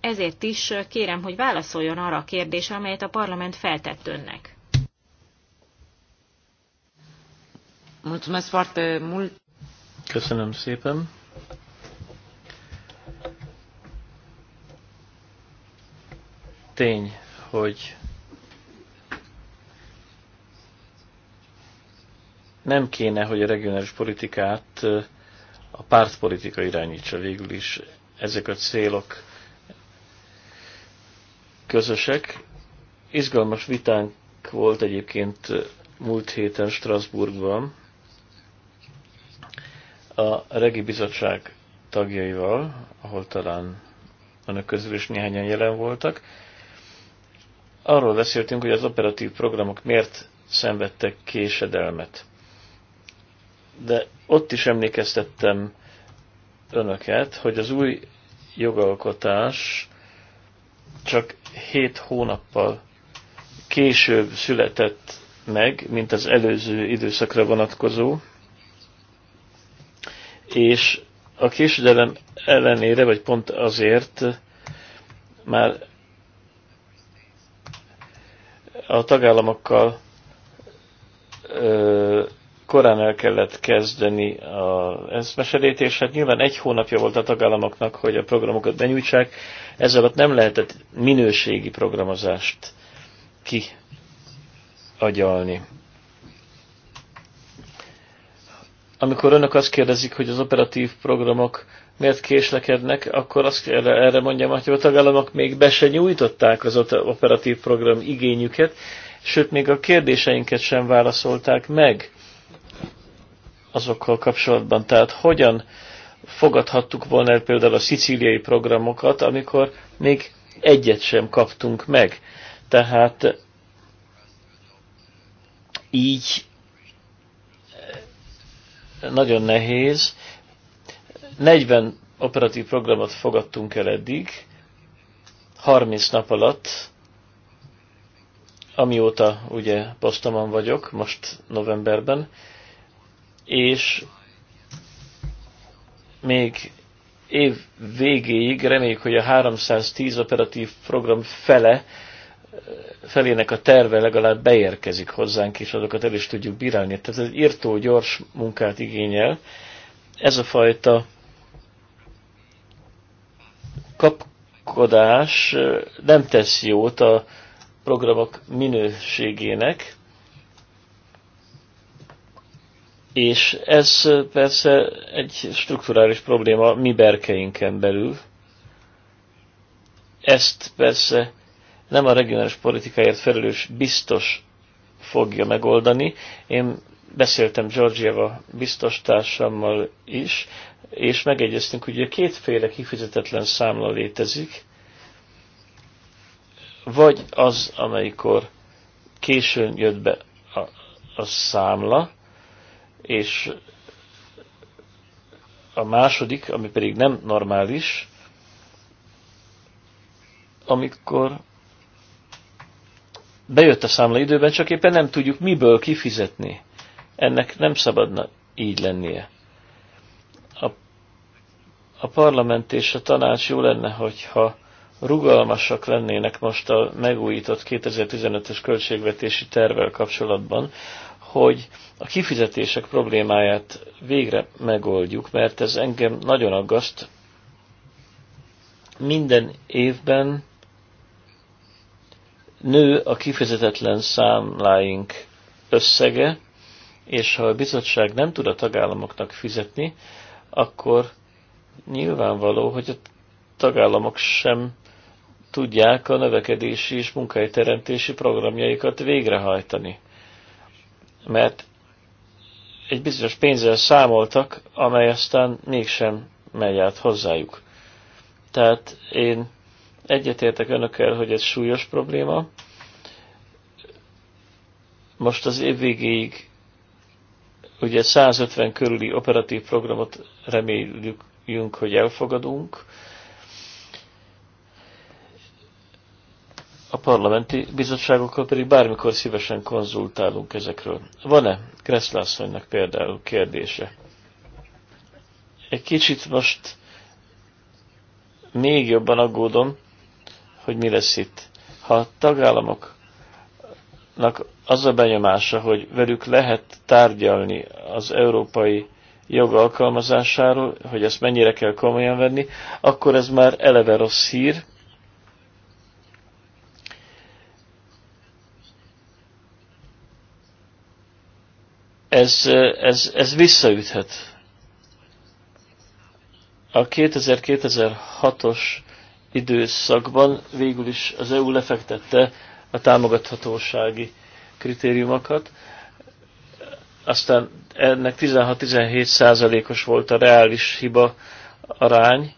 Ezért is kérem, hogy válaszoljon arra a kérdésre, amelyet a parlament feltett önnek. Köszönöm szépen. Tény, hogy nem kéne, hogy a regionális politikát a pártpolitika irányítsa végül is. Ezek a célok közösek. Izgalmas vitánk volt egyébként múlt héten Strasbourgban a Regi Bizottság tagjaival, ahol talán önök közül is néhányan jelen voltak. Arról beszéltünk, hogy az operatív programok miért szenvedtek késedelmet de ott is emlékeztettem önöket, hogy az új jogalkotás csak 7 hónappal később született meg, mint az előző időszakra vonatkozó, és a késődelem ellenére, vagy pont azért már a tagállamokkal ö, korán el kellett kezdeni az eszmeselét, és hát nyilván egy hónapja volt a tagállamoknak, hogy a programokat benyújtsák, ez alatt nem lehetett minőségi programozást kiagyalni. Amikor önök azt kérdezik, hogy az operatív programok miért késlekednek, akkor azt erre, erre mondjam, hogy a tagállamok még be se nyújtották az operatív program igényüket, sőt még a kérdéseinket sem válaszolták meg azokkal kapcsolatban. Tehát hogyan fogadhattuk volna el például a szicíliai programokat, amikor még egyet sem kaptunk meg. Tehát így eh, nagyon nehéz. 40 operatív programot fogadtunk el eddig, 30 nap alatt, amióta ugye posztomon vagyok, most novemberben, és még év végéig reméljük, hogy a 310 operatív program fele felének a terve legalább beérkezik hozzánk, és azokat el is tudjuk bírálni. Tehát ez írtó gyors munkát igényel. Ez a fajta kapkodás nem tesz jót a programok minőségének, És ez persze egy strukturális probléma mi berkeinken belül. Ezt persze nem a regionális politikáért felelős biztos fogja megoldani. Én beszéltem Georgieva biztos társammal is, és megegyeztünk, hogy a kétféle kifizetetlen számla létezik, vagy az, amelyikor későn jött be a, a számla, és a második, ami pedig nem normális, amikor bejött a számla időben, csak éppen nem tudjuk miből kifizetni. Ennek nem szabadna így lennie. A, a parlament és a tanács jó lenne, hogyha rugalmasak lennének most a megújított 2015-ös költségvetési tervvel kapcsolatban, hogy a kifizetések problémáját végre megoldjuk, mert ez engem nagyon aggaszt. Minden évben nő a kifizetetlen számláink összege, és ha a bizottság nem tud a tagállamoknak fizetni, akkor nyilvánvaló, hogy a tagállamok sem tudják a növekedési és munkahelyteremtési programjaikat végrehajtani mert egy bizonyos pénzzel számoltak, amely aztán mégsem megy át hozzájuk. Tehát én egyetértek önökkel, hogy ez súlyos probléma. Most az év végéig ugye 150 körüli operatív programot reméljük, hogy elfogadunk, a parlamenti bizottságokkal pedig bármikor szívesen konzultálunk ezekről. Van-e Kresszlászonynak például kérdése? Egy kicsit most még jobban aggódom, hogy mi lesz itt. Ha a tagállamoknak az a benyomása, hogy velük lehet tárgyalni az európai jog alkalmazásáról, hogy ezt mennyire kell komolyan venni, akkor ez már eleve rossz hír, ez, ez, ez visszaüthet. A 2000-2006-os időszakban végül is az EU lefektette a támogathatósági kritériumokat, aztán ennek 16-17 százalékos volt a reális hiba arány,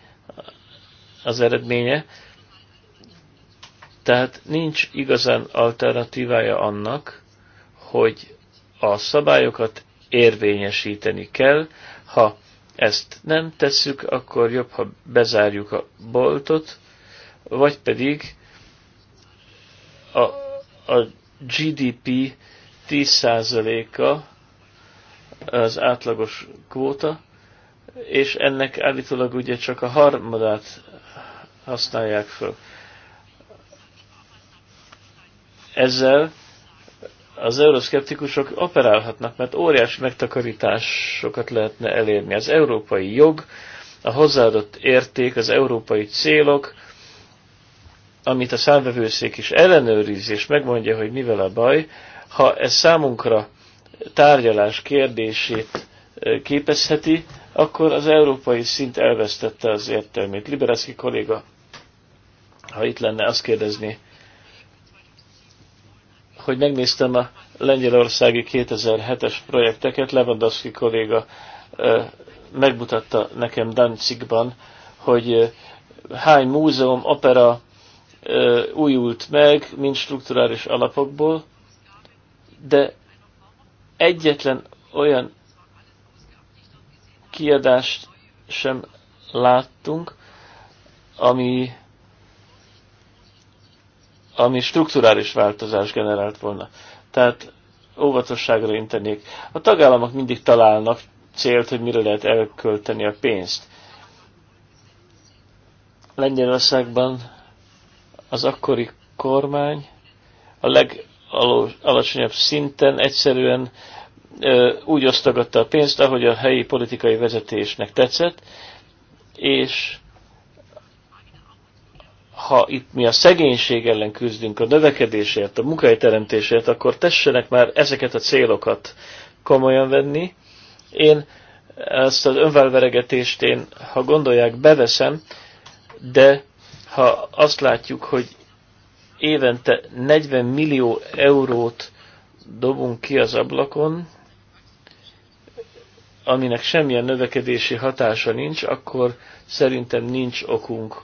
az eredménye, tehát nincs igazán alternatívája annak, hogy a szabályokat érvényesíteni kell. Ha ezt nem tesszük, akkor jobb, ha bezárjuk a boltot, vagy pedig a, a GDP 10%-a az átlagos kvóta, és ennek állítólag ugye csak a harmadát használják föl. Ezzel az euroszkeptikusok operálhatnak, mert óriási megtakarításokat lehetne elérni. Az európai jog, a hozzáadott érték, az európai célok, amit a számvevőszék is ellenőriz, és megmondja, hogy mivel a baj, ha ez számunkra tárgyalás kérdését képezheti, akkor az európai szint elvesztette az értelmét. Liberászki kolléga, ha itt lenne, azt kérdezni, hogy megnéztem a lengyelországi 2007-es projekteket, Lewandowski kolléga megmutatta nekem Danzigban, hogy hány múzeum, opera újult meg, mint strukturális alapokból, de egyetlen olyan kiadást sem láttunk, ami ami strukturális változás generált volna. Tehát óvatosságra intenék. A tagállamok mindig találnak célt, hogy mire lehet elkölteni a pénzt. Lengyelországban az akkori kormány a legalacsonyabb szinten egyszerűen ö, úgy osztogatta a pénzt, ahogy a helyi politikai vezetésnek tetszett, és ha itt mi a szegénység ellen küzdünk, a növekedésért, a munkahelyteremtésért, akkor tessenek már ezeket a célokat komolyan venni. Én ezt az önvelveregetést én, ha gondolják, beveszem, de ha azt látjuk, hogy évente 40 millió eurót dobunk ki az ablakon, aminek semmilyen növekedési hatása nincs, akkor szerintem nincs okunk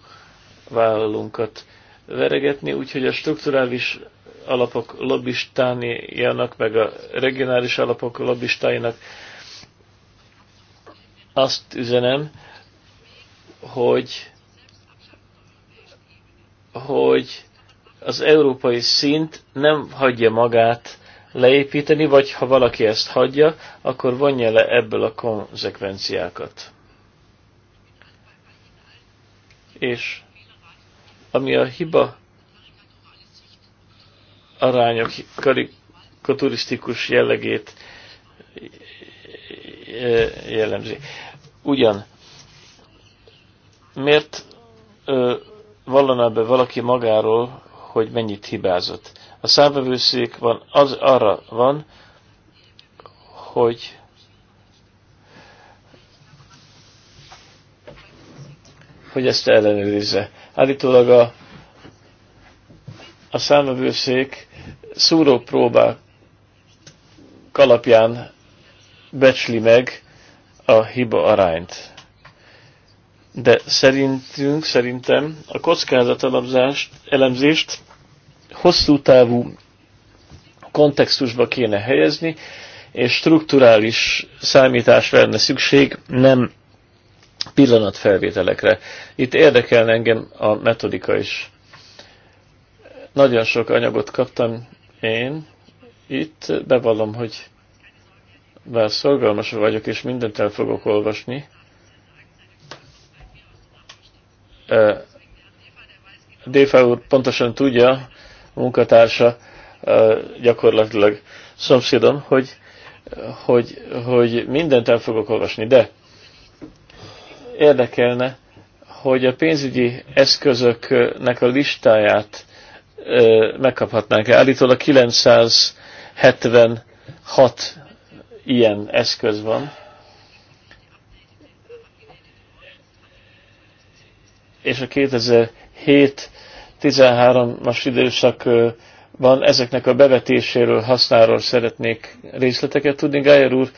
vállalunkat veregetni, úgyhogy a strukturális alapok lobbistájának, meg a regionális alapok lobbistájának azt üzenem, hogy, hogy az európai szint nem hagyja magát leépíteni, vagy ha valaki ezt hagyja, akkor vonja le ebből a konzekvenciákat. És ami a hiba arányok karikaturisztikus jellegét eh, jellemzi. Ugyan, miért vallaná be valaki magáról, hogy mennyit hibázott? A számvevőszék van, az arra van, hogy hogy ezt ellenőrizze. Állítólag a, a számövőszék szúrópróbák alapján becsli meg a hiba arányt. De szerintünk, szerintem a kockázatelemzést elemzést hosszú távú kontextusba kéne helyezni, és strukturális számításra lenne szükség, nem pillanatfelvételekre. Itt érdekel engem a metodika is. Nagyon sok anyagot kaptam én. Itt bevallom, hogy bár szolgálmas vagyok, és mindent el fogok olvasni, Défa úr pontosan tudja, munkatársa, gyakorlatilag szomszédom, hogy, hogy, hogy mindent el fogok olvasni, de érdekelne, hogy a pénzügyi eszközöknek a listáját megkaphatnánk-e. Állítólag 976 ilyen eszköz van. És a 2007-13-as időszakban ezeknek a bevetéséről, használról szeretnék részleteket tudni. Gájer úr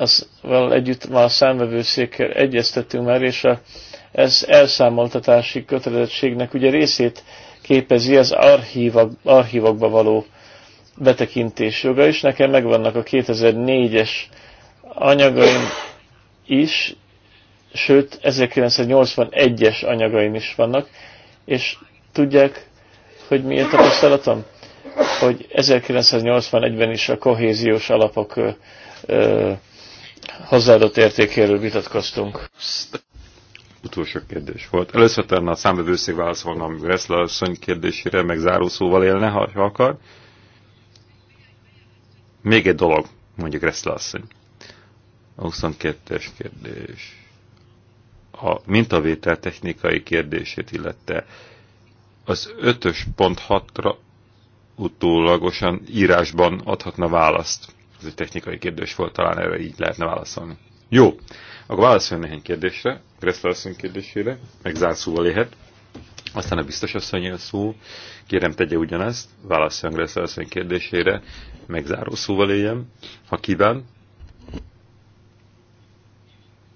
azval együtt már a számvevőszékkel egyeztetünk már, és a, ez elszámoltatási kötelezettségnek ugye részét képezi az archívak, archívakba való betekintés joga, és nekem megvannak a 2004-es anyagaim is, sőt 1981-es anyagaim is vannak, és tudják, hogy miért tapasztalatom? Hogy 1981-ben is a kohéziós alapok ö, ö, hozzáadott értékéről vitatkoztunk. Utolsó kérdés volt. Először talán a számbevőszék válaszolna, ami Gressler asszony kérdésére meg zárószóval élne, ha akar. Még egy dolog, mondjuk Gressler asszony. A 22-es kérdés. A mintavétel technikai kérdését illette az 5.6-ra utólagosan írásban adhatna választ. Ez egy technikai kérdés volt, talán erre így lehetne válaszolni. Jó, akkor válaszoljon néhány kérdésre, Gressler asszony kérdésére, meg zárszóval éhet. Aztán a biztos asszony a szó, kérem tegye ugyanezt, válaszoljon Gressler asszony kérdésére, meg szóval éljem, ha kíván.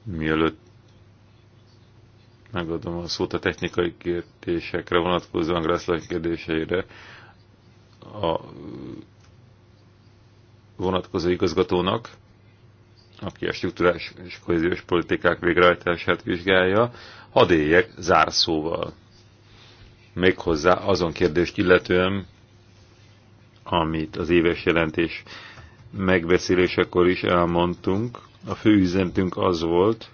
Mielőtt megadom a szót a technikai kérdésekre vonatkozóan Gressler kérdéseire, a vonatkozó igazgatónak, aki a struktúrás és kohéziós politikák végrehajtását vizsgálja, hadd éljek zárszóval. Méghozzá azon kérdést illetően, amit az éves jelentés megbeszélésekor is elmondtunk. A fő üzenetünk az volt,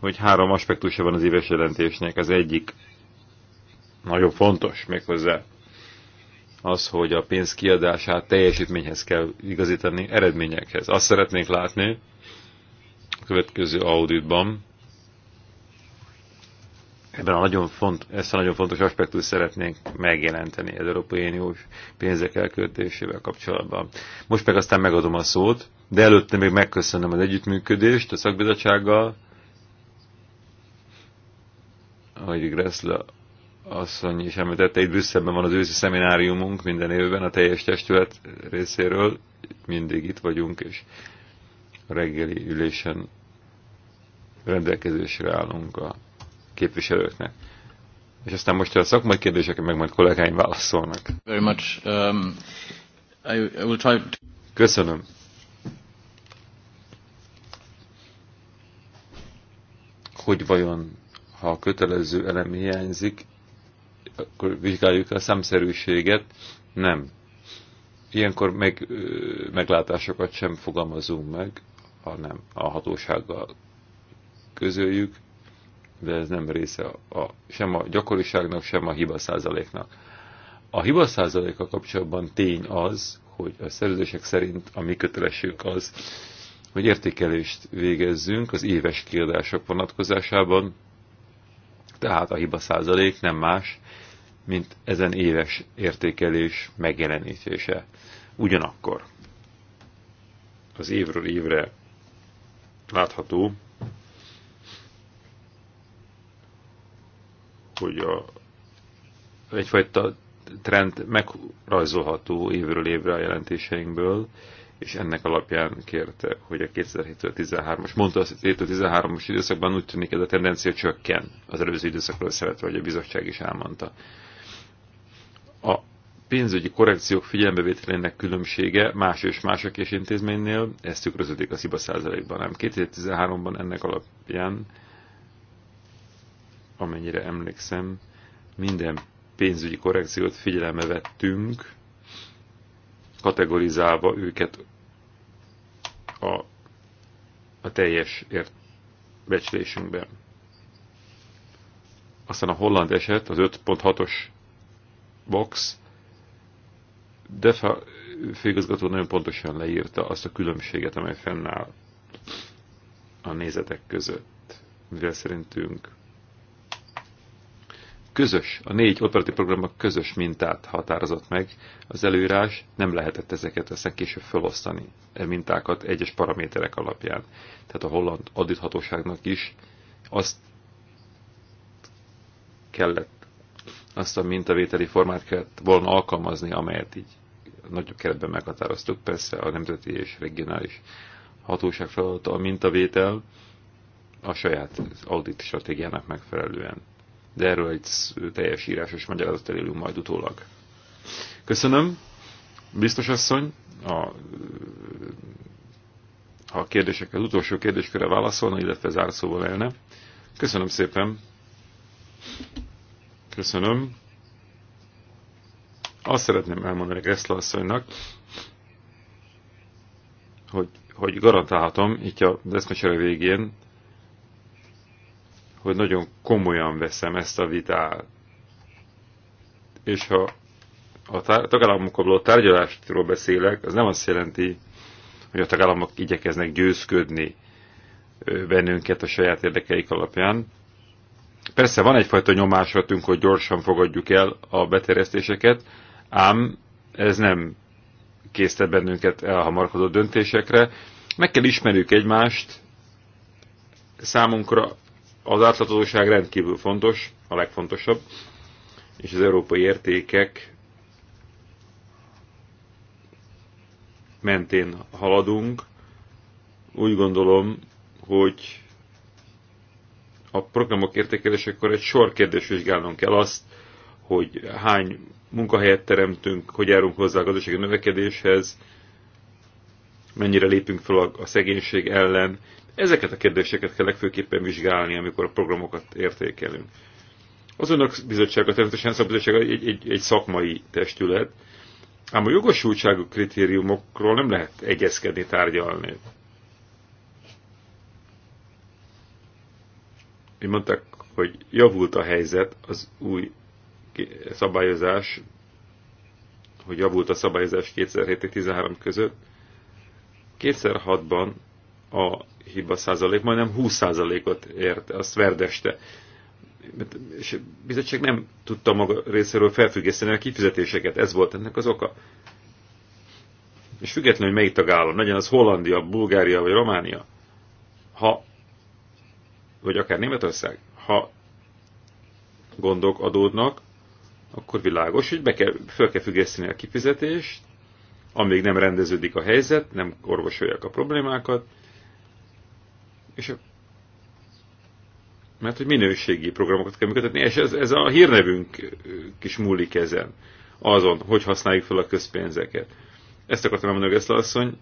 hogy három aspektusa van az éves jelentésnek. Az egyik nagyon fontos méghozzá az, hogy a pénz kiadását teljesítményhez kell igazítani, eredményekhez. Azt szeretnénk látni a következő auditban, ebben a nagyon font, ezt a nagyon fontos aspektust szeretnénk megjelenteni az Európai Uniós pénzek elköltésével kapcsolatban. Most meg aztán megadom a szót, de előtte még megköszönöm az együttműködést a szakbizottsággal, ahogy Gressler asszony is említette, itt Brüsszelben van az őszi szemináriumunk minden évben a teljes testület részéről, mindig itt vagyunk, és a reggeli ülésen rendelkezésre állunk a képviselőknek. És aztán most a szakmai kérdésekre meg majd kollégáim válaszolnak. Very much. Um, I, I will try to... Köszönöm. Hogy vajon, ha a kötelező elem hiányzik, akkor vizsgáljuk a szemszerűséget, Nem. Ilyenkor meg, meglátásokat sem fogalmazunk meg, hanem a hatósággal közöljük, de ez nem része a, sem a gyakoriságnak, sem a hiba százaléknak. A hiba százaléka kapcsolatban tény az, hogy a szerződések szerint a mi kötelességünk az, hogy értékelést végezzünk az éves kiadások vonatkozásában, tehát a hiba százalék nem más, mint ezen éves értékelés megjelenítése. Ugyanakkor az évről évre látható, hogy a, egyfajta trend megrajzolható évről évre a jelentéseinkből, és ennek alapján kérte, hogy a 2007-13-as, mondta azt, hogy 2013-as időszakban úgy tűnik ez a tendencia csökken az előző időszakról szeretve, hogy a bizottság is elmondta a pénzügyi korrekciók figyelmevételének különbsége más és más a kés intézménynél, ez tükröződik a sziba százalékban, nem 2013-ban ennek alapján, amennyire emlékszem, minden pénzügyi korrekciót figyelembe vettünk, kategorizálva őket a, a teljes ért becslésünkben. Aztán a holland eset, az 5.6-os Box DEFA főigazgató nagyon pontosan leírta azt a különbséget, amely fennáll a nézetek között, mivel szerintünk közös, a négy operatív programok közös mintát határozott meg, az előírás nem lehetett ezeket a később felosztani, e mintákat egyes paraméterek alapján. Tehát a holland adíthatóságnak is azt kellett azt a mintavételi formát kellett volna alkalmazni, amelyet így nagyobb keretben meghatároztuk. Persze a nemzeti és regionális hatóság feladata a mintavétel a saját audit stratégiának megfelelően. De erről egy teljes írásos magyarázat elélünk majd utólag. Köszönöm, biztos asszony, a ha a kérdések az utolsó kérdéskörre válaszolna, illetve zárszóval elne. Köszönöm szépen! Köszönöm. Azt szeretném elmondani Gessler asszonynak, hogy, hogy garantálhatom, itt a deszmecsere végén, hogy nagyon komolyan veszem ezt a vitát. És ha a tagállamokkal való tárgyalásról beszélek, az nem azt jelenti, hogy a tagállamok igyekeznek győzködni bennünket a saját érdekeik alapján, Persze van egyfajta nyomásatunk, hogy gyorsan fogadjuk el a beterjesztéseket, ám ez nem készte bennünket elhamarkodó döntésekre. Meg kell ismerjük egymást, számunkra az átláthatóság rendkívül fontos, a legfontosabb, és az európai értékek mentén haladunk. Úgy gondolom, hogy a programok értékelésekor egy sor kérdés vizsgálnunk kell azt, hogy hány munkahelyet teremtünk, hogy járunk hozzá a gazdasági növekedéshez, mennyire lépünk fel a szegénység ellen. Ezeket a kérdéseket kell legfőképpen vizsgálni, amikor a programokat értékelünk. Az önök bizottsága, természetesen a bizottsága egy, egy, egy szakmai testület, ám a jogosultságú kritériumokról nem lehet egyezkedni, tárgyalni. mi mondták, hogy javult a helyzet, az új szabályozás, hogy javult a szabályozás 2007-13 között, 2006-ban a hiba százalék majdnem 20 százalékot ért, azt verdeste. És a bizottság nem tudta maga részéről felfüggeszteni a kifizetéseket, ez volt ennek az oka. És függetlenül, hogy melyik tagállam, legyen az Hollandia, Bulgária vagy Románia, ha vagy akár Németország, ha gondok adódnak, akkor világos, hogy be kell, föl kell függeszteni a kifizetést, amíg nem rendeződik a helyzet, nem orvosolják a problémákat, és a, mert hogy minőségi programokat kell működtetni, és ez, ez a hírnevünk kis múlik ezen, azon, hogy használjuk fel a közpénzeket. Ezt akartam elmondani, ezt asszony,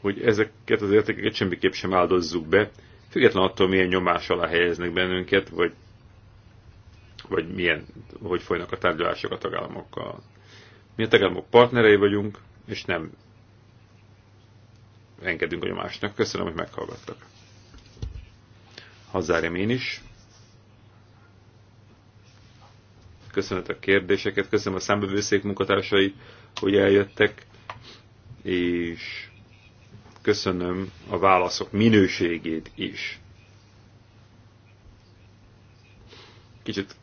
hogy ezeket az értékeket semmiképp sem áldozzuk be Független attól, milyen nyomás alá helyeznek bennünket, vagy, vagy milyen, hogy folynak a tárgyalások a tagállamokkal. Mi a tagállamok partnerei vagyunk, és nem engedünk a nyomásnak. Köszönöm, hogy meghallgattak. Hazzárjam én is. köszönöm a kérdéseket, köszönöm a számbevőszék munkatársai, hogy eljöttek, és köszönöm a válaszok minőségét is. Kicsit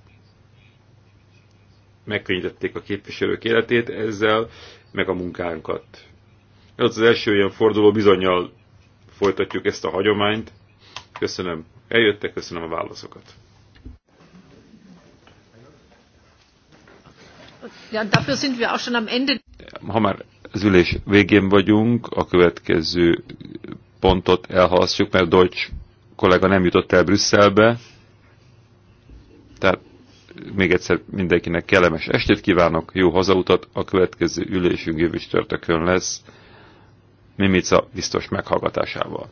megkönnyítették a képviselők életét ezzel, meg a munkánkat. Ez az első ilyen forduló, bizonyal folytatjuk ezt a hagyományt. Köszönöm, eljöttek, köszönöm a válaszokat. Ja, dafür sind wir auch schon am Ende. Ja, az ülés végén vagyunk, a következő pontot elhalasztjuk, mert Deutsch kollega nem jutott el Brüsszelbe. Tehát még egyszer mindenkinek kellemes estét kívánok, jó hazautat, a következő ülésünk jövő csütörtökön lesz, Mimica biztos meghallgatásával.